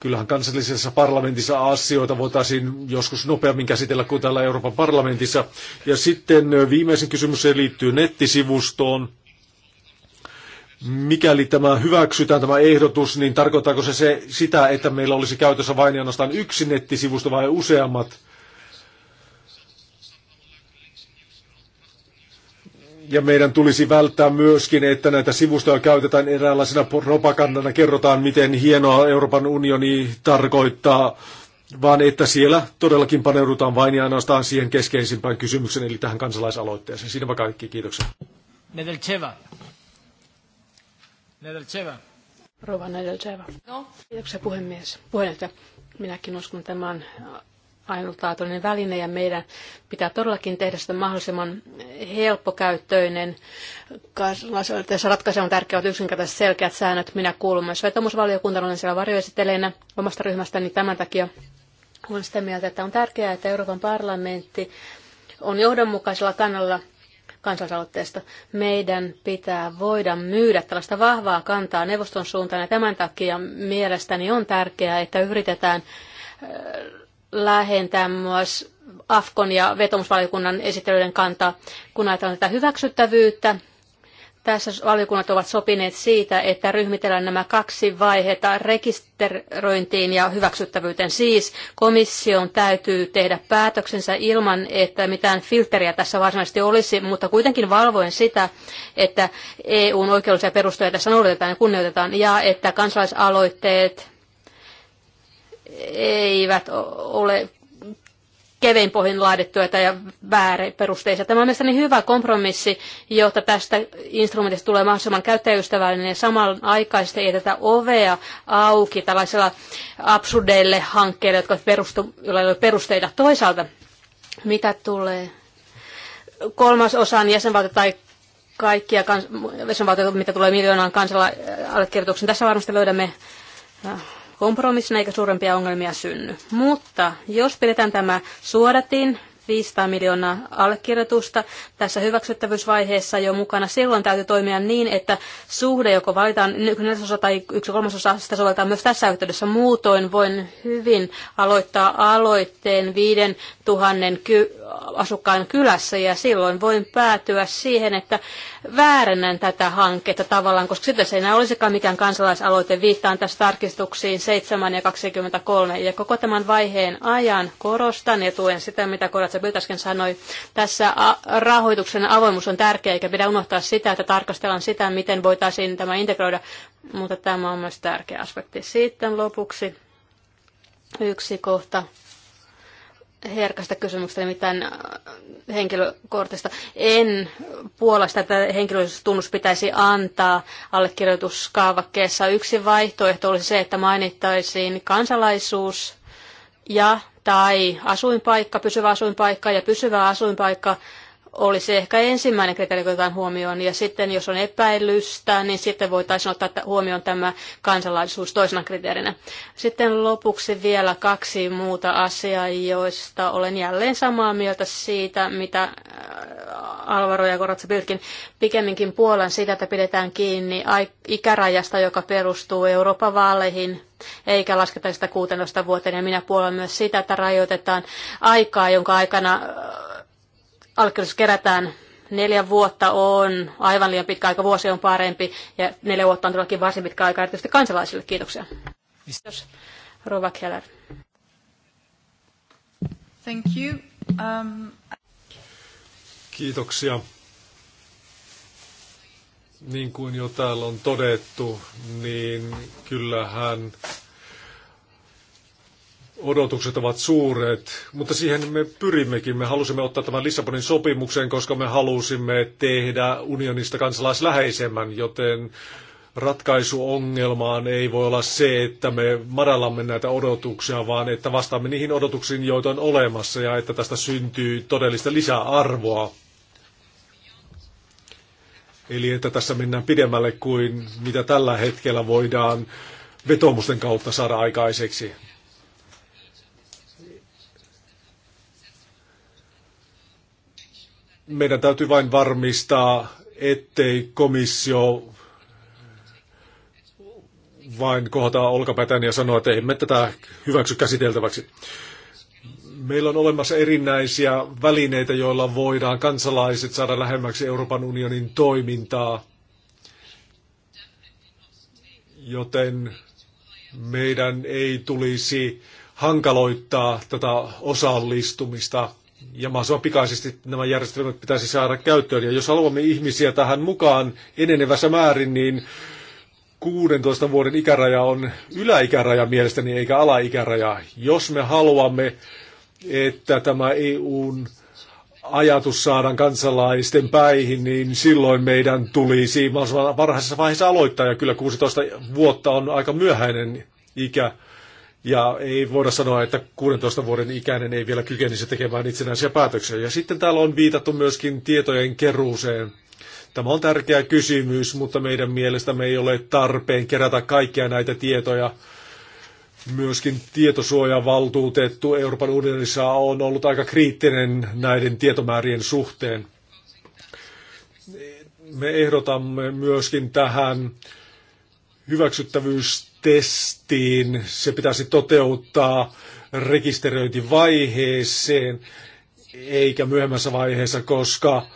Kyllähän kansallisessa parlamentissa asioita voitaisiin joskus nopeammin käsitellä kuin täällä Euroopan parlamentissa. Ja sitten viimeisen kysymys liittyy nettisivustoon. Mikäli tämä hyväksytään tämä ehdotus, niin tarkoittaako se, se sitä, että meillä olisi käytössä vain ainoastaan yksi nettisivusto vai useammat? Ja meidän tulisi välttää myöskin, että näitä sivustoja käytetään eräänlaisena propagandana, kerrotaan miten hienoa Euroopan unioni tarkoittaa, vaan että siellä todellakin paneudutaan vain ja ainoastaan siihen keskeisimpään kysymykseen, eli tähän kansalaisaloitteeseen. Siinäpä kaikki, kiitoksia. Nedelcheva. Nedelcheva. Rova Nedelcheva. No. Kiitoksia puhemies. Puheenjohtaja. Minäkin uskon tämän ainutlaatuinen väline ja meidän pitää todellakin tehdä sitä mahdollisimman helppokäyttöinen. Tässä ratkaiseva on tärkeää että yksinkertaiset selkeät säännöt. Minä kuulun myös vetomusvaliokuntaan, olen siellä varjoesittelijänä omasta ryhmästäni tämän takia olen sitä mieltä, että on tärkeää, että Euroopan parlamentti on johdonmukaisella kannalla kansalaisaloitteesta. Meidän pitää voida myydä tällaista vahvaa kantaa neuvoston suuntaan ja tämän takia mielestäni on tärkeää, että yritetään lähentää myös AFKon ja vetomusvaliokunnan esittelyiden kantaa, kun ajatellaan tätä hyväksyttävyyttä. Tässä valiokunnat ovat sopineet siitä, että ryhmitellään nämä kaksi vaihetta rekisteröintiin ja hyväksyttävyyteen. Siis komission täytyy tehdä päätöksensä ilman, että mitään filteriä tässä varsinaisesti olisi, mutta kuitenkin valvoen sitä, että EUn oikeudellisia perusteita tässä noudatetaan ja kunnioitetaan ja että kansalaisaloitteet eivät ole kevein pohjin laadittuja tai vääräperusteisia. Tämä on mielestäni hyvä kompromissi, jotta tästä instrumentista tulee mahdollisimman käyttäjäystävällinen ja samanaikaisesti ei tätä ovea auki tällaisilla absurdeille hankkeille, jotka perustu, ole perusteita. Toisaalta, mitä tulee kolmas osaan jäsenvaltio tai kaikkia kans- jäsenvaltioita, mitä tulee miljoonaan kansalla allekirjoituksen. Tässä varmasti löydämme äh, kompromissina eikä suurempia ongelmia synny. Mutta jos pidetään tämä suodatin, 500 miljoonaa allekirjoitusta tässä hyväksyttävyysvaiheessa jo mukana. Silloin täytyy toimia niin, että suhde, joko valitaan yksi neljäsosa tai yksi kolmasosa, sitä sovelletaan myös tässä yhteydessä. Muutoin voin hyvin aloittaa aloitteen 5000 ky- asukkaan kylässä ja silloin voin päätyä siihen, että väärennän tätä hanketta tavallaan, koska sitten se ei enää olisikaan mikään kansalaisaloite. Viittaan tässä tarkistuksiin 7 ja 23 ja koko tämän vaiheen ajan korostan ja tuen sitä, mitä kohdat Koratsa äsken sanoi. Tässä rahoituksen avoimuus on tärkeä, eikä pidä unohtaa sitä, että tarkastellaan sitä, miten voitaisiin tämä integroida, mutta tämä on myös tärkeä aspekti. Sitten lopuksi yksi kohta herkästä kysymyksestä, nimittäin äh, henkilökortista. En puolesta, että henkilöllisyystunnus pitäisi antaa allekirjoituskaavakkeessa. Yksi vaihtoehto olisi se, että mainittaisiin kansalaisuus ja tai asuinpaikka, pysyvä asuinpaikka ja pysyvä asuinpaikka olisi ehkä ensimmäinen kriteeri, joka otetaan huomioon. Ja sitten, jos on epäilystä, niin sitten voitaisiin ottaa huomioon tämä kansalaisuus toisena kriteerinä. Sitten lopuksi vielä kaksi muuta asiaa, joista olen jälleen samaa mieltä siitä, mitä äh, Alvaro ja Koratsa Pyrkin pikemminkin puolen sitä, että pidetään kiinni ikärajasta, joka perustuu Euroopan vaaleihin eikä lasketa sitä 16 vuoteen. Ja minä puolen myös sitä, että rajoitetaan aikaa, jonka aikana äh, allekirjoitus kerätään neljä vuotta on aivan liian pitkä aika, vuosi on parempi ja neljä vuotta on todellakin varsin pitkä aika erityisesti kansalaisille. Kiitoksia. Kiitos. Rova Keller. Thank you. Um... Kiitoksia. Niin kuin jo täällä on todettu, niin kyllähän odotukset ovat suuret, mutta siihen me pyrimmekin. Me halusimme ottaa tämän Lissabonin sopimuksen, koska me halusimme tehdä unionista kansalaisläheisemmän, joten ratkaisu ongelmaan ei voi olla se, että me madallamme näitä odotuksia, vaan että vastaamme niihin odotuksiin, joita on olemassa ja että tästä syntyy todellista lisäarvoa. Eli että tässä mennään pidemmälle kuin mitä tällä hetkellä voidaan vetomusten kautta saada aikaiseksi. Meidän täytyy vain varmistaa, ettei komissio vain kohota olkapätän ja sanoa, että emme tätä hyväksy käsiteltäväksi. Meillä on olemassa erinäisiä välineitä, joilla voidaan kansalaiset saada lähemmäksi Euroopan unionin toimintaa, joten meidän ei tulisi hankaloittaa tätä osallistumista ja mahdollisimman pikaisesti nämä järjestelmät pitäisi saada käyttöön. Ja jos haluamme ihmisiä tähän mukaan enenevässä määrin, niin 16 vuoden ikäraja on yläikäraja mielestäni eikä alaikäraja. Jos me haluamme, että tämä EUn ajatus saadaan kansalaisten päihin, niin silloin meidän tulisi mahdollisimman varhaisessa vaiheessa aloittaa. Ja kyllä 16 vuotta on aika myöhäinen ikä. Ja ei voida sanoa, että 16 vuoden ikäinen ei vielä kykenisi tekemään itsenäisiä päätöksiä. Ja sitten täällä on viitattu myöskin tietojen keruuseen. Tämä on tärkeä kysymys, mutta meidän mielestämme ei ole tarpeen kerätä kaikkia näitä tietoja. Myöskin tietosuojavaltuutettu Euroopan unionissa on ollut aika kriittinen näiden tietomäärien suhteen. Me ehdotamme myöskin tähän hyväksyttävyys testiin. Se pitäisi toteuttaa rekisteröintivaiheeseen eikä myöhemmässä vaiheessa, koska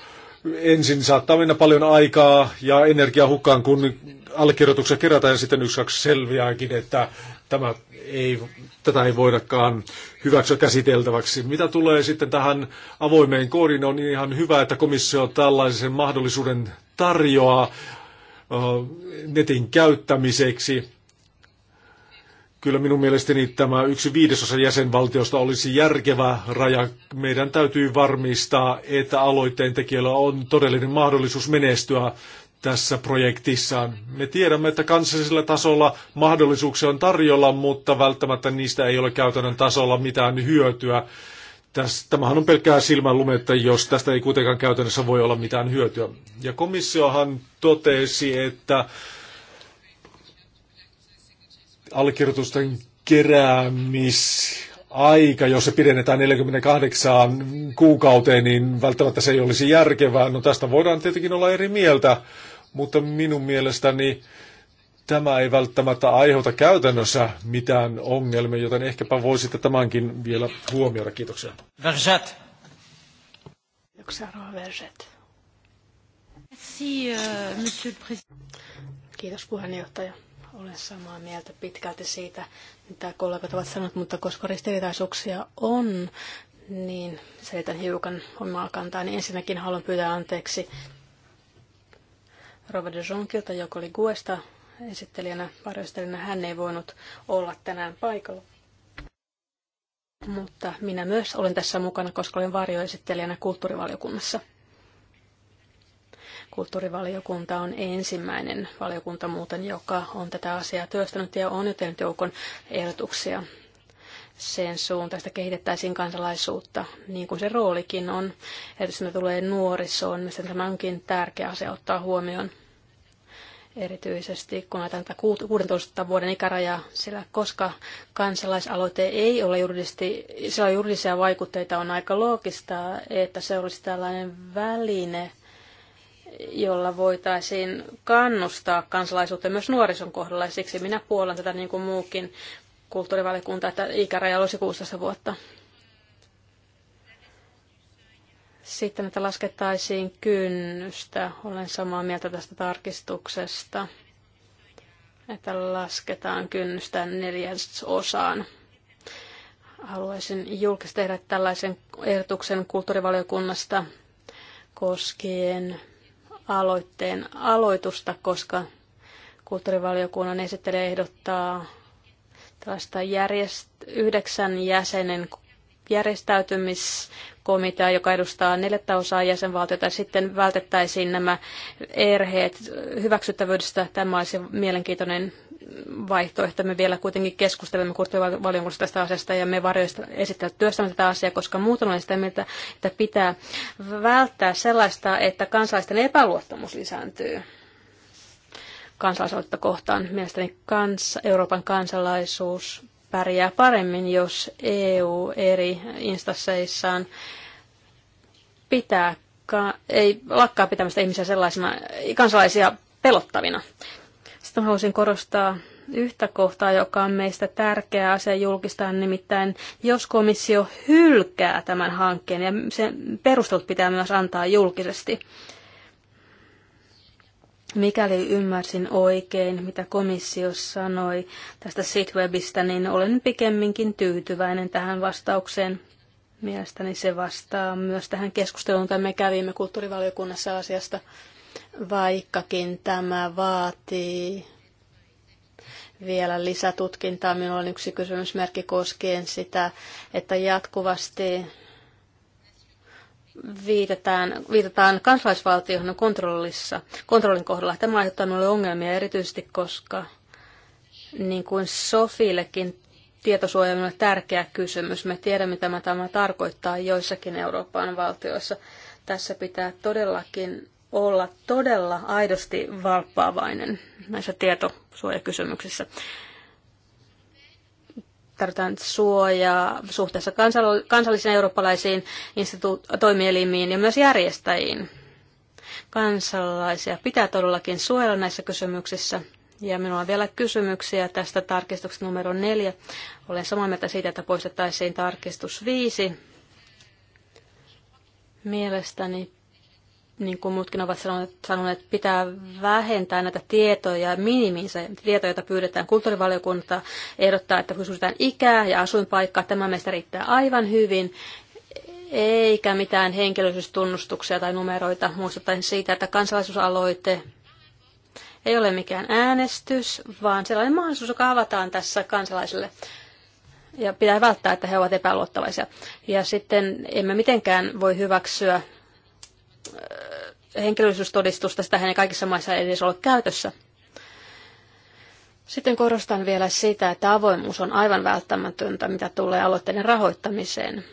ensin saattaa mennä paljon aikaa ja energiaa hukkaan, kun allekirjoituksia kerätään ja sitten yksi kaksi selviääkin, että tämä ei, tätä ei voidakaan hyväksyä käsiteltäväksi. Mitä tulee sitten tähän avoimeen koodiin, on ihan hyvä, että komissio tällaisen mahdollisuuden tarjoaa netin käyttämiseksi. Kyllä minun mielestäni tämä yksi viidesosa jäsenvaltiosta olisi järkevä raja. Meidän täytyy varmistaa, että aloitteen tekijöillä on todellinen mahdollisuus menestyä tässä projektissaan. Me tiedämme, että kansallisella tasolla mahdollisuuksia on tarjolla, mutta välttämättä niistä ei ole käytännön tasolla mitään hyötyä. Tämähän on pelkkää silmänlumetta, jos tästä ei kuitenkaan käytännössä voi olla mitään hyötyä. Ja komissiohan totesi, että allekirjoitusten keräämisaika, jos se pidennetään 48 kuukauteen, niin välttämättä se ei olisi järkevää. No tästä voidaan tietenkin olla eri mieltä, mutta minun mielestäni tämä ei välttämättä aiheuta käytännössä mitään ongelmia, joten ehkäpä voisitte tämänkin vielä huomioida. Kiitoksia. Verset. Euh, Kiitos puheenjohtaja. Olen samaa mieltä pitkälti siitä, mitä kollegat ovat sanoneet, mutta koska ristiriitaisuuksia on, niin selitän hiukan omaa kantaa. Niin ensinnäkin haluan pyytää anteeksi Robert de Jonkilta, joka oli Guesta esittelijänä, varjostelijana. Hän ei voinut olla tänään paikalla. Mutta minä myös olen tässä mukana, koska olen varjoesittelijänä kulttuurivaliokunnassa. Kulttuurivaliokunta on ensimmäinen valiokunta muuten, joka on tätä asiaa työstänyt ja on jo tehnyt joukon ehdotuksia sen että kehitettäisiin kansalaisuutta, niin kuin se roolikin on. Erityisesti mitä tulee nuorisoon, niin mistä tämä onkin tärkeä asia ottaa huomioon. Erityisesti kun ajatellaan tätä 16 vuoden ikärajaa, sillä koska kansalaisaloite ei ole juridisesti, sillä juridisia vaikutteita, on aika loogista, että se olisi tällainen väline – jolla voitaisiin kannustaa kansalaisuutta myös nuorison kohdalla. Ja siksi minä puolan tätä niin kuin muukin kulttuurivaliokunta, että ikäraja olisi 16 vuotta. Sitten, että laskettaisiin kynnystä. Olen samaa mieltä tästä tarkistuksesta, että lasketaan kynnystä neljäsosaan. Haluaisin julkista tehdä tällaisen ehdotuksen kulttuurivaliokunnasta koskien aloitteen aloitusta, koska kulttuurivaliokunnan esittelijä ehdottaa tällaista järjest- yhdeksän jäsenen järjestäytymiskomitea, joka edustaa neljättä osaa jäsenvaltiota, ja sitten vältettäisiin nämä erheet hyväksyttävyydestä. Tämä olisi mielenkiintoinen me vielä kuitenkin keskustelemme kulttuurivaliokunnassa tästä asiasta ja me varjoista esittää työstämme tätä asiaa, koska muuten olen sitä mieltä, että pitää välttää sellaista, että kansalaisten epäluottamus lisääntyy kansalaisuutta kohtaan. Mielestäni kans, Euroopan kansalaisuus pärjää paremmin, jos EU eri instasseissaan pitää, ei lakkaa pitämästä ihmisiä sellaisina kansalaisia pelottavina. Sitten haluaisin korostaa yhtä kohtaa, joka on meistä tärkeä asia julkistaa, nimittäin jos komissio hylkää tämän hankkeen, ja sen perustelut pitää myös antaa julkisesti. Mikäli ymmärsin oikein, mitä komissio sanoi tästä sitwebistä, niin olen pikemminkin tyytyväinen tähän vastaukseen. Mielestäni se vastaa myös tähän keskusteluun, jota me kävimme kulttuurivaliokunnassa asiasta vaikkakin tämä vaatii vielä lisätutkintaa. Minulla on yksi kysymysmerkki koskien sitä, että jatkuvasti viitataan, viitetään kansalaisvaltioon kontrollissa, kontrollin kohdalla. Tämä aiheuttaa minulle ongelmia erityisesti, koska niin kuin Sofillekin tietosuoja on tärkeä kysymys. Me tiedämme, mitä tämä tarkoittaa joissakin Euroopan valtioissa. Tässä pitää todellakin olla todella aidosti valppaavainen näissä tietosuojakysymyksissä. Tarvitaan suojaa suhteessa kansallisiin eurooppalaisiin institu- toimielimiin ja myös järjestäjiin. Kansalaisia pitää todellakin suojella näissä kysymyksissä. Ja minulla on vielä kysymyksiä tästä tarkistuksesta numero neljä. Olen samaa mieltä siitä, että poistettaisiin tarkistus viisi. Mielestäni niin kuin muutkin ovat sanoneet, pitää vähentää näitä tietoja minimiin. Se tieto, jota pyydetään kulttuurivaliokunta, ehdottaa, että kysytään ikää ja asuinpaikkaa. Tämä meistä riittää aivan hyvin eikä mitään henkilöllisyystunnustuksia tai numeroita. Muistuttaisin siitä, että kansalaisuusaloite ei ole mikään äänestys, vaan sellainen mahdollisuus, joka avataan tässä kansalaisille. Ja pitää välttää, että he ovat epäluottavaisia. Ja sitten emme mitenkään voi hyväksyä Äh, henkilöllisyystodistusta, sitä ei kaikissa maissa ei edes ole käytössä. Sitten korostan vielä sitä, että avoimuus on aivan välttämätöntä, mitä tulee aloitteiden rahoittamiseen.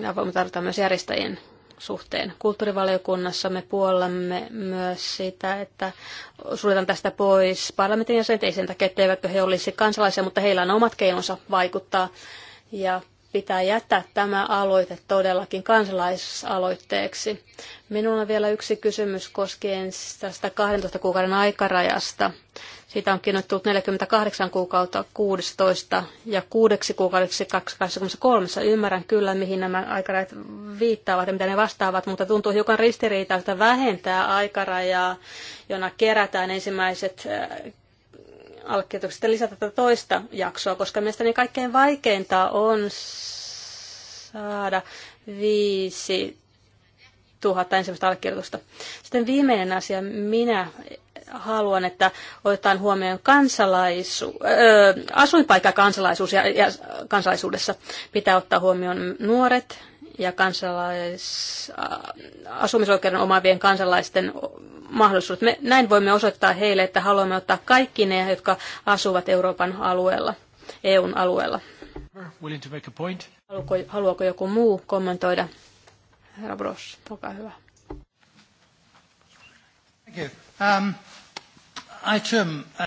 Ja avoimuus tarvitaan myös järjestäjien suhteen. Kulttuurivaliokunnassa me puollamme myös sitä, että suljetaan tästä pois parlamentin jäsenet, ei sen takia, etteivätkö he olisi kansalaisia, mutta heillä on omat keinonsa vaikuttaa. Ja pitää jättää tämä aloite todellakin kansalaisaloitteeksi. Minulla on vielä yksi kysymys koskien tästä 12 kuukauden aikarajasta. Siitä on kiinnittunut 48 kuukautta 16 ja 6 kuukaudeksi 23. Ymmärrän kyllä, mihin nämä aikarajat viittaavat ja mitä ne vastaavat, mutta tuntuu hiukan ristiriitaista vähentää aikarajaa, jona kerätään ensimmäiset allekirjoituksesta lisätä tätä toista jaksoa, koska mielestäni kaikkein vaikeinta on saada viisi tuhatta ensimmäistä allekirjoitusta. Sitten viimeinen asia, minä haluan, että otetaan huomioon kansalaisu, asuinpaikka, asuinpaikkakansalaisuus ja, ja kansalaisuudessa pitää ottaa huomioon nuoret ja kansalais, asumisoikeuden omaavien kansalaisten mahdollisuudet. Me, näin voimme osoittaa heille, että haluamme ottaa kaikki ne, jotka asuvat Euroopan alueella, EUn alueella. Haluaako, haluako joku muu kommentoida? Herra Bros, olkaa hyvä. Um, uh,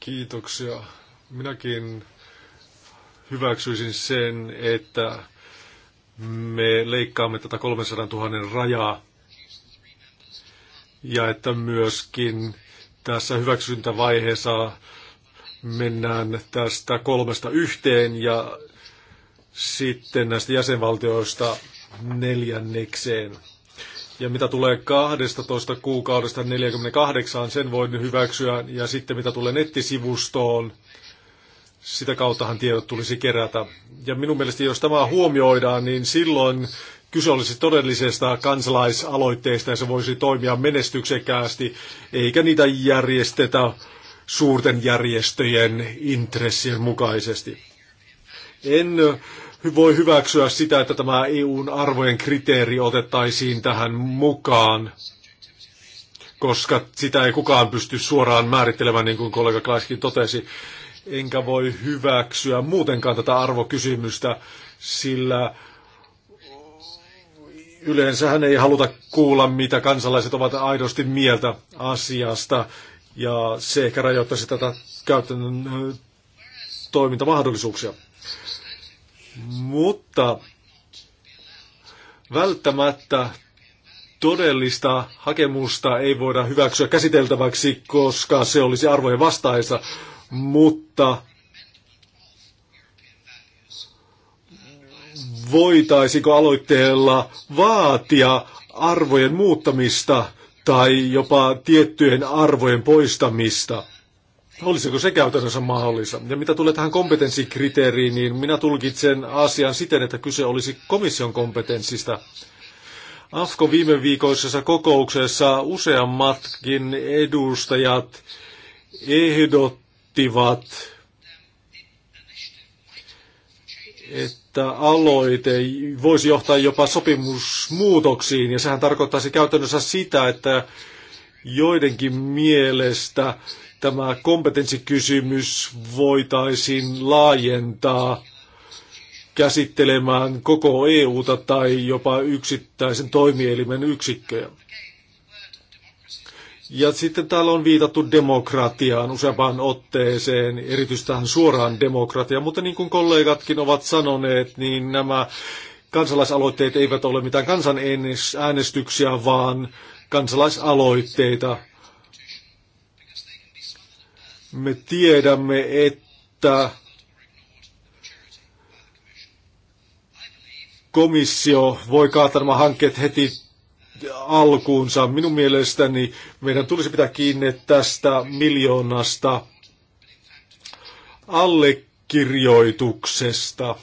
Kiitoksia. Minäkin hyväksyisin sen, että me leikkaamme tätä 300 000 rajaa ja että myöskin tässä hyväksyntävaiheessa mennään tästä kolmesta yhteen ja sitten näistä jäsenvaltioista neljännekseen. Ja mitä tulee 12 kuukaudesta 48, sen voin hyväksyä. Ja sitten mitä tulee nettisivustoon, sitä kauttahan tiedot tulisi kerätä. Ja minun mielestä jos tämä huomioidaan, niin silloin Kyse olisi todellisesta kansalaisaloitteesta ja se voisi toimia menestyksekkäästi, eikä niitä järjestetä suurten järjestöjen intressien mukaisesti. En voi hyväksyä sitä, että tämä EUn arvojen kriteeri otettaisiin tähän mukaan, koska sitä ei kukaan pysty suoraan määrittelemään, niin kuin kollega Klaiskin totesi. Enkä voi hyväksyä muutenkaan tätä arvokysymystä, sillä yleensähän ei haluta kuulla, mitä kansalaiset ovat aidosti mieltä asiasta, ja se ehkä rajoittaisi tätä käytännön toimintamahdollisuuksia. Mutta välttämättä todellista hakemusta ei voida hyväksyä käsiteltäväksi, koska se olisi arvojen vastaista, mutta voitaisiko aloitteella vaatia arvojen muuttamista tai jopa tiettyjen arvojen poistamista. Olisiko se käytännössä mahdollista? Ja mitä tulee tähän kompetenssikriteeriin, niin minä tulkitsen asian siten, että kyse olisi komission kompetenssista. AFKO viime viikoisessa kokouksessa useammatkin edustajat ehdottivat, että että aloite voisi johtaa jopa sopimusmuutoksiin, ja sehän tarkoittaisi käytännössä sitä, että joidenkin mielestä tämä kompetenssikysymys voitaisiin laajentaa käsittelemään koko EUta tai jopa yksittäisen toimielimen yksikköjä. Ja sitten täällä on viitattu demokratiaan useampaan otteeseen, erityisesti tähän suoraan demokratiaan, mutta niin kuin kollegatkin ovat sanoneet, niin nämä kansalaisaloitteet eivät ole mitään kansanäänestyksiä, vaan kansalaisaloitteita. Me tiedämme, että komissio voi kaataa nämä hankkeet heti alkuunsa. Minun mielestäni meidän tulisi pitää kiinni tästä miljoonasta allekirjoituksesta.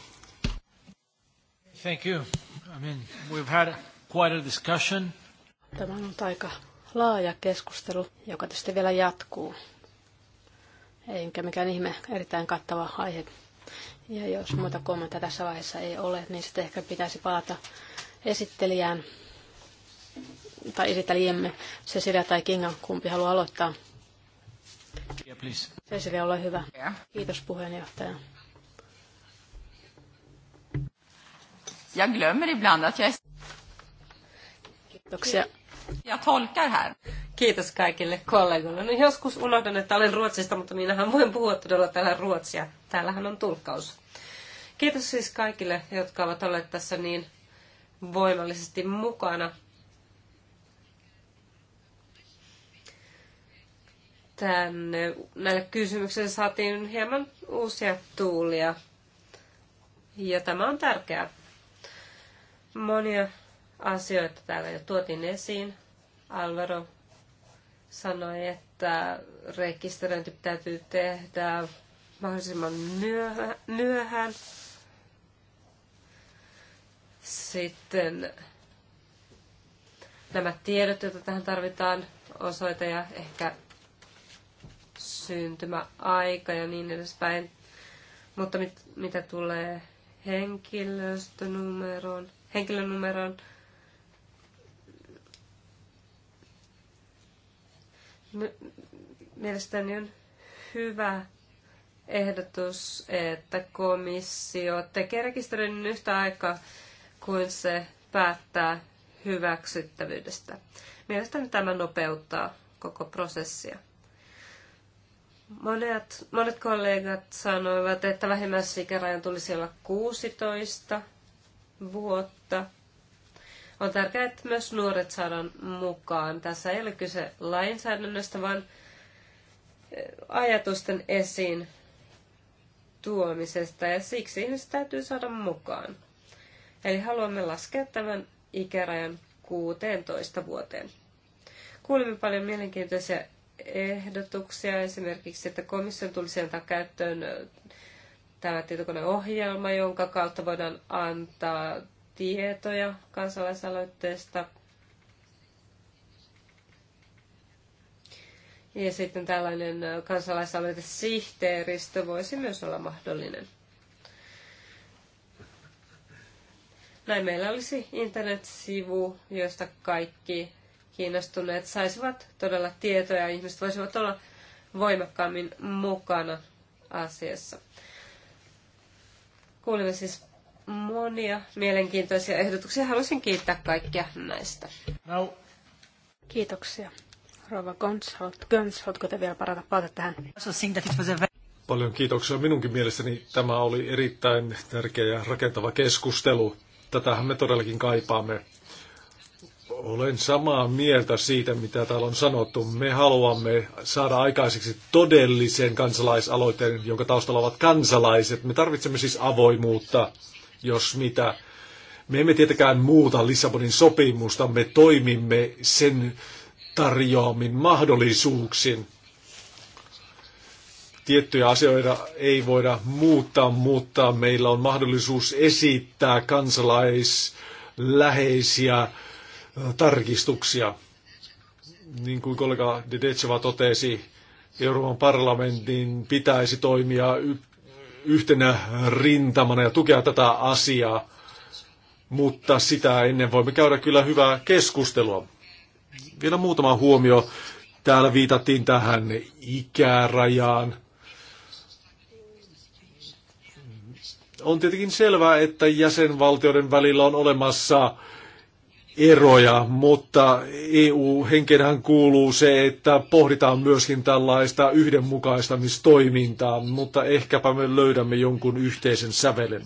Thank you. I mean, we've had quite a discussion. Tämä on aika laaja keskustelu, joka tietysti vielä jatkuu. Enkä mikään ihme, erittäin kattava aihe. Ja jos muita kommentteja tässä vaiheessa ei ole, niin sitten ehkä pitäisi palata esittelijään tai esittelijämme Cecilia tai Kinga, kumpi haluaa aloittaa. Yeah, please. Cecilia, ole hyvä. Yeah. Kiitos puheenjohtaja. Jag glömmer ibland att jag är... Kiitoksia. Jag tolkar här. Kiitos kaikille kollegoille. No joskus unohdan, että olen Ruotsista, mutta minähän voin puhua todella täällä Ruotsia. Täällähän on tulkkaus. Kiitos siis kaikille, jotka ovat olleet tässä niin voimallisesti mukana. tänne. Näille kysymyksille saatiin hieman uusia tuulia. Ja tämä on tärkeää. Monia asioita täällä jo tuotiin esiin. Alvaro sanoi, että rekisteröinti täytyy tehdä mahdollisimman myöhään. Sitten nämä tiedot, joita tähän tarvitaan, osoite ja ehkä syntymäaika ja niin edespäin. Mutta mit, mitä tulee henkilöstönumeroon, henkilönumeroon, mielestäni on hyvä ehdotus, että komissio tekee rekisteröinnin yhtä aikaa kuin se päättää hyväksyttävyydestä. Mielestäni tämä nopeuttaa koko prosessia. Monet, monet kollegat sanoivat, että vähimmäisikärajan tulisi olla 16 vuotta. On tärkeää, että myös nuoret saadaan mukaan. Tässä ei ole kyse lainsäädännöstä, vaan eh, ajatusten esiin tuomisesta ja siksi ihmiset täytyy saada mukaan. Eli haluamme laskea tämän ikärajan 16 vuoteen. Kuulimme paljon mielenkiintoisia ehdotuksia, esimerkiksi, että komission tulisi antaa käyttöön tämä tietokoneohjelma, jonka kautta voidaan antaa tietoja kansalaisaloitteesta. Ja sitten tällainen kansalaisaloitesihteeristö voisi myös olla mahdollinen. Näin meillä olisi internetsivu, josta kaikki kiinnostuneet saisivat todella tietoja ja ihmiset voisivat olla voimakkaammin mukana asiassa. Kuulimme siis monia mielenkiintoisia ehdotuksia. Haluaisin kiittää kaikkia näistä. No. Kiitoksia. Rova Göns, haluatko te vielä parata palata tähän? Paljon kiitoksia. Minunkin mielestäni tämä oli erittäin tärkeä ja rakentava keskustelu. Tätähän me todellakin kaipaamme. Olen samaa mieltä siitä, mitä täällä on sanottu. Me haluamme saada aikaiseksi todellisen kansalaisaloitteen, jonka taustalla ovat kansalaiset. Me tarvitsemme siis avoimuutta, jos mitä. Me emme tietenkään muuta Lissabonin sopimusta, me toimimme sen tarjoamin mahdollisuuksin. Tiettyjä asioita ei voida muuttaa, mutta meillä on mahdollisuus esittää kansalaisläheisiä läheisiä tarkistuksia. Niin kuin kollega Dedeceva totesi, Euroopan parlamentin pitäisi toimia yhtenä rintamana ja tukea tätä asiaa, mutta sitä ennen voimme käydä kyllä hyvää keskustelua. Vielä muutama huomio. Täällä viitattiin tähän ikärajaan. On tietenkin selvää, että jäsenvaltioiden välillä on olemassa eroja, mutta EU-henkeenhän kuuluu se, että pohditaan myöskin tällaista yhdenmukaistamistoimintaa, mutta ehkäpä me löydämme jonkun yhteisen sävelen.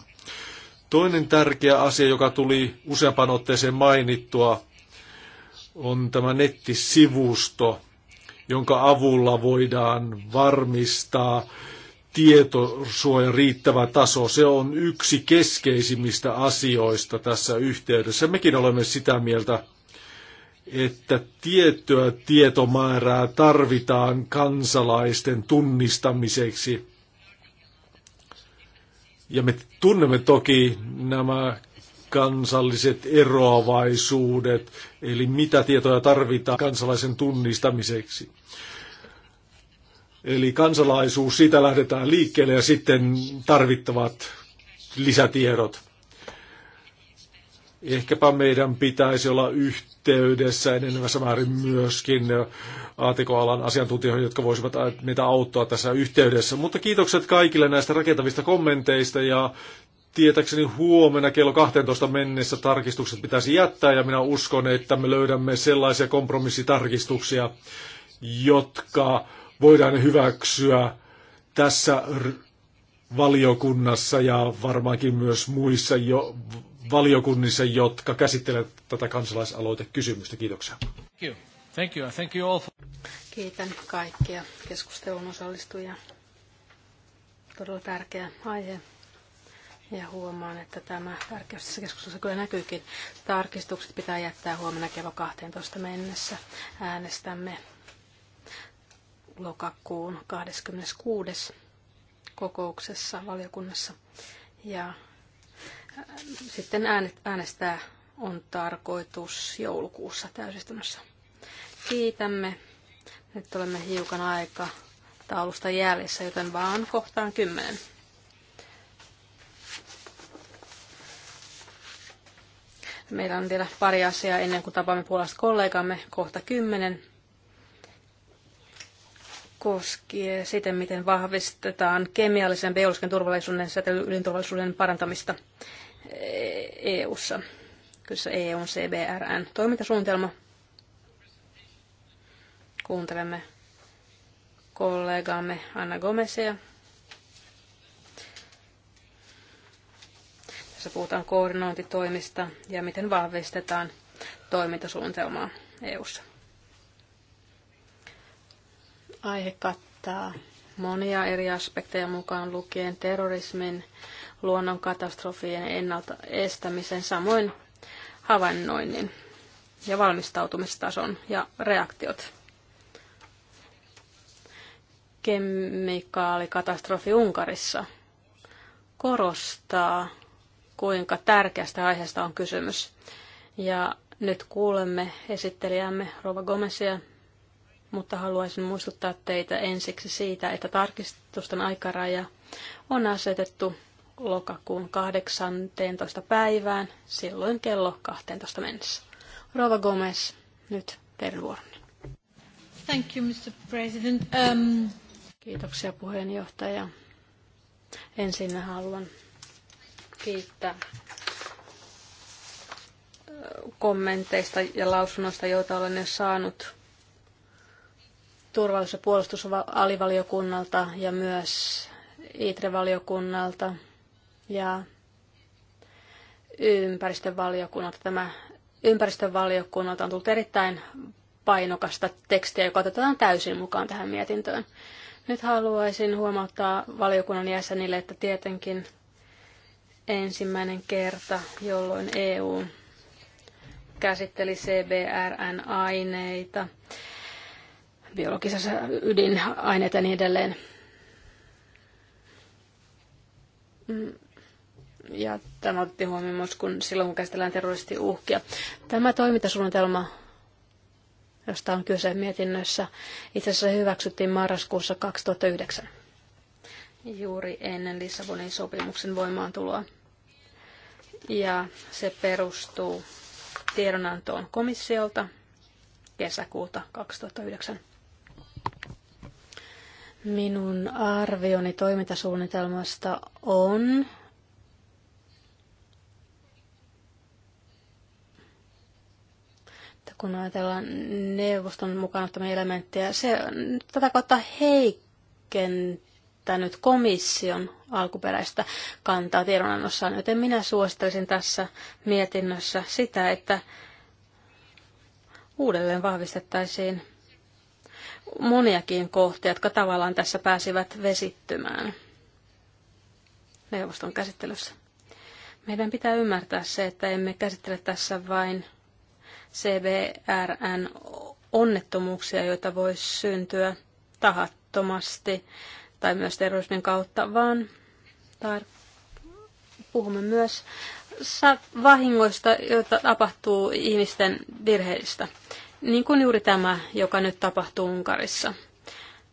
Toinen tärkeä asia, joka tuli useampaan otteeseen mainittua, on tämä nettisivusto, jonka avulla voidaan varmistaa tietosuojan riittävä taso, se on yksi keskeisimmistä asioista tässä yhteydessä. Mekin olemme sitä mieltä, että tiettyä tietomäärää tarvitaan kansalaisten tunnistamiseksi. Ja me tunnemme toki nämä kansalliset eroavaisuudet, eli mitä tietoja tarvitaan kansalaisen tunnistamiseksi. Eli kansalaisuus, siitä lähdetään liikkeelle ja sitten tarvittavat lisätiedot. Ehkäpä meidän pitäisi olla yhteydessä enenevässä määrin myöskin ATK-alan asiantuntijoihin, jotka voisivat meitä auttaa tässä yhteydessä. Mutta kiitokset kaikille näistä rakentavista kommenteista ja tietäkseni huomenna kello 12 mennessä tarkistukset pitäisi jättää ja minä uskon, että me löydämme sellaisia kompromissitarkistuksia, jotka voidaan hyväksyä tässä valiokunnassa ja varmaankin myös muissa jo valiokunnissa, jotka käsittelevät tätä kansalaisaloitekysymystä. Kiitoksia. Thank you. Thank you. Thank you all for... Kiitän kaikkia keskustelun osallistujia. Todella tärkeä aihe. Ja huomaan, että tämä tärkeys tässä keskustelussa kyllä näkyykin. Tarkistukset pitää jättää huomenna kello 12 mennessä. Äänestämme lokakuun 26. kokouksessa valiokunnassa. Ja äh, sitten äänestää on tarkoitus joulukuussa täysistunnossa. Kiitämme. Nyt olemme hiukan aika taulusta jäljessä, joten vaan kohtaan kymmenen. Meillä on vielä pari asiaa ennen kuin tapaamme puolesta kollegamme kohta kymmenen koskee sitä, miten vahvistetaan kemiallisen biologisen turvallisuuden ja ydinturvallisuuden parantamista EU-ssa. Kyse EUn CBRN toimintasuunnitelma. Kuuntelemme kollegaamme Anna Gomesia. Tässä puhutaan koordinointitoimista ja miten vahvistetaan toimintasuunnitelmaa EU:ssa. ssa Aihe kattaa monia eri aspekteja mukaan lukien terrorismin, luonnonkatastrofien ennalta estämisen, samoin havainnoinnin ja valmistautumistason ja reaktiot. Kemikaalikatastrofi Unkarissa korostaa, kuinka tärkeästä aiheesta on kysymys. Ja nyt kuulemme esittelijämme Rova Gomesia mutta haluaisin muistuttaa teitä ensiksi siitä, että tarkistusten aikaraja on asetettu lokakuun 18. päivään, silloin kello 12 mennessä. Rova Gomez, nyt teidän vuoronne. Thank you, Mr. President. Um... Kiitoksia puheenjohtaja. Ensin haluan kiittää kommenteista ja lausunnoista, joita olen jo saanut turvallisuus- ja puolustusalivaliokunnalta ja myös ITRE-valiokunnalta ja ympäristövaliokunnalta. Tämä ympäristövaliokunnalta on tullut erittäin painokasta tekstiä, joka otetaan täysin mukaan tähän mietintöön. Nyt haluaisin huomauttaa valiokunnan jäsenille, että tietenkin ensimmäinen kerta, jolloin EU käsitteli CBRN-aineita biologisessa ydinaineet ja niin edelleen. Mm. Ja tämä otettiin huomioon myös kun, silloin, kun käsitellään terroristiuhkia. Tämä toimintasuunnitelma, josta on kyse mietinnössä, itse asiassa hyväksyttiin marraskuussa 2009, juuri ennen Lissabonin sopimuksen voimaantuloa. Ja se perustuu tiedonantoon komissiolta kesäkuuta 2009. Minun arvioni toimintasuunnitelmasta on, että kun ajatellaan neuvoston mukana ottamia elementtejä, se tätä kautta heikentänyt komission alkuperäistä kantaa tiedonannossaan, joten minä suosittelisin tässä mietinnössä sitä, että uudelleen vahvistettaisiin moniakin kohtia, jotka tavallaan tässä pääsivät vesittymään neuvoston käsittelyssä. Meidän pitää ymmärtää se, että emme käsittele tässä vain CBRN onnettomuuksia, joita voi syntyä tahattomasti tai myös terrorismin kautta, vaan tar- puhumme myös vahingoista, joita tapahtuu ihmisten virheistä. Niin kuin juuri tämä, joka nyt tapahtuu Unkarissa.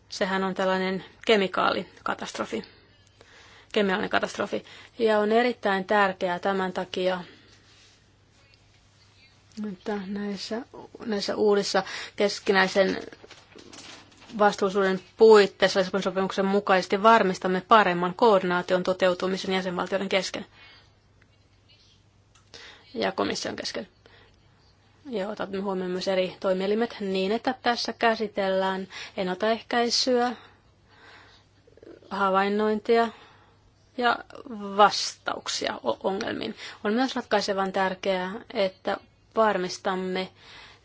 Sehän on tällainen kemikaalikatastrofi, kemiallinen katastrofi. Ja on erittäin tärkeää tämän takia, että näissä, näissä uudissa keskinäisen vastuullisuuden puitteissa sopimuksen mukaisesti varmistamme paremman koordinaation toteutumisen jäsenvaltioiden kesken ja komission kesken ja otamme huomioon myös eri toimielimet niin, että tässä käsitellään ennaltaehkäisyä, havainnointia ja vastauksia ongelmiin. On myös ratkaisevan tärkeää, että varmistamme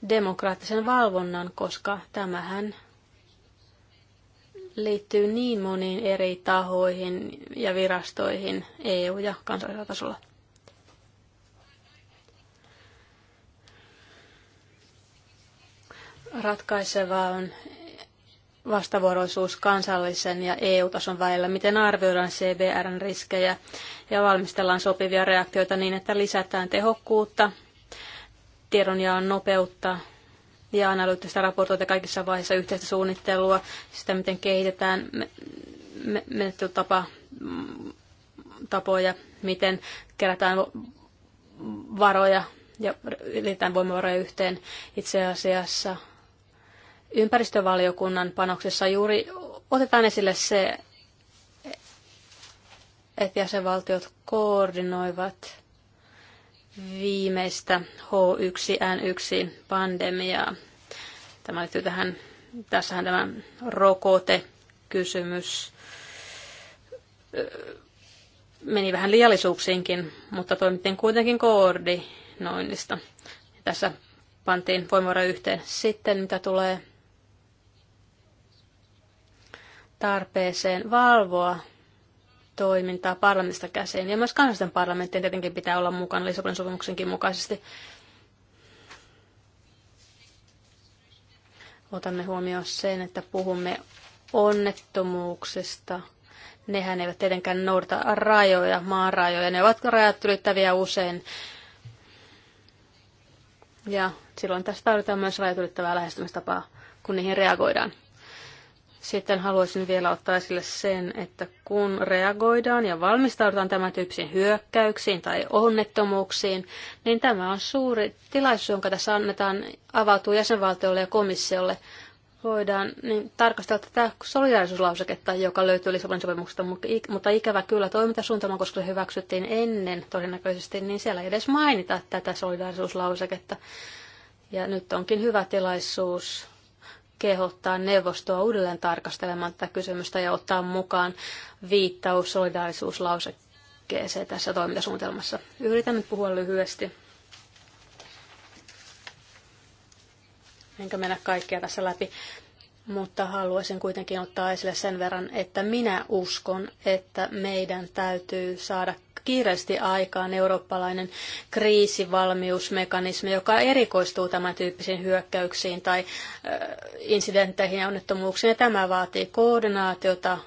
demokraattisen valvonnan, koska tämähän liittyy niin moniin eri tahoihin ja virastoihin EU- ja kansallisella tasolla. Ratkaisevaa on vastavuoroisuus kansallisen ja EU-tason välillä, miten arvioidaan CBRn riskejä ja valmistellaan sopivia reaktioita niin, että lisätään tehokkuutta, tiedonjaon nopeutta ja analyyttistä raportoita kaikissa vaiheissa yhteistä suunnittelua, sitä miten kehitetään menettelytapa tapoja, miten kerätään varoja ja liitetään voimavaroja yhteen. Itse asiassa ympäristövaliokunnan panoksessa juuri otetaan esille se, että jäsenvaltiot koordinoivat viimeistä H1N1 pandemiaa. Tämä liittyy tähän, tässähän tämä rokotekysymys meni vähän liiallisuuksiinkin, mutta toimittiin kuitenkin koordinoinnista. Tässä pantiin voimavara yhteen. Sitten mitä tulee tarpeeseen valvoa toimintaa parlamentista käsin. Ja myös kansallisten parlamenttien tietenkin pitää olla mukana Lissabonin sopimuksenkin mukaisesti. Otamme huomioon sen, että puhumme onnettomuuksista. Nehän eivät tietenkään noudata rajoja, maan Ne ovat rajat ylittäviä usein. Ja silloin tässä tarvitaan myös rajat ylittävää lähestymistapaa, kun niihin reagoidaan. Sitten haluaisin vielä ottaa esille sen, että kun reagoidaan ja valmistaudutaan tämän tyyppisiin hyökkäyksiin tai onnettomuuksiin, niin tämä on suuri tilaisuus, jonka tässä annetaan avautuu jäsenvaltiolle ja komissiolle. Voidaan niin tarkastella tätä solidaarisuuslauseketta, joka löytyy Lissabonin sopimuksesta, mutta ikävä kyllä toimintasuuntama, koska se hyväksyttiin ennen todennäköisesti, niin siellä ei edes mainita tätä solidaarisuuslauseketta. Ja nyt onkin hyvä tilaisuus kehottaa neuvostoa uudelleen tarkastelemaan tätä kysymystä ja ottaa mukaan viittaus solidaarisuuslausekkeeseen tässä toimintasuunnitelmassa. Yritän nyt puhua lyhyesti. Enkä mennä kaikkea tässä läpi mutta haluaisin kuitenkin ottaa esille sen verran, että minä uskon, että meidän täytyy saada kiireesti aikaan eurooppalainen kriisivalmiusmekanismi, joka erikoistuu tämän tyyppisiin hyökkäyksiin tai incidentteihin ja onnettomuuksiin. Ja tämä vaatii koordinaatiota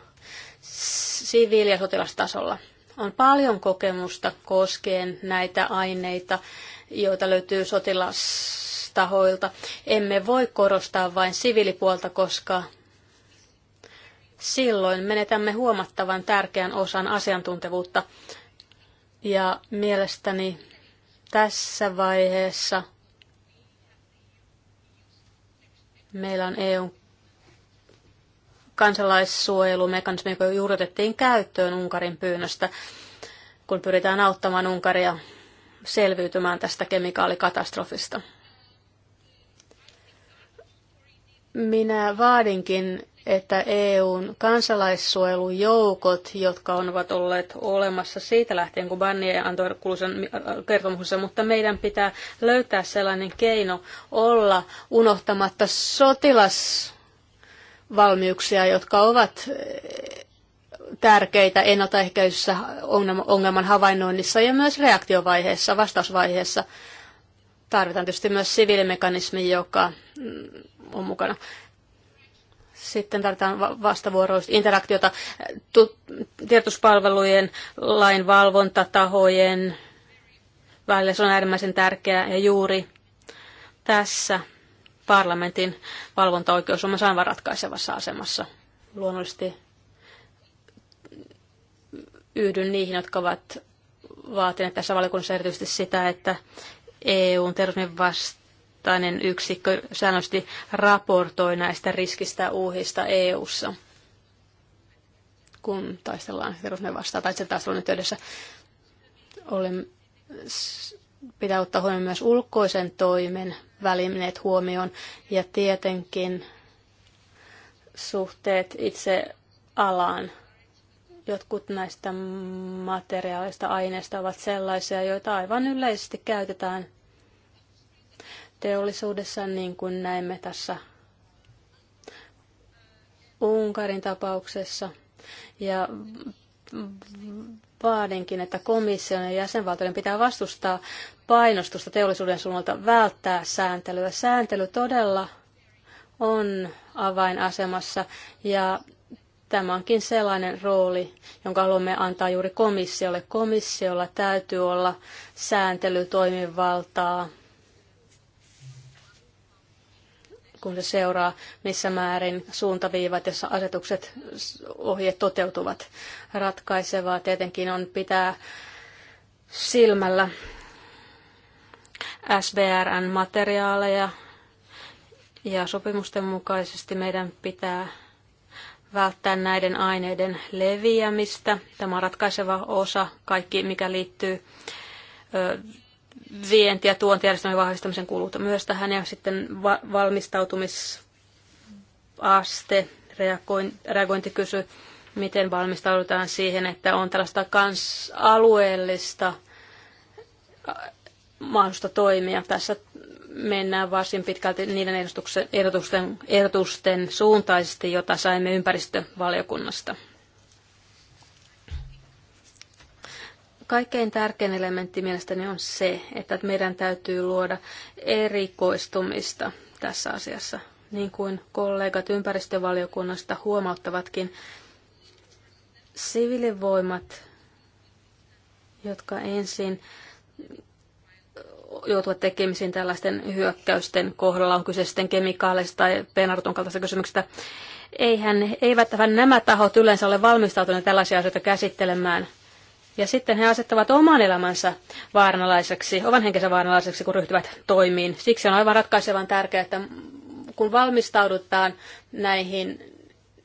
siviili- ja sotilastasolla. On paljon kokemusta koskien näitä aineita, joita löytyy sotilas tahoilta. Emme voi korostaa vain siviilipuolta, koska silloin menetämme huomattavan tärkeän osan asiantuntevuutta. Ja mielestäni tässä vaiheessa meillä on EUn kansalaissuojelumekanismi, joka juurrutettiin käyttöön Unkarin pyynnöstä, kun pyritään auttamaan Unkaria selviytymään tästä kemikaalikatastrofista. Minä vaadinkin, että EUn kansalaissuojelujoukot, jotka ovat olleet olemassa siitä lähtien, kun Barnier antoi kuuluisen äh, äh, kertomuksen, mutta meidän pitää löytää sellainen keino olla unohtamatta sotilasvalmiuksia, jotka ovat äh, tärkeitä ennaltaehkäisyssä ongelman havainnoinnissa ja myös reaktiovaiheessa, vastausvaiheessa. Tarvitaan tietysti myös siviilimekanismi, joka Mm, on mukana. Sitten tarvitaan vastavuoroista interaktiota tiedotuspalvelujen, lainvalvontatahojen välillä. Se on äärimmäisen tärkeää ja juuri tässä parlamentin valvontaoikeus on myös aivan ratkaisevassa asemassa. Luonnollisesti yhdyn niihin, jotka ovat vaatineet tässä valiokunnassa erityisesti sitä, että EUn terrorismin vasta alakohtainen yksikkö säännöllisesti raportoi näistä riskistä uhista EU-ssa, kun taistellaan virusne vastaan tai sen taistelun yhteydessä. Olen, pitää ottaa huomioon myös ulkoisen toimen välineet huomioon ja tietenkin suhteet itse alaan jotkut näistä materiaaleista aineista ovat sellaisia, joita aivan yleisesti käytetään teollisuudessa, niin kuin näemme tässä Unkarin tapauksessa. Ja vaadinkin, että komission ja jäsenvaltioiden pitää vastustaa painostusta teollisuuden suunnalta välttää sääntelyä. Sääntely todella on avainasemassa ja tämä onkin sellainen rooli, jonka haluamme antaa juuri komissiolle. Komissiolla täytyy olla sääntelytoimivaltaa kun se seuraa, missä määrin suuntaviivat ja asetukset ohjeet toteutuvat. Ratkaisevaa tietenkin on pitää silmällä SBRN materiaaleja ja sopimusten mukaisesti meidän pitää välttää näiden aineiden leviämistä. Tämä on ratkaiseva osa, kaikki mikä liittyy vienti- ja tuontijärjestelmän vahvistamisen kuluta myös tähän ja sitten va- valmistautumisaste, reagoin, reagointi kysy, miten valmistaudutaan siihen, että on tällaista kans alueellista mahdollista toimia. Tässä mennään varsin pitkälti niiden ehdotusten, ehdotusten suuntaisesti, jota saimme ympäristövaliokunnasta. Kaikkein tärkein elementti mielestäni on se, että meidän täytyy luoda erikoistumista tässä asiassa. Niin kuin kollegat ympäristövaliokunnasta huomauttavatkin, sivilivoimat, jotka ensin joutuvat tekemisiin tällaisten hyökkäysten kohdalla, on kyse sitten kemikaaleista tai penarton kaltaisista kysymyksistä. Eihän, eivät nämä tahot yleensä ole valmistautuneet tällaisia asioita käsittelemään. Ja sitten he asettavat oman elämänsä vaaranalaiseksi, oman henkensä vaaranalaiseksi, kun ryhtyvät toimiin. Siksi on aivan ratkaisevan tärkeää, että kun valmistaudutaan näihin,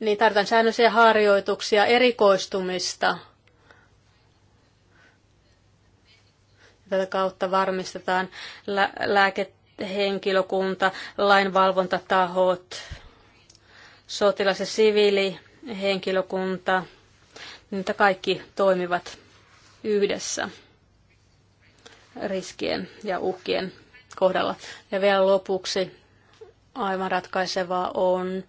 niin tarvitaan säännöllisiä harjoituksia, erikoistumista. Tätä kautta varmistetaan lä- lääkehenkilökunta, lainvalvontatahot, sotilas- ja siviilihenkilökunta, niitä kaikki toimivat yhdessä riskien ja uhkien kohdalla. Ja vielä lopuksi aivan ratkaisevaa on,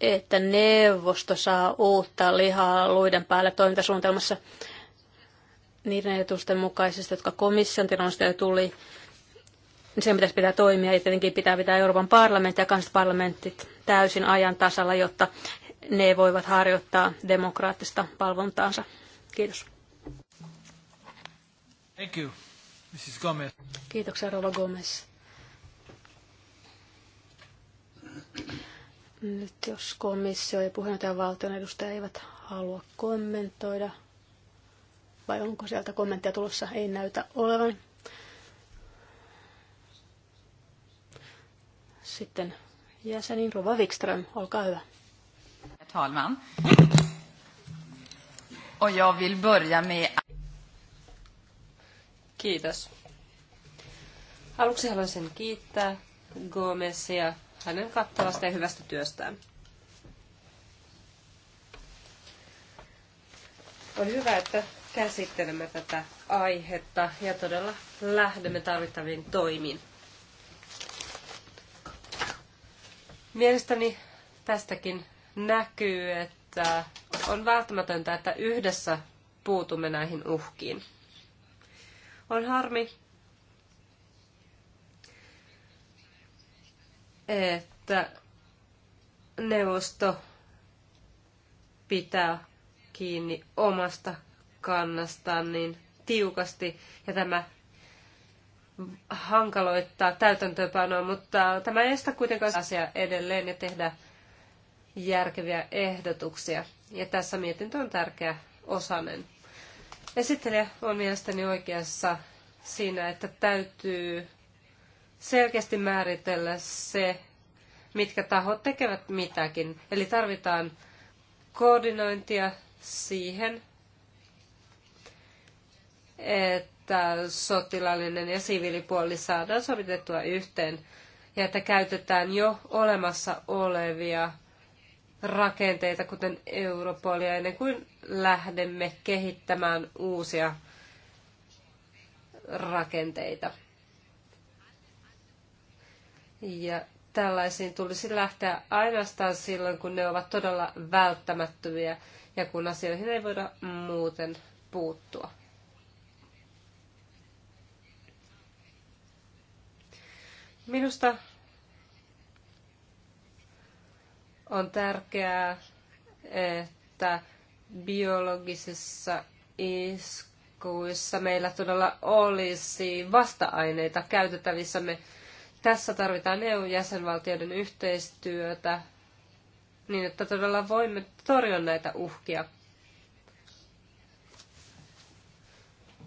että neuvosto saa uutta lihaa luiden päälle toimintasuunnitelmassa niiden etusten mukaisesti, jotka komission tilannosta jo tuli. Niin sen pitäisi pitää toimia ja tietenkin pitää pitää Euroopan parlamentti ja kansallisparlamentit täysin ajan tasalla, jotta ne voivat harjoittaa demokraattista palvontaansa. Kiitos. Thank you, Mrs. Gomez. Kiitoksia, Rova Gomez. Nyt jos komissio ja puheenjohtajan valtion edustaja eivät halua kommentoida, vai onko sieltä kommenttia tulossa, ei näytä olevan. Sitten jäsenin Rova Wikström, olkaa hyvä. Herr talman. Och jag vill börja med Kiitos. Aluksi haluaisin kiittää Gomezia hänen kattavasta ja hyvästä työstään. On hyvä, että käsittelemme tätä aihetta ja todella lähdemme tarvittaviin toimiin. Mielestäni tästäkin näkyy, että on välttämätöntä, että yhdessä puutumme näihin uhkiin. On harmi, että neuvosto pitää kiinni omasta kannastaan niin tiukasti ja tämä hankaloittaa täytäntöönpanoa, mutta tämä ei estä kuitenkaan asia edelleen ja tehdä järkeviä ehdotuksia. Ja tässä mietintö on tärkeä osanen. Esittelijä on mielestäni oikeassa siinä, että täytyy selkeästi määritellä se, mitkä tahot tekevät mitäkin. Eli tarvitaan koordinointia siihen, että sotilaallinen ja siviilipuoli saadaan sovitettua yhteen ja että käytetään jo olemassa olevia rakenteita, kuten Europolia, ennen kuin lähdemme kehittämään uusia rakenteita. Ja tällaisiin tulisi lähteä ainoastaan silloin, kun ne ovat todella välttämättömiä ja kun asioihin ei voida muuten puuttua. Minusta On tärkeää, että biologisissa iskuissa meillä todella olisi vasta-aineita käytettävissämme. Tässä tarvitaan EU-jäsenvaltioiden yhteistyötä niin, että todella voimme torjua näitä uhkia.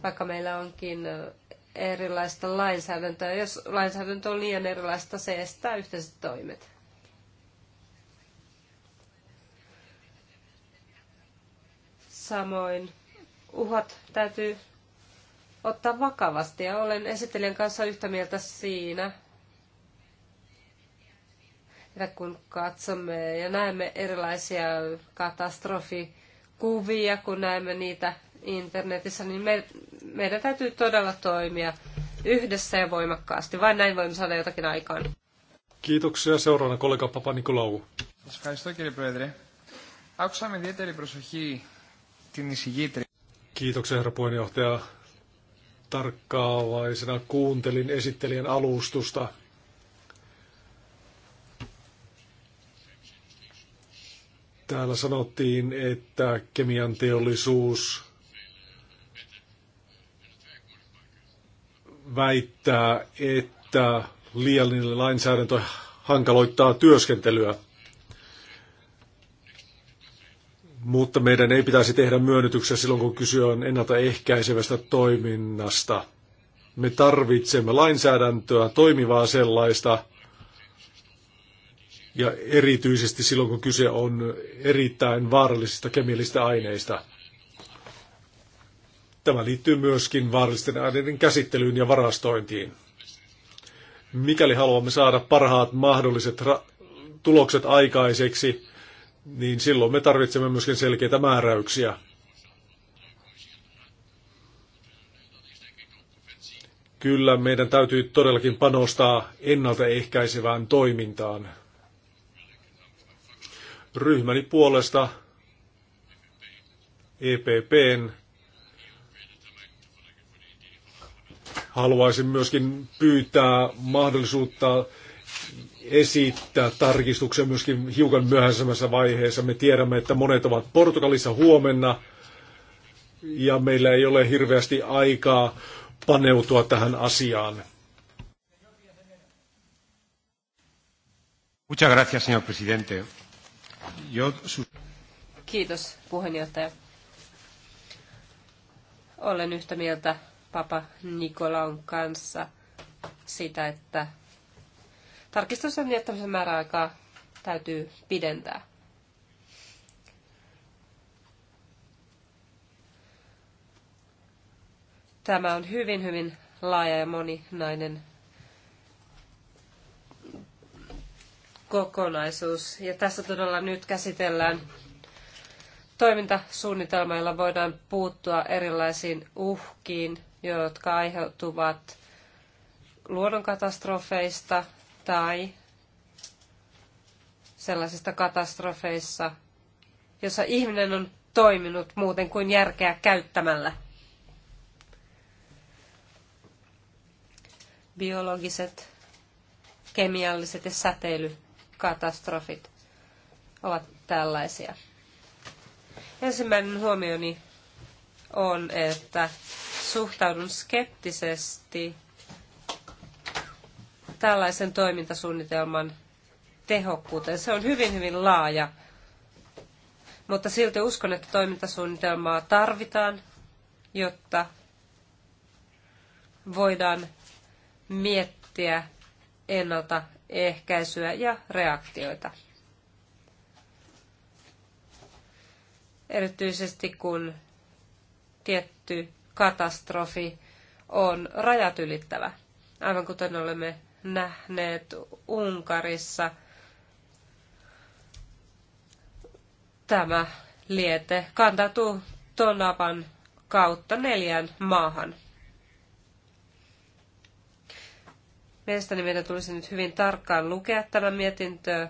Vaikka meillä onkin erilaista lainsäädäntöä. Jos lainsäädäntö on liian erilaista, se estää yhteiset toimet. Samoin uhat täytyy ottaa vakavasti ja olen esittelijän kanssa yhtä mieltä siinä, että kun katsomme ja näemme erilaisia katastrofikuvia, kun näemme niitä internetissä, niin me, meidän täytyy todella toimia yhdessä ja voimakkaasti. Vain näin voimme saada jotakin aikaan. Kiitoksia. Seuraavana kollega Papa Nikolaou. kiitos, ευχαριστώ κύριε Πρόεδρε. Άκουσα Kiitoksia, herra puheenjohtaja. Tarkkaavaisena kuuntelin esittelijän alustusta. Täällä sanottiin, että kemian teollisuus väittää, että liiallinen lainsäädäntö hankaloittaa työskentelyä. mutta meidän ei pitäisi tehdä myönnytyksiä silloin, kun kyse on ennaltaehkäisevästä toiminnasta. Me tarvitsemme lainsäädäntöä, toimivaa sellaista, ja erityisesti silloin, kun kyse on erittäin vaarallisista kemiallisista aineista. Tämä liittyy myöskin vaarallisten aineiden käsittelyyn ja varastointiin. Mikäli haluamme saada parhaat mahdolliset tulokset aikaiseksi, niin silloin me tarvitsemme myöskin selkeitä määräyksiä. Kyllä meidän täytyy todellakin panostaa ennaltaehkäisevään toimintaan. Ryhmäni puolesta EPPn haluaisin myöskin pyytää mahdollisuutta esittää tarkistuksen myöskin hiukan myöhäisemmässä vaiheessa. Me tiedämme, että monet ovat Portugalissa huomenna ja meillä ei ole hirveästi aikaa paneutua tähän asiaan. Muchas gracias, señor presidente. Yo... Kiitos, puheenjohtaja. Olen yhtä mieltä Papa Nikolaun kanssa sitä, että tarkistusten jättämisen niin, määräaikaa täytyy pidentää. Tämä on hyvin, hyvin laaja ja moninainen kokonaisuus. Ja tässä todella nyt käsitellään toimintasuunnitelma, jolla voidaan puuttua erilaisiin uhkiin, jotka aiheutuvat luonnonkatastrofeista, tai sellaisista katastrofeissa, jossa ihminen on toiminut muuten kuin järkeä käyttämällä. Biologiset, kemialliset ja säteilykatastrofit ovat tällaisia. Ensimmäinen huomioni on, että suhtaudun skeptisesti tällaisen toimintasuunnitelman tehokkuuteen. Se on hyvin, hyvin laaja, mutta silti uskon, että toimintasuunnitelmaa tarvitaan, jotta voidaan miettiä ennaltaehkäisyä ja reaktioita. Erityisesti kun tietty katastrofi on rajat ylittävä, aivan kuten olemme nähneet Unkarissa. Tämä liete kantautuu Tonavan kautta neljään maahan. Mielestäni meidän tulisi nyt hyvin tarkkaan lukea tämä mietintö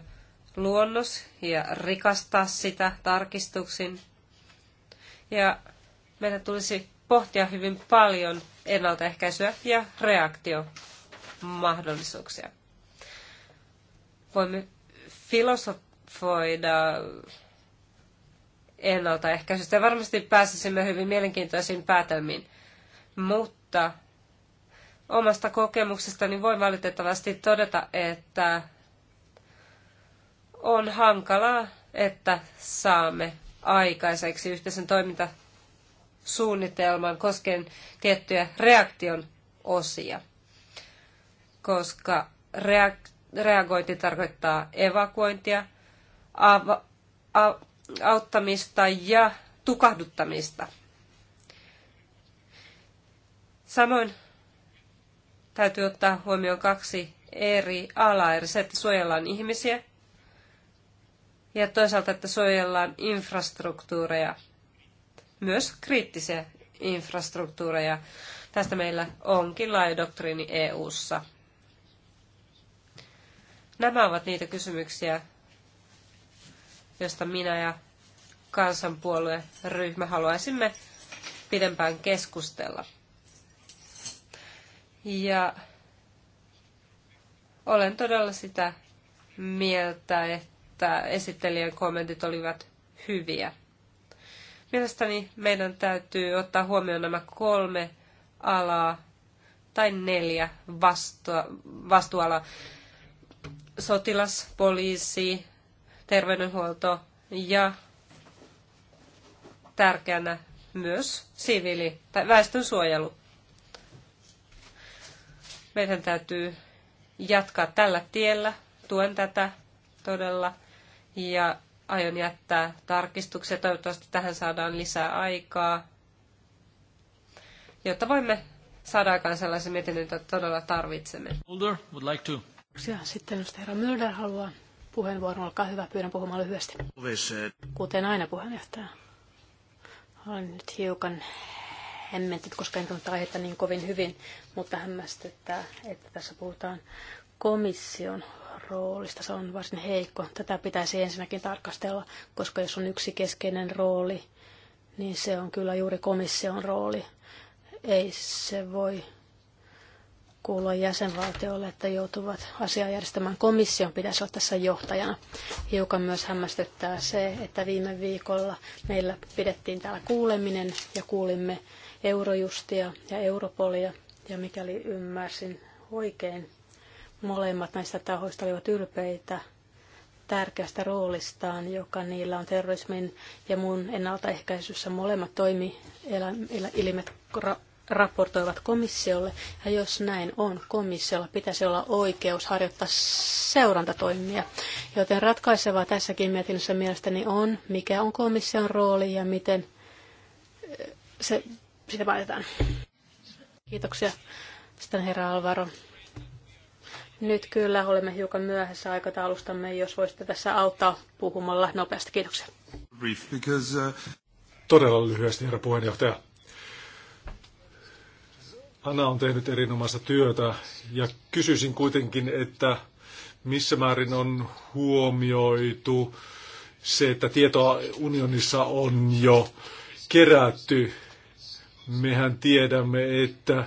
luonnos ja rikastaa sitä tarkistuksin. Ja meidän tulisi pohtia hyvin paljon ennaltaehkäisyä ja reaktio mahdollisuuksia. Voimme filosofoida ennaltaehkäisystä ja varmasti pääsisimme hyvin mielenkiintoisiin päätelmiin, mutta omasta kokemuksestani voin valitettavasti todeta, että on hankalaa, että saamme aikaiseksi yhteisen toimintasuunnitelman koskien tiettyjä reaktion osia koska reagointi tarkoittaa evakuointia, auttamista ja tukahduttamista. Samoin täytyy ottaa huomioon kaksi eri alaa, eli se, että suojellaan ihmisiä ja toisaalta, että suojellaan infrastruktuureja, myös kriittisiä infrastruktuureja. Tästä meillä onkin laaja doktriini EU:ssa. Nämä ovat niitä kysymyksiä, joista minä ja kansanpuolueryhmä haluaisimme pidempään keskustella. Ja olen todella sitä mieltä, että esittelijän kommentit olivat hyviä. Mielestäni meidän täytyy ottaa huomioon nämä kolme alaa tai neljä vastu- vastuualaa sotilas, poliisi, terveydenhuolto ja tärkeänä myös siviili- tai väestönsuojelu. Meidän täytyy jatkaa tällä tiellä. Tuen tätä todella ja aion jättää tarkistuksia. Toivottavasti tähän saadaan lisää aikaa, jotta voimme saada aikaan sellaisen mietinnön, jota todella tarvitsemme. would like to sitten jos herra Mylder haluaa puheenvuoron, olkaa hyvä, pyydän puhumaan lyhyesti. Kuten aina puheenjohtaja. Olen nyt hiukan hemmentynyt, koska en tunne aihetta niin kovin hyvin, mutta hämmästyttää, että tässä puhutaan komission roolista. Se on varsin heikko. Tätä pitäisi ensinnäkin tarkastella, koska jos on yksi keskeinen rooli, niin se on kyllä juuri komission rooli. Ei se voi kuulua jäsenvaltioille, että joutuvat asiaa järjestämään komission, pitäisi olla tässä johtajana. Hiukan myös hämmästyttää se, että viime viikolla meillä pidettiin täällä kuuleminen ja kuulimme Eurojustia ja Europolia. Ja mikäli ymmärsin oikein, molemmat näistä tahoista olivat ylpeitä tärkeästä roolistaan, joka niillä on terrorismin ja muun ennaltaehkäisyssä. Molemmat toimielimet raportoivat komissiolle, ja jos näin on, komissiolla pitäisi olla oikeus harjoittaa seurantatoimia. Joten ratkaisevaa tässäkin mietinnössä mielestäni on, mikä on komission rooli ja miten eh, se, sitä päätetään. Kiitoksia. Sitten herra Alvaro. Nyt kyllä olemme hiukan myöhässä aikataulustamme, jos voisitte tässä auttaa puhumalla nopeasti. Kiitoksia. Brief, uh, Todella lyhyesti, herra puheenjohtaja Hanna on tehnyt erinomaista työtä ja kysyisin kuitenkin, että missä määrin on huomioitu se, että tietoa unionissa on jo kerätty. Mehän tiedämme, että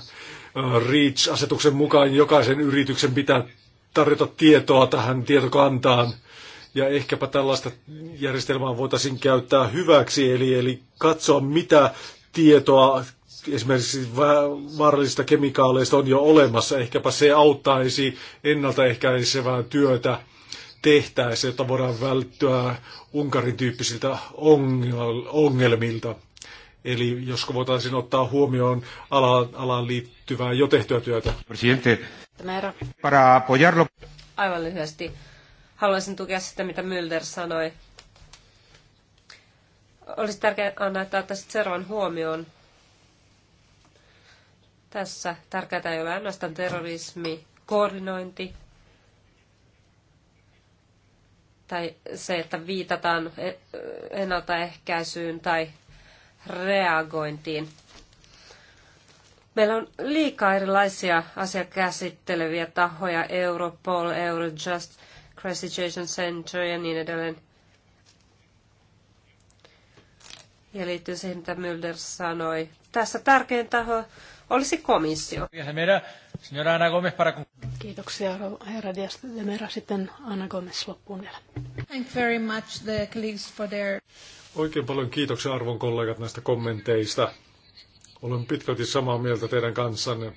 REACH-asetuksen mukaan jokaisen yrityksen pitää tarjota tietoa tähän tietokantaan. Ja ehkäpä tällaista järjestelmää voitaisiin käyttää hyväksi, eli, eli katsoa mitä tietoa esimerkiksi vaarallisista kemikaaleista on jo olemassa. Ehkäpä se auttaisi ennaltaehkäisevää työtä tehtäessä, jotta voidaan välttyä Unkarin tyyppisiltä ongelmilta. Eli josko voitaisiin ottaa huomioon ala alaan liittyvää jo tehtyä työtä. Presidente. Para apoyarlo. Aivan lyhyesti. Haluaisin tukea sitä, mitä Mylder sanoi. Olisi tärkeää, Anna, että ottaisit seuraavan huomioon tässä tärkeää ei ole ainoastaan terrorismi, koordinointi tai se, että viitataan e- ennaltaehkäisyyn tai reagointiin. Meillä on liikaa erilaisia asia käsitteleviä tahoja, Europol, Eurojust, Crisis Situation Center ja niin edelleen. Ja liittyy siihen, mitä Mulder sanoi. Tässä tärkein taho olisi komissio. Kiitoksia, herra Dias de Mera. Sitten Anna Gomez loppuun vielä. Thank very much the colleagues for their... Oikein paljon kiitoksia arvon kollegat näistä kommenteista. Olen pitkälti samaa mieltä teidän kanssanne.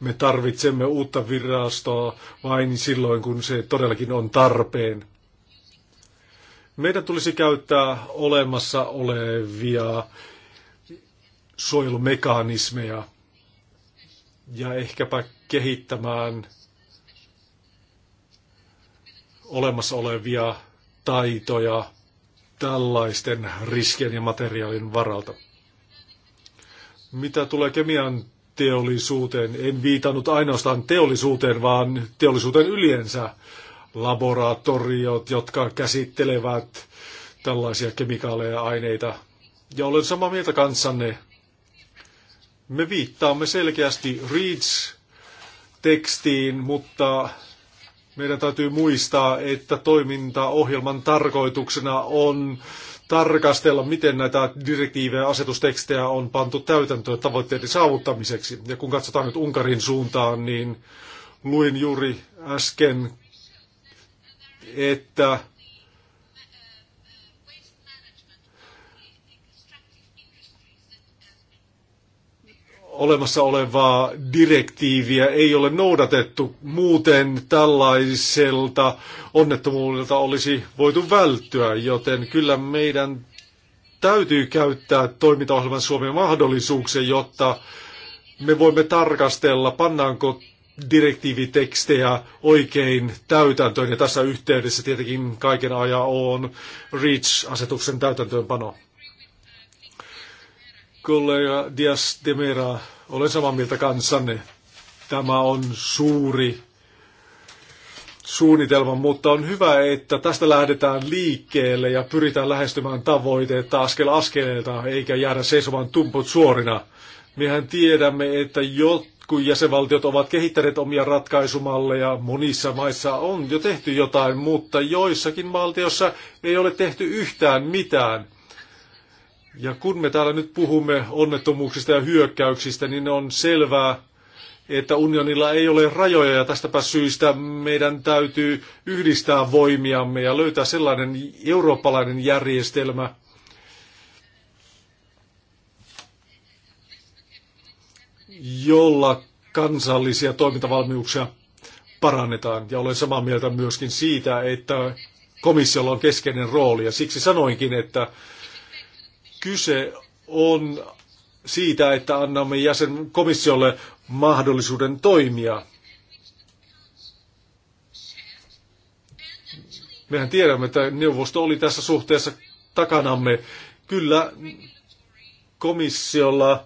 Me tarvitsemme uutta virastoa vain silloin, kun se todellakin on tarpeen. Meidän tulisi käyttää olemassa olevia suojelumekanismeja ja ehkäpä kehittämään olemassa olevia taitoja tällaisten riskien ja materiaalin varalta. Mitä tulee kemian teollisuuteen, en viitannut ainoastaan teollisuuteen, vaan teollisuuteen yliensä laboratoriot, jotka käsittelevät tällaisia kemikaaleja ja aineita. Ja olen samaa mieltä kanssanne me viittaamme selkeästi REACH-tekstiin, mutta meidän täytyy muistaa, että toimintaohjelman tarkoituksena on tarkastella, miten näitä direktiivejä ja asetustekstejä on pantu täytäntöön tavoitteiden saavuttamiseksi. Ja kun katsotaan nyt Unkarin suuntaan, niin luin juuri äsken, että olemassa olevaa direktiiviä ei ole noudatettu. Muuten tällaiselta onnettomuudelta olisi voitu välttyä, joten kyllä meidän täytyy käyttää toimintaohjelman Suomen mahdollisuuksia, jotta me voimme tarkastella, pannaanko direktiivitekstejä oikein täytäntöön. Ja tässä yhteydessä tietenkin kaiken ajan on REACH-asetuksen täytäntöönpano kollega Dias de Mera, olen samaa mieltä kanssanne. Tämä on suuri suunnitelma, mutta on hyvä, että tästä lähdetään liikkeelle ja pyritään lähestymään tavoitetta askel askeleelta, eikä jäädä seisomaan tumput suorina. Mehän tiedämme, että jotkut jäsenvaltiot ovat kehittäneet omia ratkaisumalleja, monissa maissa on jo tehty jotain, mutta joissakin valtiossa ei ole tehty yhtään mitään. Ja kun me täällä nyt puhumme onnettomuuksista ja hyökkäyksistä, niin on selvää, että unionilla ei ole rajoja ja tästäpä syystä meidän täytyy yhdistää voimiamme ja löytää sellainen eurooppalainen järjestelmä, jolla kansallisia toimintavalmiuksia parannetaan. Ja olen samaa mieltä myöskin siitä, että komissiolla on keskeinen rooli ja siksi sanoinkin, että kyse on siitä, että annamme jäsen komissiolle mahdollisuuden toimia. Mehän tiedämme, että neuvosto oli tässä suhteessa takanamme. Kyllä komissiolla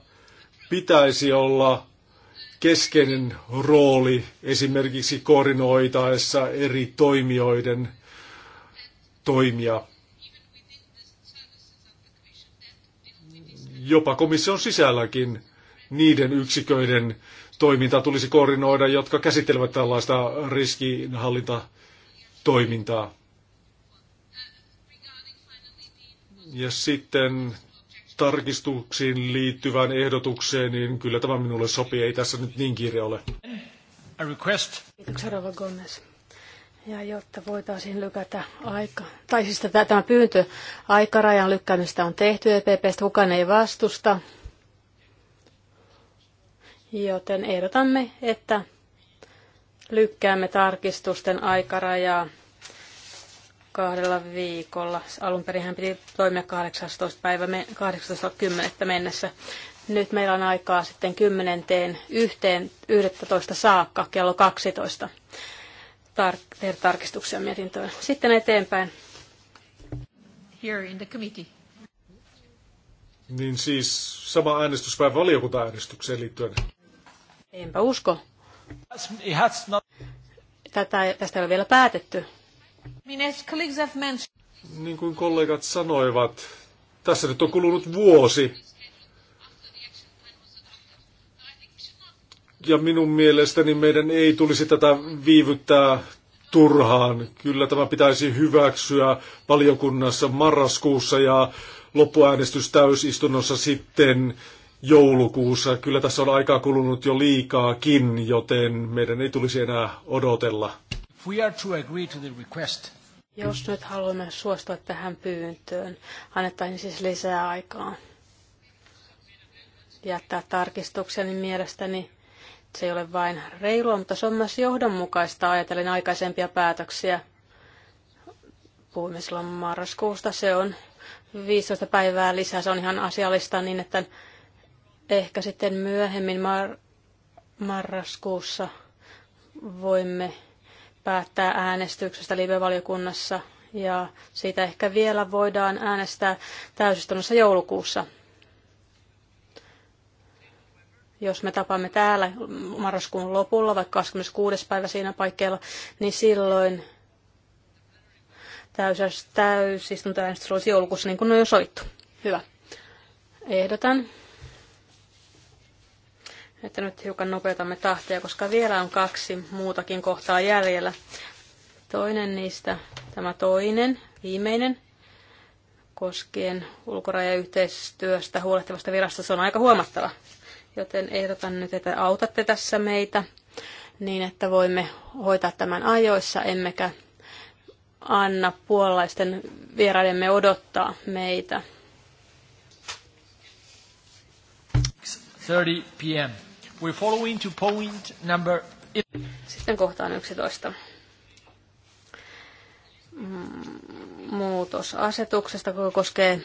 pitäisi olla keskeinen rooli esimerkiksi koordinoitaessa eri toimijoiden toimia. jopa komission sisälläkin niiden yksiköiden toimintaa tulisi koordinoida, jotka käsittelevät tällaista riskinhallintatoimintaa. Ja sitten tarkistuksiin liittyvään ehdotukseen, niin kyllä tämä minulle sopii, ei tässä nyt niin kiire ole. Kiitoksia, Gomez. Ja jotta voitaisiin lykätä aika, tai siis tämä pyyntö aikarajan lykkäämistä on tehty EPPstä, kukaan ei vastusta. Joten ehdotamme, että lykkäämme tarkistusten aikarajaa kahdella viikolla. Alun perin hän piti toimia 18. päivä 18.10. mennessä. Nyt meillä on aikaa sitten 10. yhteen 11. saakka kello 12 tar- tehdä tarkistuksia mietintöön. Sitten eteenpäin. Here in the committee. Niin siis sama vai valiokuntaäänestykseen liittyen. Enpä usko. Tätä, tästä ei ole vielä päätetty. Niin kuin kollegat sanoivat, tässä nyt on kulunut vuosi Ja minun mielestäni meidän ei tulisi tätä viivyttää turhaan. Kyllä tämä pitäisi hyväksyä valiokunnassa marraskuussa ja loppuäänestys täysistunnossa sitten joulukuussa. Kyllä tässä on aikaa kulunut jo liikaakin, joten meidän ei tulisi enää odotella. Jos nyt haluamme suostua tähän pyyntöön, annettaisiin siis lisää aikaa jättää tarkistuksia, niin mielestäni se ei ole vain reilua, mutta se on myös johdonmukaista ajatellen aikaisempia päätöksiä. Puhumme silloin marraskuusta. Se on 15 päivää lisää. Se on ihan asiallista niin, että ehkä sitten myöhemmin mar- marraskuussa voimme päättää äänestyksestä live-valiokunnassa ja siitä ehkä vielä voidaan äänestää täysistunnossa joulukuussa jos me tapaamme täällä marraskuun lopulla, vaikka 26. päivä siinä paikkeilla, niin silloin täys, täysistuntoäänestys olisi joulukuussa, niin kuin on jo soittu. Hyvä. Ehdotan, että nyt hiukan nopeutamme tahtia, koska vielä on kaksi muutakin kohtaa jäljellä. Toinen niistä, tämä toinen, viimeinen, koskien ulkorajayhteistyöstä huolehtivasta virastosta, se on aika huomattava joten ehdotan nyt, että autatte tässä meitä niin, että voimme hoitaa tämän ajoissa, emmekä anna puolalaisten vieraidemme odottaa meitä. 30 p.m. We're following to point number... Sitten kohtaan 11. Mm, muutosasetuksesta, joka koskee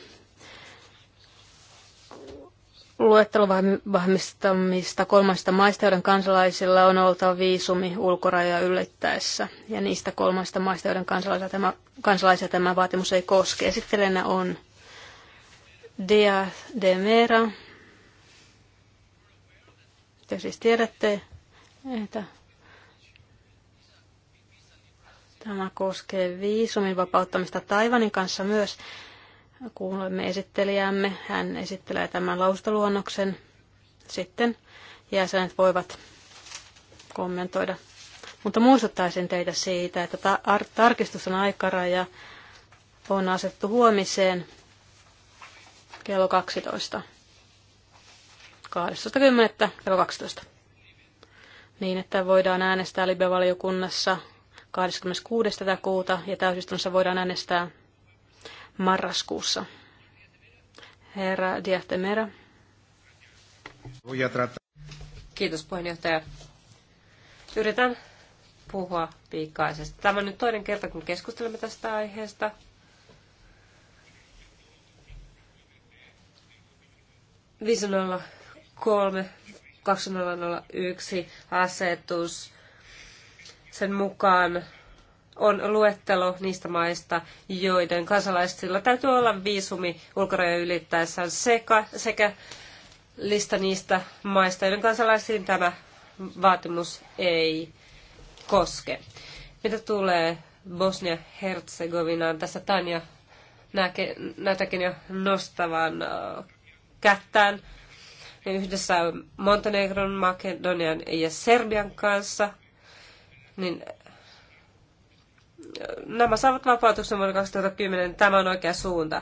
luettelon vahvistamista kolmasta maista, joiden kansalaisilla on oltava viisumi ulkorajoja ylittäessä. Ja niistä kolmasta maista, joiden kansalaisia tämä, kansalaisia tämä vaatimus ei koske. Esittelijänä on Dia de Mera. Te siis tiedätte, että tämä koskee viisumin vapauttamista Taivanin kanssa myös. Kuulemme esittelijämme. Hän esittelee tämän laustaluonnoksen Sitten jäsenet voivat kommentoida. Mutta muistuttaisin teitä siitä, että on aikaraja on asettu huomiseen kello 12. 12.10. kello 12. Niin, että voidaan äänestää libevaliokunnassa 26. kuuta ja täysistunnossa voidaan äänestää marraskuussa. Herra Diatemera. Kiitos puheenjohtaja. Yritän puhua pikaisesti. Tämä on nyt toinen kerta, kun keskustelemme tästä aiheesta. Viisi 3 2001 asetus. Sen mukaan on luettelo niistä maista, joiden kansalaisilla täytyy olla viisumi ulkorajoja ylittäessään sekä, sekä lista niistä maista, joiden kansalaisiin tämä vaatimus ei koske. Mitä tulee Bosnia-Herzegovinaan, tässä Tanja näke, näitäkin jo nostavan kättään. Niin yhdessä Montenegron, Makedonian ja Serbian kanssa, niin nämä saavat vapautuksen vuonna 2010. Tämä on oikea suunta.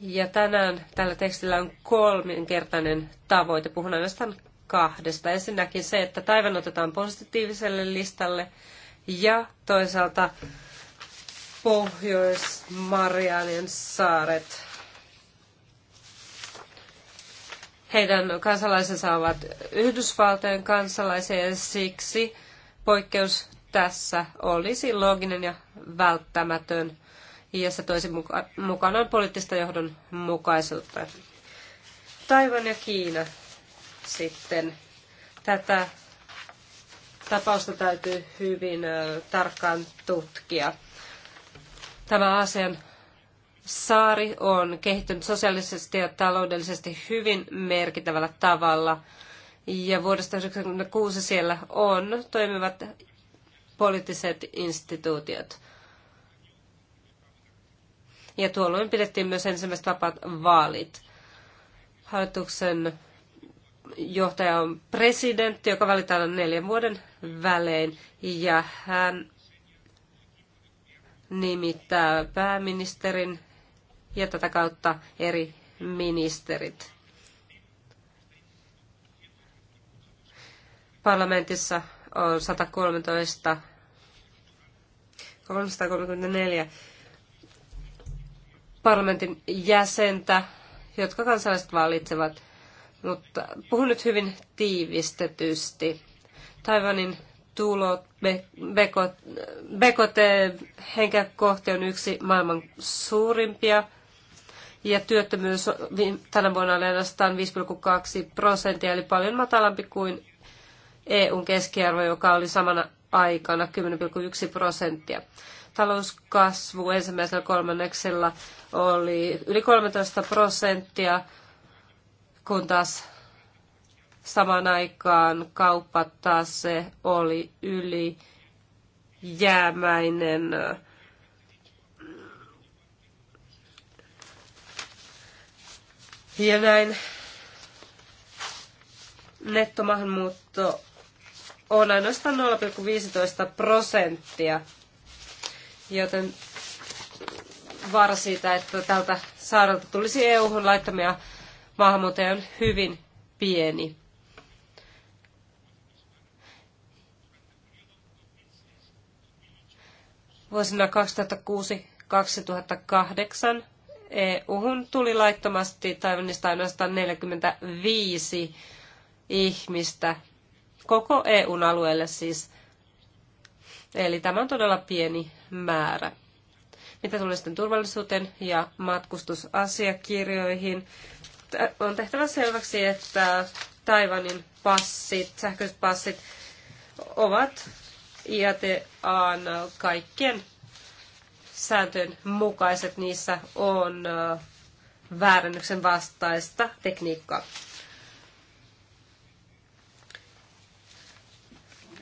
Ja tänään tällä tekstillä on kolminkertainen tavoite. Puhun ainoastaan kahdesta. Ensinnäkin se, että Taivan otetaan positiiviselle listalle ja toisaalta Pohjois-Marianien saaret Heidän kansalaisensa ovat Yhdysvaltojen kansalaisia ja siksi poikkeus tässä olisi looginen ja välttämätön ja se toisi mukanaan poliittista johdonmukaisuutta. Taivan ja Kiina sitten. Tätä tapausta täytyy hyvin tarkkaan tutkia. Tämä asian saari on kehittynyt sosiaalisesti ja taloudellisesti hyvin merkittävällä tavalla. Ja vuodesta 1996 siellä on toimivat poliittiset instituutiot. Ja tuolloin pidettiin myös ensimmäiset vapaat vaalit. Hallituksen johtaja on presidentti, joka valitaan neljän vuoden välein. Ja hän nimittää pääministerin ja tätä kautta eri ministerit. Parlamentissa on 113, 334 parlamentin jäsentä, jotka kansalaiset valitsevat. Mutta puhun nyt hyvin tiivistetysti. Taivanin tulot, BKT, henkeä kohti on yksi maailman suurimpia – ja työttömyys tänä vuonna oli ainoastaan 5,2 prosenttia, eli paljon matalampi kuin EUn keskiarvo, joka oli samana aikana 10,1 prosenttia. Talouskasvu ensimmäisellä kolmanneksella oli yli 13 prosenttia, kun taas samaan aikaan se oli yli jäämäinen Ja näin nettomaahanmuutto on ainoastaan 0,15 prosenttia, joten vaara siitä, että tältä saarelta tulisi EU-hun laittamia maahanmuuttajia on hyvin pieni. Vuosina 2006-2008 EU-hun tuli laittomasti Taiwanista ainoastaan 45 ihmistä koko EUn alueelle siis. Eli tämä on todella pieni määrä. Mitä tulee sitten turvallisuuteen ja matkustusasiakirjoihin, on tehtävä selväksi, että Taiwanin passit, sähköiset passit ovat IATAn kaikkien sääntöjen mukaiset, niissä on väärännyksen vastaista tekniikkaa.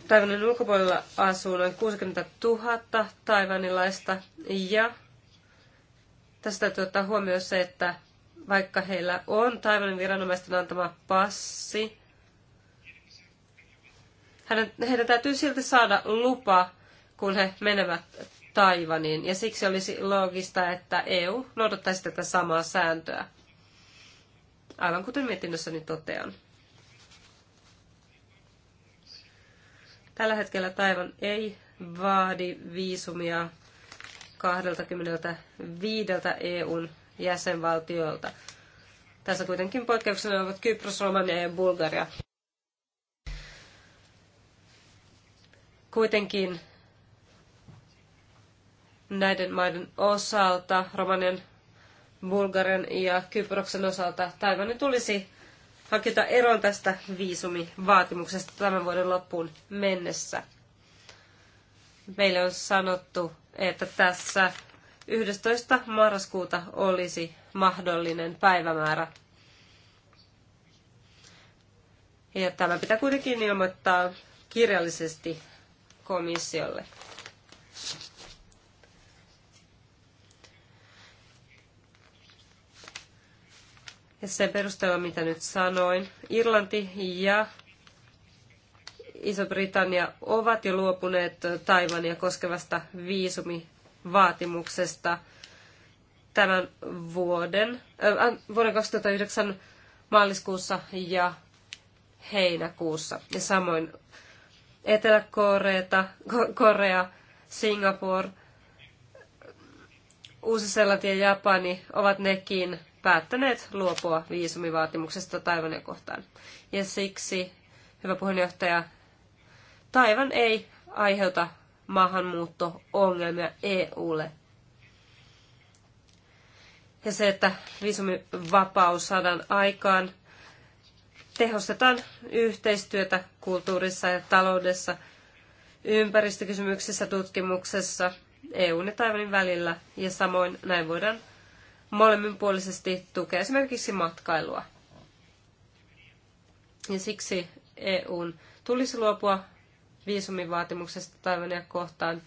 Taivanin ulkopuolella asuu noin 60 000 taivanilaista ja tästä täytyy ottaa huomioon se, että vaikka heillä on Taivanin viranomaisten antama passi, heidän täytyy silti saada lupa, kun he menevät Taivaniin, ja siksi olisi loogista, että EU noudattaisi tätä samaa sääntöä, aivan kuten mietinnössäni totean. Tällä hetkellä Taivan ei vaadi viisumia 25 EUn jäsenvaltiolta. Tässä kuitenkin poikkeuksena ovat Kypros, Romania ja Bulgaria. Kuitenkin näiden maiden osalta, Romanian, Bulgarian ja Kyproksen osalta, Taiwanin tulisi hakita eroon tästä viisumivaatimuksesta tämän vuoden loppuun mennessä. Meille on sanottu, että tässä 11. marraskuuta olisi mahdollinen päivämäärä. Ja tämä pitää kuitenkin ilmoittaa kirjallisesti komissiolle. ja sen perusteella, mitä nyt sanoin, Irlanti ja Iso-Britannia ovat jo luopuneet Taivania koskevasta viisumivaatimuksesta tämän vuoden, äh, vuoden 2009 maaliskuussa ja heinäkuussa. Ja samoin Etelä-Korea, Korea, Singapore, Uusi-Seelanti ja Japani ovat nekin päättäneet luopua viisumivaatimuksesta Taivania kohtaan. Ja siksi, hyvä puheenjohtaja, Taivan ei aiheuta maahanmuutto-ongelmia EUlle. Ja se, että viisumivapaus saadaan aikaan, tehostetaan yhteistyötä kulttuurissa ja taloudessa, ympäristökysymyksissä, tutkimuksessa, EUn ja Taivanin välillä, ja samoin näin voidaan molemminpuolisesti tukea esimerkiksi matkailua. Ja siksi EUn tulisi luopua viisumivaatimuksesta Taivania kohtaan,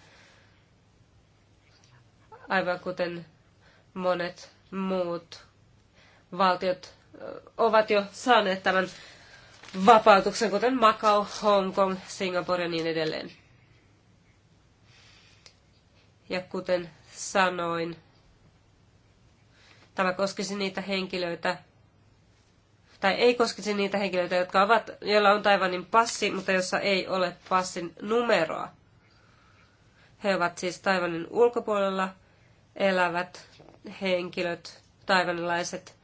aivan kuten monet muut valtiot ovat jo saaneet tämän vapautuksen, kuten Macau, Hong Kong, Singapore ja niin edelleen. Ja kuten sanoin, Tämä koskisi niitä henkilöitä, tai ei koskisi niitä henkilöitä, jotka ovat, joilla on Taiwanin passi, mutta jossa ei ole passin numeroa. He ovat siis Taiwanin ulkopuolella elävät henkilöt, taivanilaiset,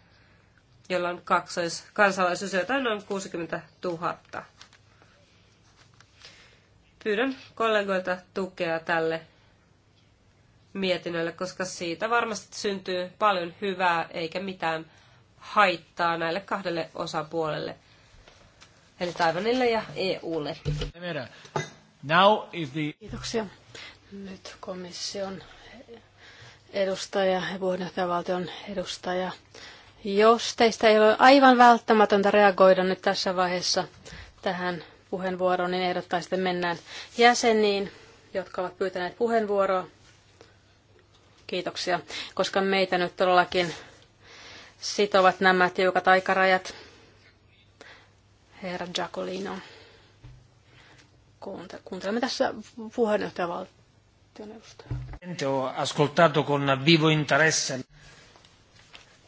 joilla on kaksoiskansalaisuus, on noin 60 000. Pyydän kollegoilta tukea tälle mietinnölle, koska siitä varmasti syntyy paljon hyvää eikä mitään haittaa näille kahdelle osapuolelle, eli Taiwanille ja EUlle. Now is the... Kiitoksia. Nyt komission edustaja ja puheenjohtajavaltion edustaja. Jos teistä ei ole aivan välttämätöntä reagoida nyt tässä vaiheessa tähän puheenvuoroon, niin ehdottaisitte mennään jäseniin, jotka ovat pyytäneet puheenvuoroa. Kiitoksia, koska meitä nyt todellakin sitovat nämä tiukat aikarajat. Herra Giacolino, kuuntelemme tässä puheenjohtaja valtioneuvostoa. ascoltato con vivo interesse.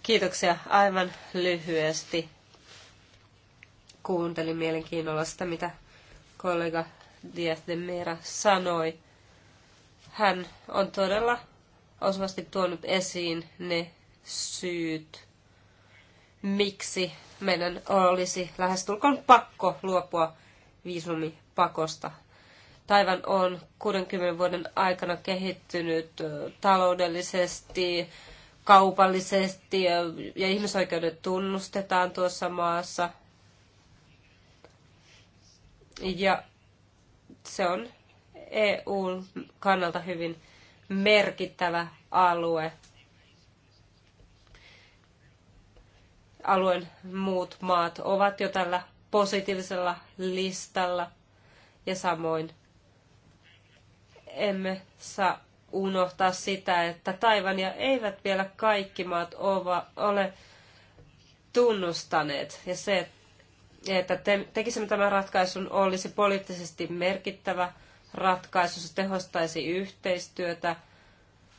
Kiitoksia aivan lyhyesti. Kuuntelin mielenkiinnolla sitä, mitä kollega Diaz de Mera sanoi. Hän on todella osuvasti tuonut esiin ne syyt, miksi meidän olisi lähestulkoon pakko luopua viisumipakosta. Taivan on 60 vuoden aikana kehittynyt taloudellisesti, kaupallisesti ja ihmisoikeudet tunnustetaan tuossa maassa. Ja se on EUn kannalta hyvin merkittävä alue. Alueen muut maat ovat jo tällä positiivisella listalla ja samoin emme saa unohtaa sitä, että Taivania eivät vielä kaikki maat ole tunnustaneet. Ja se, että te, tekisimme tämän ratkaisun, olisi poliittisesti merkittävä ratkaisu. Se tehostaisi yhteistyötä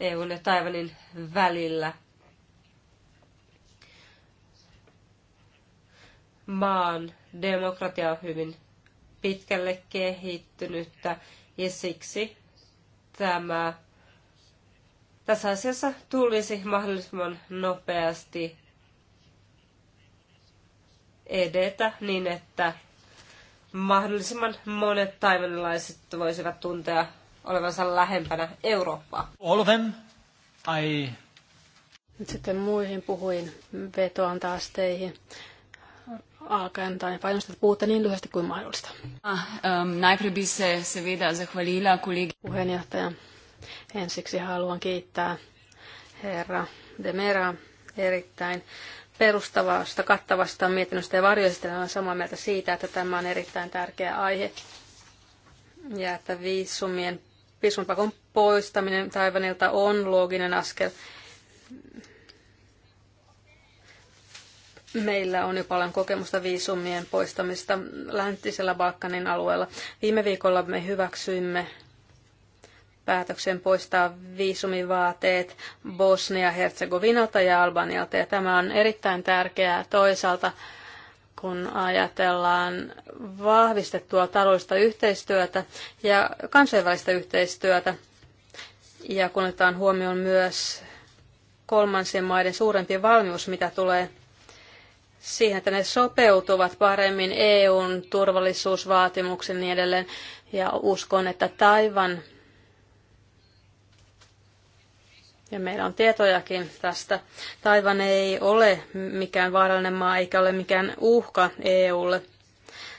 EUn ja Taiwanin välillä. Maan demokratia on hyvin pitkälle kehittynyttä ja siksi tämä tässä asiassa tulisi mahdollisimman nopeasti edetä niin, että mahdollisimman monet taimenlaiset voisivat tuntea olevansa lähempänä Eurooppaa. All of them, I... Nyt sitten muihin puhuin vetoan taas teihin alkaen tai painosta puhutte niin lyhyesti kuin mahdollista. Ah, um, najprej se seveda zahvalila kolegi. Puheenjohtaja, ensiksi haluan kiittää herra Demera erittäin perustavasta, kattavasta mietinnöstä ja varjoistelija on samaa mieltä siitä, että tämä on erittäin tärkeä aihe ja että viisumien viisumpakon poistaminen Taivanilta on looginen askel. Meillä on jo paljon kokemusta viisumien poistamista läntisellä Balkanin alueella. Viime viikolla me hyväksyimme päätöksen poistaa viisumivaateet Bosnia-Herzegovinalta ja Albanialta. Ja tämä on erittäin tärkeää toisaalta, kun ajatellaan vahvistettua taloudellista yhteistyötä ja kansainvälistä yhteistyötä. Ja kun otetaan huomioon myös kolmansien maiden suurempi valmius, mitä tulee siihen, että ne sopeutuvat paremmin EUn turvallisuusvaatimuksiin ja niin edelleen. Ja uskon, että Taivan Ja meillä on tietojakin tästä. Taivan ei ole mikään vaarallinen maa eikä ole mikään uhka EUlle.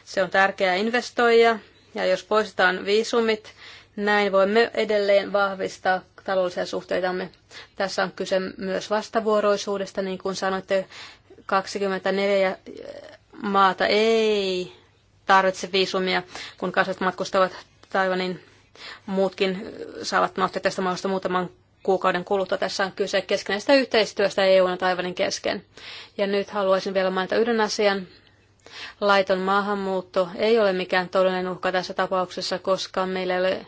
Se on tärkeä investoija ja jos poistetaan viisumit, näin voimme edelleen vahvistaa taloudellisia suhteitamme. Tässä on kyse myös vastavuoroisuudesta, niin kuin sanoitte, 24 maata ei tarvitse viisumia, kun kansalaiset matkustavat Taivanin muutkin saavat nauttia tästä maasta muutaman kuukauden kuluttua. Tässä on kyse keskinäisestä yhteistyöstä EUn ja Taivanin kesken. Ja nyt haluaisin vielä mainita yhden asian. Laiton maahanmuutto ei ole mikään todellinen uhka tässä tapauksessa, koska meillä ei ole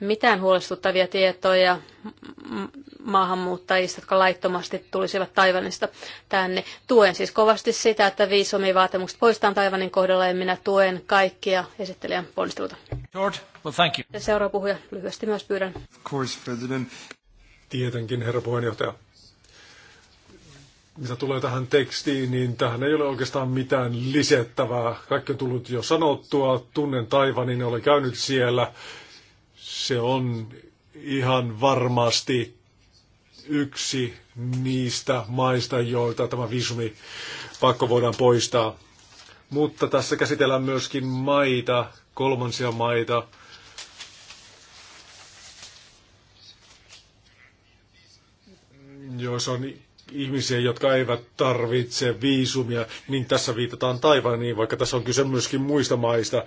mitään huolestuttavia tietoja maahanmuuttajista, jotka laittomasti tulisivat Taivanista tänne. Tuen siis kovasti sitä, että viisumivaatimukset poistetaan Taivanin kohdalla ja minä tuen kaikkia esittelijän ponnisteluita. George, well, thank you. seuraava puhuja lyhyesti myös pyydän. Of course, President. Tietenkin, herra puheenjohtaja. Mitä tulee tähän tekstiin, niin tähän ei ole oikeastaan mitään lisättävää. Kaikki on tullut jo sanottua. Tunnen taivaan, niin olen käynyt siellä. Se on ihan varmasti yksi niistä maista, joilta tämä visumi pakko voidaan poistaa. Mutta tässä käsitellään myöskin maita, kolmansia maita, jos on ihmisiä, jotka eivät tarvitse viisumia, niin tässä viitataan Taivaniin, vaikka tässä on kyse myöskin muista maista.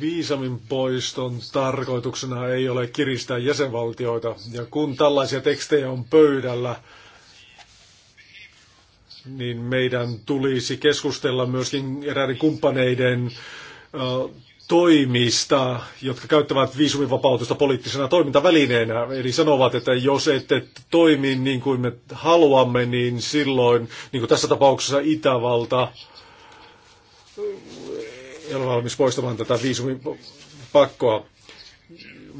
Viisamin poiston tarkoituksena ei ole kiristää jäsenvaltioita, ja kun tällaisia tekstejä on pöydällä, niin meidän tulisi keskustella myöskin eräiden kumppaneiden äh, toimista, jotka käyttävät viisumivapautusta poliittisena toimintavälineenä. Eli sanovat, että jos ette toimi niin kuin me haluamme, niin silloin, niin kuin tässä tapauksessa Itävalta, ei ole valmis poistamaan tätä viisumipakkoa.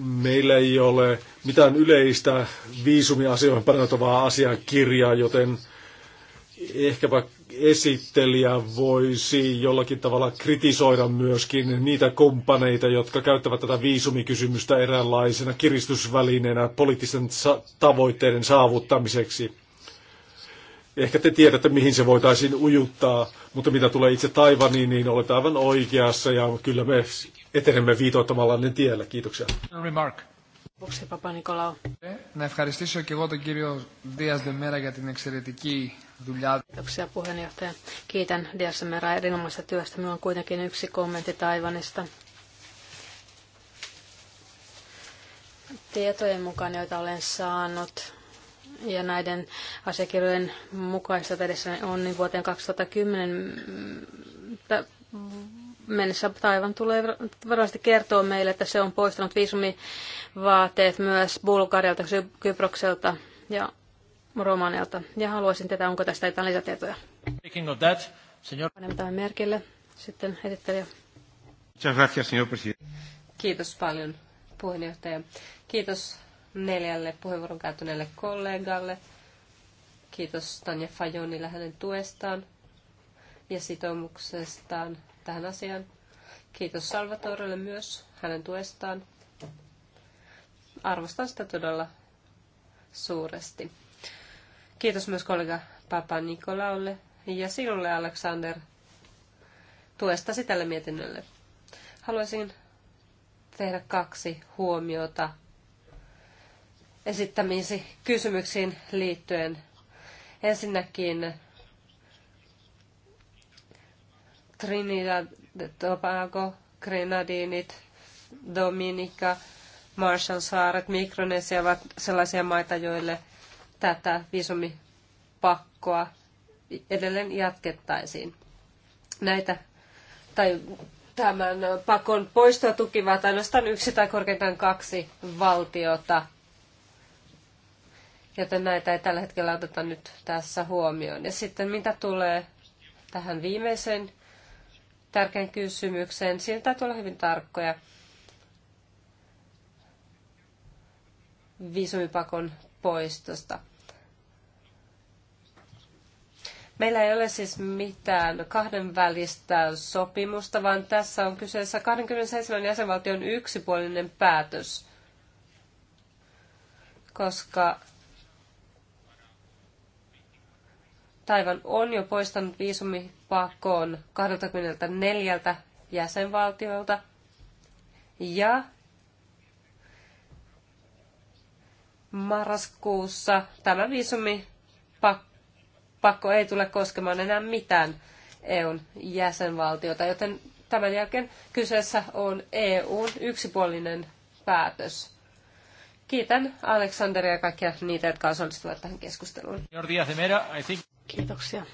Meillä ei ole mitään yleistä viisumiasioihin parantavaa asiakirjaa, joten ehkäpä esittelijä voisi jollakin tavalla kritisoida myöskin niitä kumppaneita, jotka käyttävät tätä viisumikysymystä eräänlaisena kiristysvälineenä poliittisten tavoitteiden saavuttamiseksi. Ehkä te tiedätte, mihin se voitaisiin ujuttaa, mutta mitä tulee itse Taivaniin, niin olet aivan oikeassa ja kyllä me etenemme viitoittamalla ne tiellä. Kiitoksia. Remark. Να ευχαριστήσω και εγώ τον κύριο Δίας Δεμέρα για την εξαιρετική Kiitoksia puheenjohtaja. Kiitän Diassa erinomaisesta työstä. Minulla on kuitenkin yksi kommentti Taivanista. Tietojen mukaan, joita olen saanut, ja näiden asiakirjojen mukaista edessä on, niin vuoteen 2010 mennessä Taivan tulee varmasti kertoa meille, että se on poistanut viisumivaateet myös Bulgarialta, Kyprokselta ja Romanelta. Ja haluaisin tätä, onko tästä jotain lisätietoja. Speaking of that, senior... merkille. Sitten esittelijä. Kiitos paljon puheenjohtaja. Kiitos neljälle puheenvuoron käyttäneelle kollegalle. Kiitos Tanja Fajonille hänen tuestaan ja sitoumuksestaan tähän asiaan. Kiitos Salvatorelle myös hänen tuestaan. Arvostan sitä todella suuresti. Kiitos myös kollega Papa Nikolaulle ja sinulle Alexander tuestasi tälle mietinnölle. Haluaisin tehdä kaksi huomiota esittämiisi kysymyksiin liittyen. Ensinnäkin Trinidad, Tobago, Grenadinit, Dominika, Marshall saaret, Mikronesia ovat sellaisia maita, joille – tätä viisumipakkoa edelleen jatkettaisiin. Näitä, tai tämän pakon poistoa tukivat ainoastaan yksi tai korkeintaan kaksi valtiota, joten näitä ei tällä hetkellä oteta nyt tässä huomioon. Ja sitten mitä tulee tähän viimeiseen tärkeän kysymykseen, siinä täytyy olla hyvin tarkkoja. viisumipakon poistosta. Meillä ei ole siis mitään kahdenvälistä sopimusta, vaan tässä on kyseessä 27 jäsenvaltion yksipuolinen päätös, koska Taivan on jo poistanut viisumipakoon 24 jäsenvaltiolta ja marraskuussa tämä viisumi pakko ei tule koskemaan enää mitään EUn jäsenvaltiota, joten tämän jälkeen kyseessä on EUn yksipuolinen päätös. Kiitän Aleksanderia ja kaikkia niitä, jotka osallistuvat tähän keskusteluun. Kiitoksia.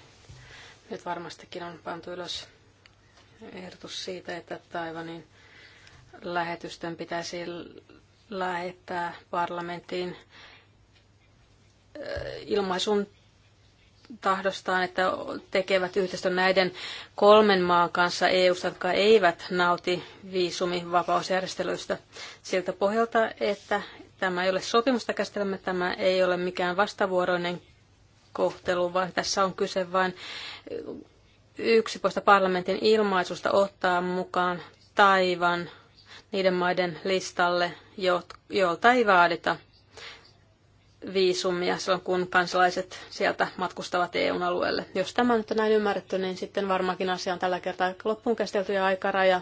Nyt varmastikin on pantu ylös ehdotus siitä, että Taivanin lähetysten pitäisi lähettää parlamenttiin eh, ilmaisun tahdostaan, että tekevät yhteistyön näiden kolmen maan kanssa eu jotka eivät nauti viisumivapausjärjestelyistä siltä pohjalta, että tämä ei ole sopimusta käsitellä, tämä ei ole mikään vastavuoroinen kohtelu, vaan tässä on kyse vain yksipuolista parlamentin ilmaisusta ottaa mukaan taivan niiden maiden listalle, joilta ei vaadita viisumia silloin, kun kansalaiset sieltä matkustavat EUn alueelle. Jos tämä nyt on näin ymmärretty, niin sitten varmaankin asia on tällä kertaa loppuun käsitelty ja aikaraja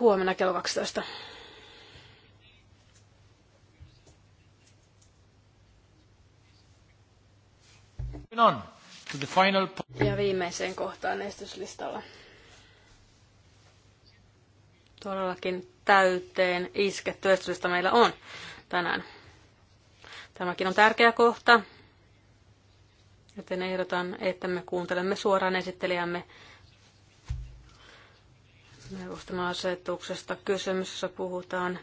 huomenna kello 12. On. To the final ja viimeiseen kohtaan estyslistalla. Todellakin täyteen isketty estyslista meillä on tänään. Tämäkin on tärkeä kohta, joten ehdotan, että me kuuntelemme suoraan esittelijämme neuvoston asetuksesta kysymys, jossa puhutaan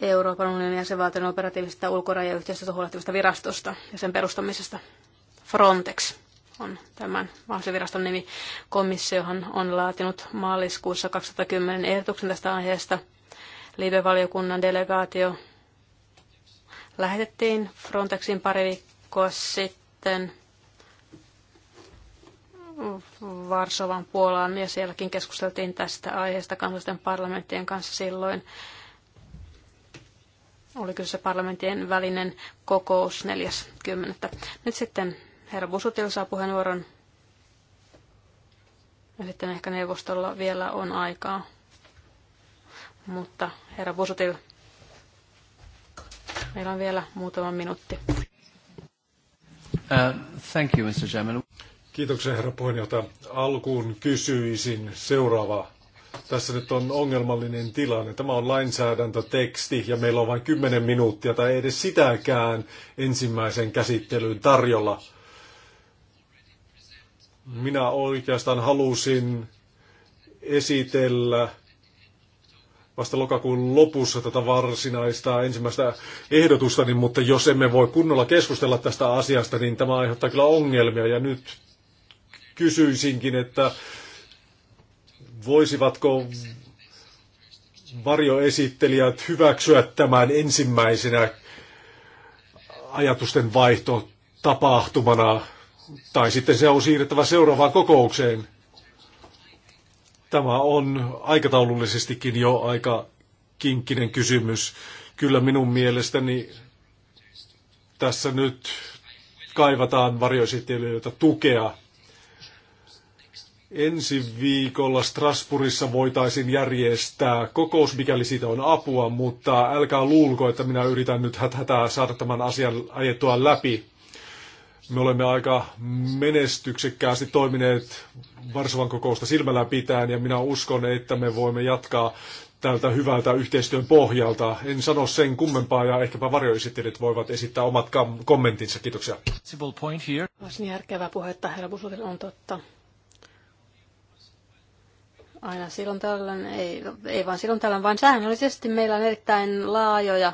Euroopan unionin jäsenvaltion operatiivisesta ulkorajayhteistyöstä huolehtivasta virastosta ja sen perustamisesta. Frontex on tämän mahdollisen viraston nimi. Komissiohan on laatinut maaliskuussa 2010 ehdotuksen tästä aiheesta. Liivevaliokunnan delegaatio lähetettiin Frontexin pari viikkoa sitten Varsovan Puolaan ja sielläkin keskusteltiin tästä aiheesta kansallisten parlamenttien kanssa silloin. Oli kyllä se parlamenttien välinen kokous 40. Nyt sitten herra Busutil saa puheenvuoron. Ja sitten ehkä neuvostolla vielä on aikaa. Mutta herra Busutil, Meillä on vielä muutama minuutti. Uh, thank you, Mr. Chairman. Kiitoksia, herra puheenjohtaja. Alkuun kysyisin seuraavaa. Tässä nyt on ongelmallinen tilanne. Tämä on lainsäädäntöteksti ja meillä on vain 10 minuuttia tai edes sitäkään ensimmäisen käsittelyyn tarjolla. Minä oikeastaan halusin esitellä vasta lokakuun lopussa tätä varsinaista ensimmäistä ehdotusta, niin, mutta jos emme voi kunnolla keskustella tästä asiasta, niin tämä aiheuttaa kyllä ongelmia. Ja nyt kysyisinkin, että voisivatko varjoesittelijät hyväksyä tämän ensimmäisenä ajatusten vaihto tapahtumana, tai sitten se on siirrettävä seuraavaan kokoukseen. Tämä on aikataulullisestikin jo aika kinkkinen kysymys. Kyllä minun mielestäni tässä nyt kaivataan varjoesittelijöiltä tukea. Ensi viikolla Strasbourgissa voitaisiin järjestää kokous, mikäli siitä on apua, mutta älkää luulko, että minä yritän nyt hätätää saada tämän asian ajettua läpi. Me olemme aika menestyksekkäästi toimineet Varsovan kokousta silmällä pitäen ja minä uskon, että me voimme jatkaa tältä hyvältä yhteistyön pohjalta. En sano sen kummempaa ja ehkäpä varjoesittelijät voivat esittää omat kommentinsa Kiitoksia. Olisi niin järkevää puhetta, herra Busutin, on totta. Aina silloin tällöin, ei, ei vaan silloin tällöin, vaan säännöllisesti meillä on erittäin laajoja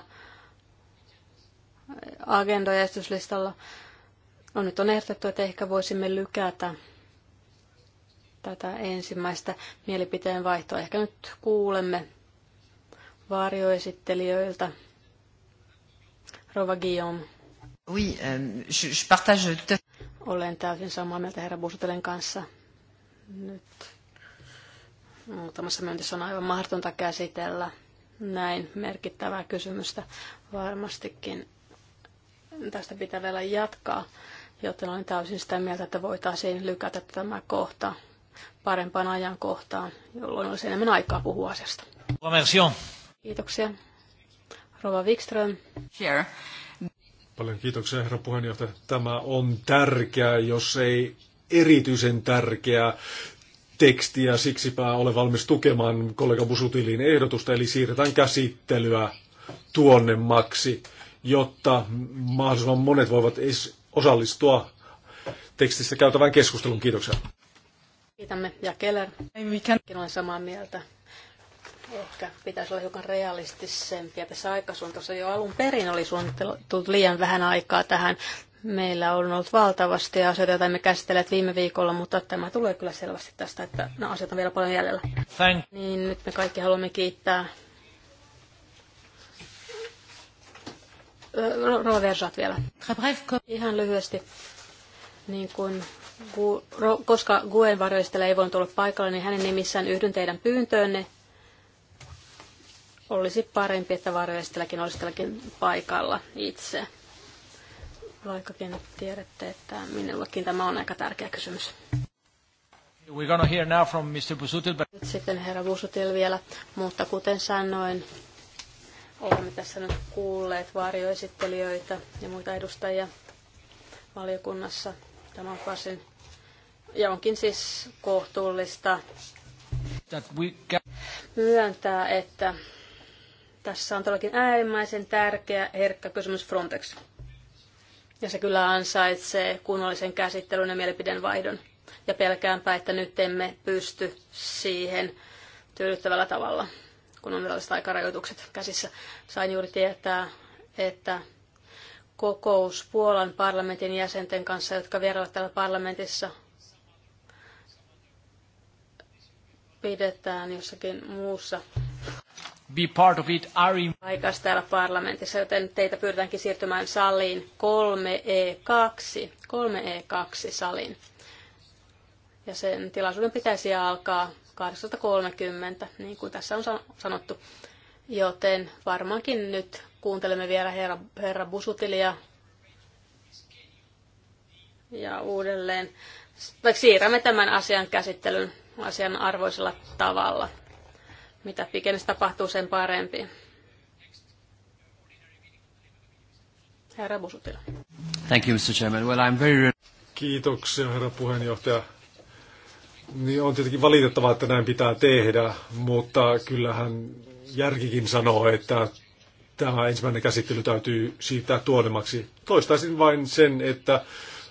agendoja No nyt on ehdotettu, että ehkä voisimme lykätä tätä ensimmäistä mielipiteen vaihtoa. Ehkä nyt kuulemme varjoesittelijöiltä. Rova Guillaume. Oui, euh, je, je partage te... Olen täysin samaa mieltä herra Busutelen kanssa. Nyt muutamassa myöntissä on aivan mahdotonta käsitellä näin merkittävää kysymystä. Varmastikin tästä pitää vielä jatkaa joten olen täysin sitä mieltä, että voitaisiin lykätä tämä kohta parempaan ajankohtaan, jolloin olisi enemmän aikaa puhua asiasta. Kiitoksia. Rova Wikström. Sure. Paljon kiitoksia, herra puheenjohtaja. Tämä on tärkeää, jos ei erityisen tärkeää tekstiä. Siksipä olen valmis tukemaan kollega Busutilin ehdotusta, eli siirretään käsittelyä tuonnemmaksi, jotta mahdollisimman monet voivat osallistua tekstissä käytävän keskustelun Kiitoksia. Kiitämme. Ja Keller, minäkin olen samaa mieltä. Ehkä pitäisi olla hiukan realistisempiä tässä aikasuunnassa. Jo alun perin oli suunniteltu liian vähän aikaa tähän. Meillä on ollut valtavasti asioita, joita me käsitelleet viime viikolla, mutta tämä tulee kyllä selvästi tästä, että nämä no, asiat on vielä paljon jäljellä. Thank. Niin nyt me kaikki haluamme kiittää Rova Versat vielä. Ihan lyhyesti. Niin kuin koska Guen varjoistele ei voinut olla paikalla, niin hänen nimissään yhdyn teidän pyyntöönne. Olisi parempi, että varjoistelakin olisi tälläkin paikalla itse. Vaikkakin tiedätte, että minullekin tämä on aika tärkeä kysymys. We're hear now from Mr. Nyt sitten herra Busutil vielä, mutta kuten sanoin, Olemme tässä nyt kuulleet varjoesittelijöitä ja muita edustajia valiokunnassa. Tämä on varsin, ja onkin siis kohtuullista myöntää, että tässä on todellakin äärimmäisen tärkeä herkkä kysymys Frontex. Ja se kyllä ansaitsee kunnollisen käsittelyn ja mielipiden vaihdon. Ja pelkäänpä, että nyt emme pysty siihen tyydyttävällä tavalla kun on tällaiset aikarajoitukset käsissä. Sain juuri tietää, että kokous Puolan parlamentin jäsenten kanssa, jotka vierailevat täällä parlamentissa, pidetään jossakin muussa be part of it Ari. aikas täällä parlamentissa, joten teitä pyydetäänkin siirtymään saliin 3E2, 3E2 e saliin. Ja sen tilaisuuden pitäisi alkaa 18.30, niin kuin tässä on sanottu. Joten varmaankin nyt kuuntelemme vielä herra, herra Busutilia ja uudelleen siirrämme tämän asian käsittelyn asian arvoisella tavalla. Mitä pikemmin tapahtuu, sen parempi. Herra Busutila. Thank you, Mr. Chairman. Well, I'm very... Kiitoksia, herra puheenjohtaja niin on tietenkin valitettavaa, että näin pitää tehdä, mutta kyllähän järkikin sanoo, että tämä ensimmäinen käsittely täytyy siitä tuonemmaksi. Toistaisin vain sen, että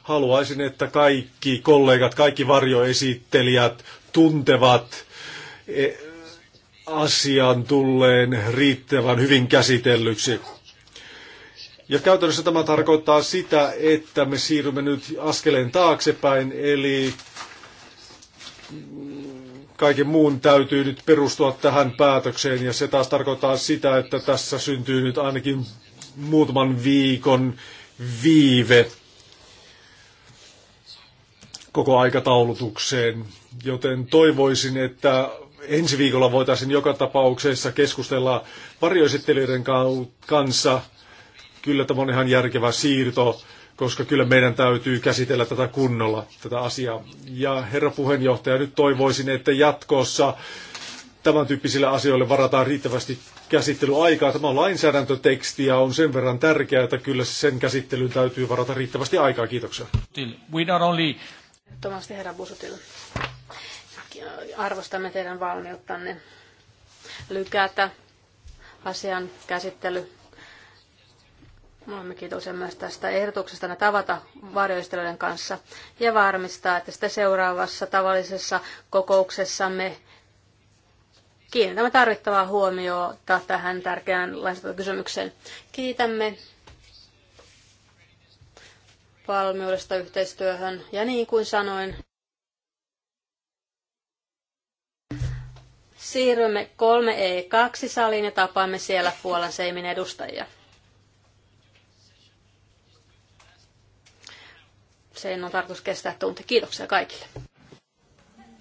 haluaisin, että kaikki kollegat, kaikki varjoesittelijät tuntevat e, asian tulleen riittävän hyvin käsitellyksi. Ja käytännössä tämä tarkoittaa sitä, että me siirrymme nyt askeleen taaksepäin, eli kaiken muun täytyy nyt perustua tähän päätökseen ja se taas tarkoittaa sitä, että tässä syntyy nyt ainakin muutaman viikon viive koko aikataulutukseen, joten toivoisin, että ensi viikolla voitaisiin joka tapauksessa keskustella varjoesittelijöiden kanssa. Kyllä tämä on ihan järkevä siirto koska kyllä meidän täytyy käsitellä tätä kunnolla, tätä asiaa. Ja herra puheenjohtaja, nyt toivoisin, että jatkossa tämän tyyppisille asioille varataan riittävästi käsittelyaikaa. Tämä lainsäädäntöteksti ja on sen verran tärkeää, että kyllä sen käsittelyyn täytyy varata riittävästi aikaa. Kiitoksia. Tomasti herra Busutil. Arvostamme teidän valmiuttanne lykätä asian käsittely olemme kiitollisia myös tästä ehdotuksesta tavata varjoistelijoiden kanssa ja varmistaa, että sitten seuraavassa tavallisessa kokouksessamme kiinnitämme tarvittavaa huomiota tähän tärkeään lainsäädäntökysymykseen. Kiitämme valmiudesta yhteistyöhön ja niin kuin sanoin, siirrymme 3E2-saliin e ja tapaamme siellä Puolan seimin edustajia. Sen on tarkoitus kestää tunti. Kiitoksia kaikille.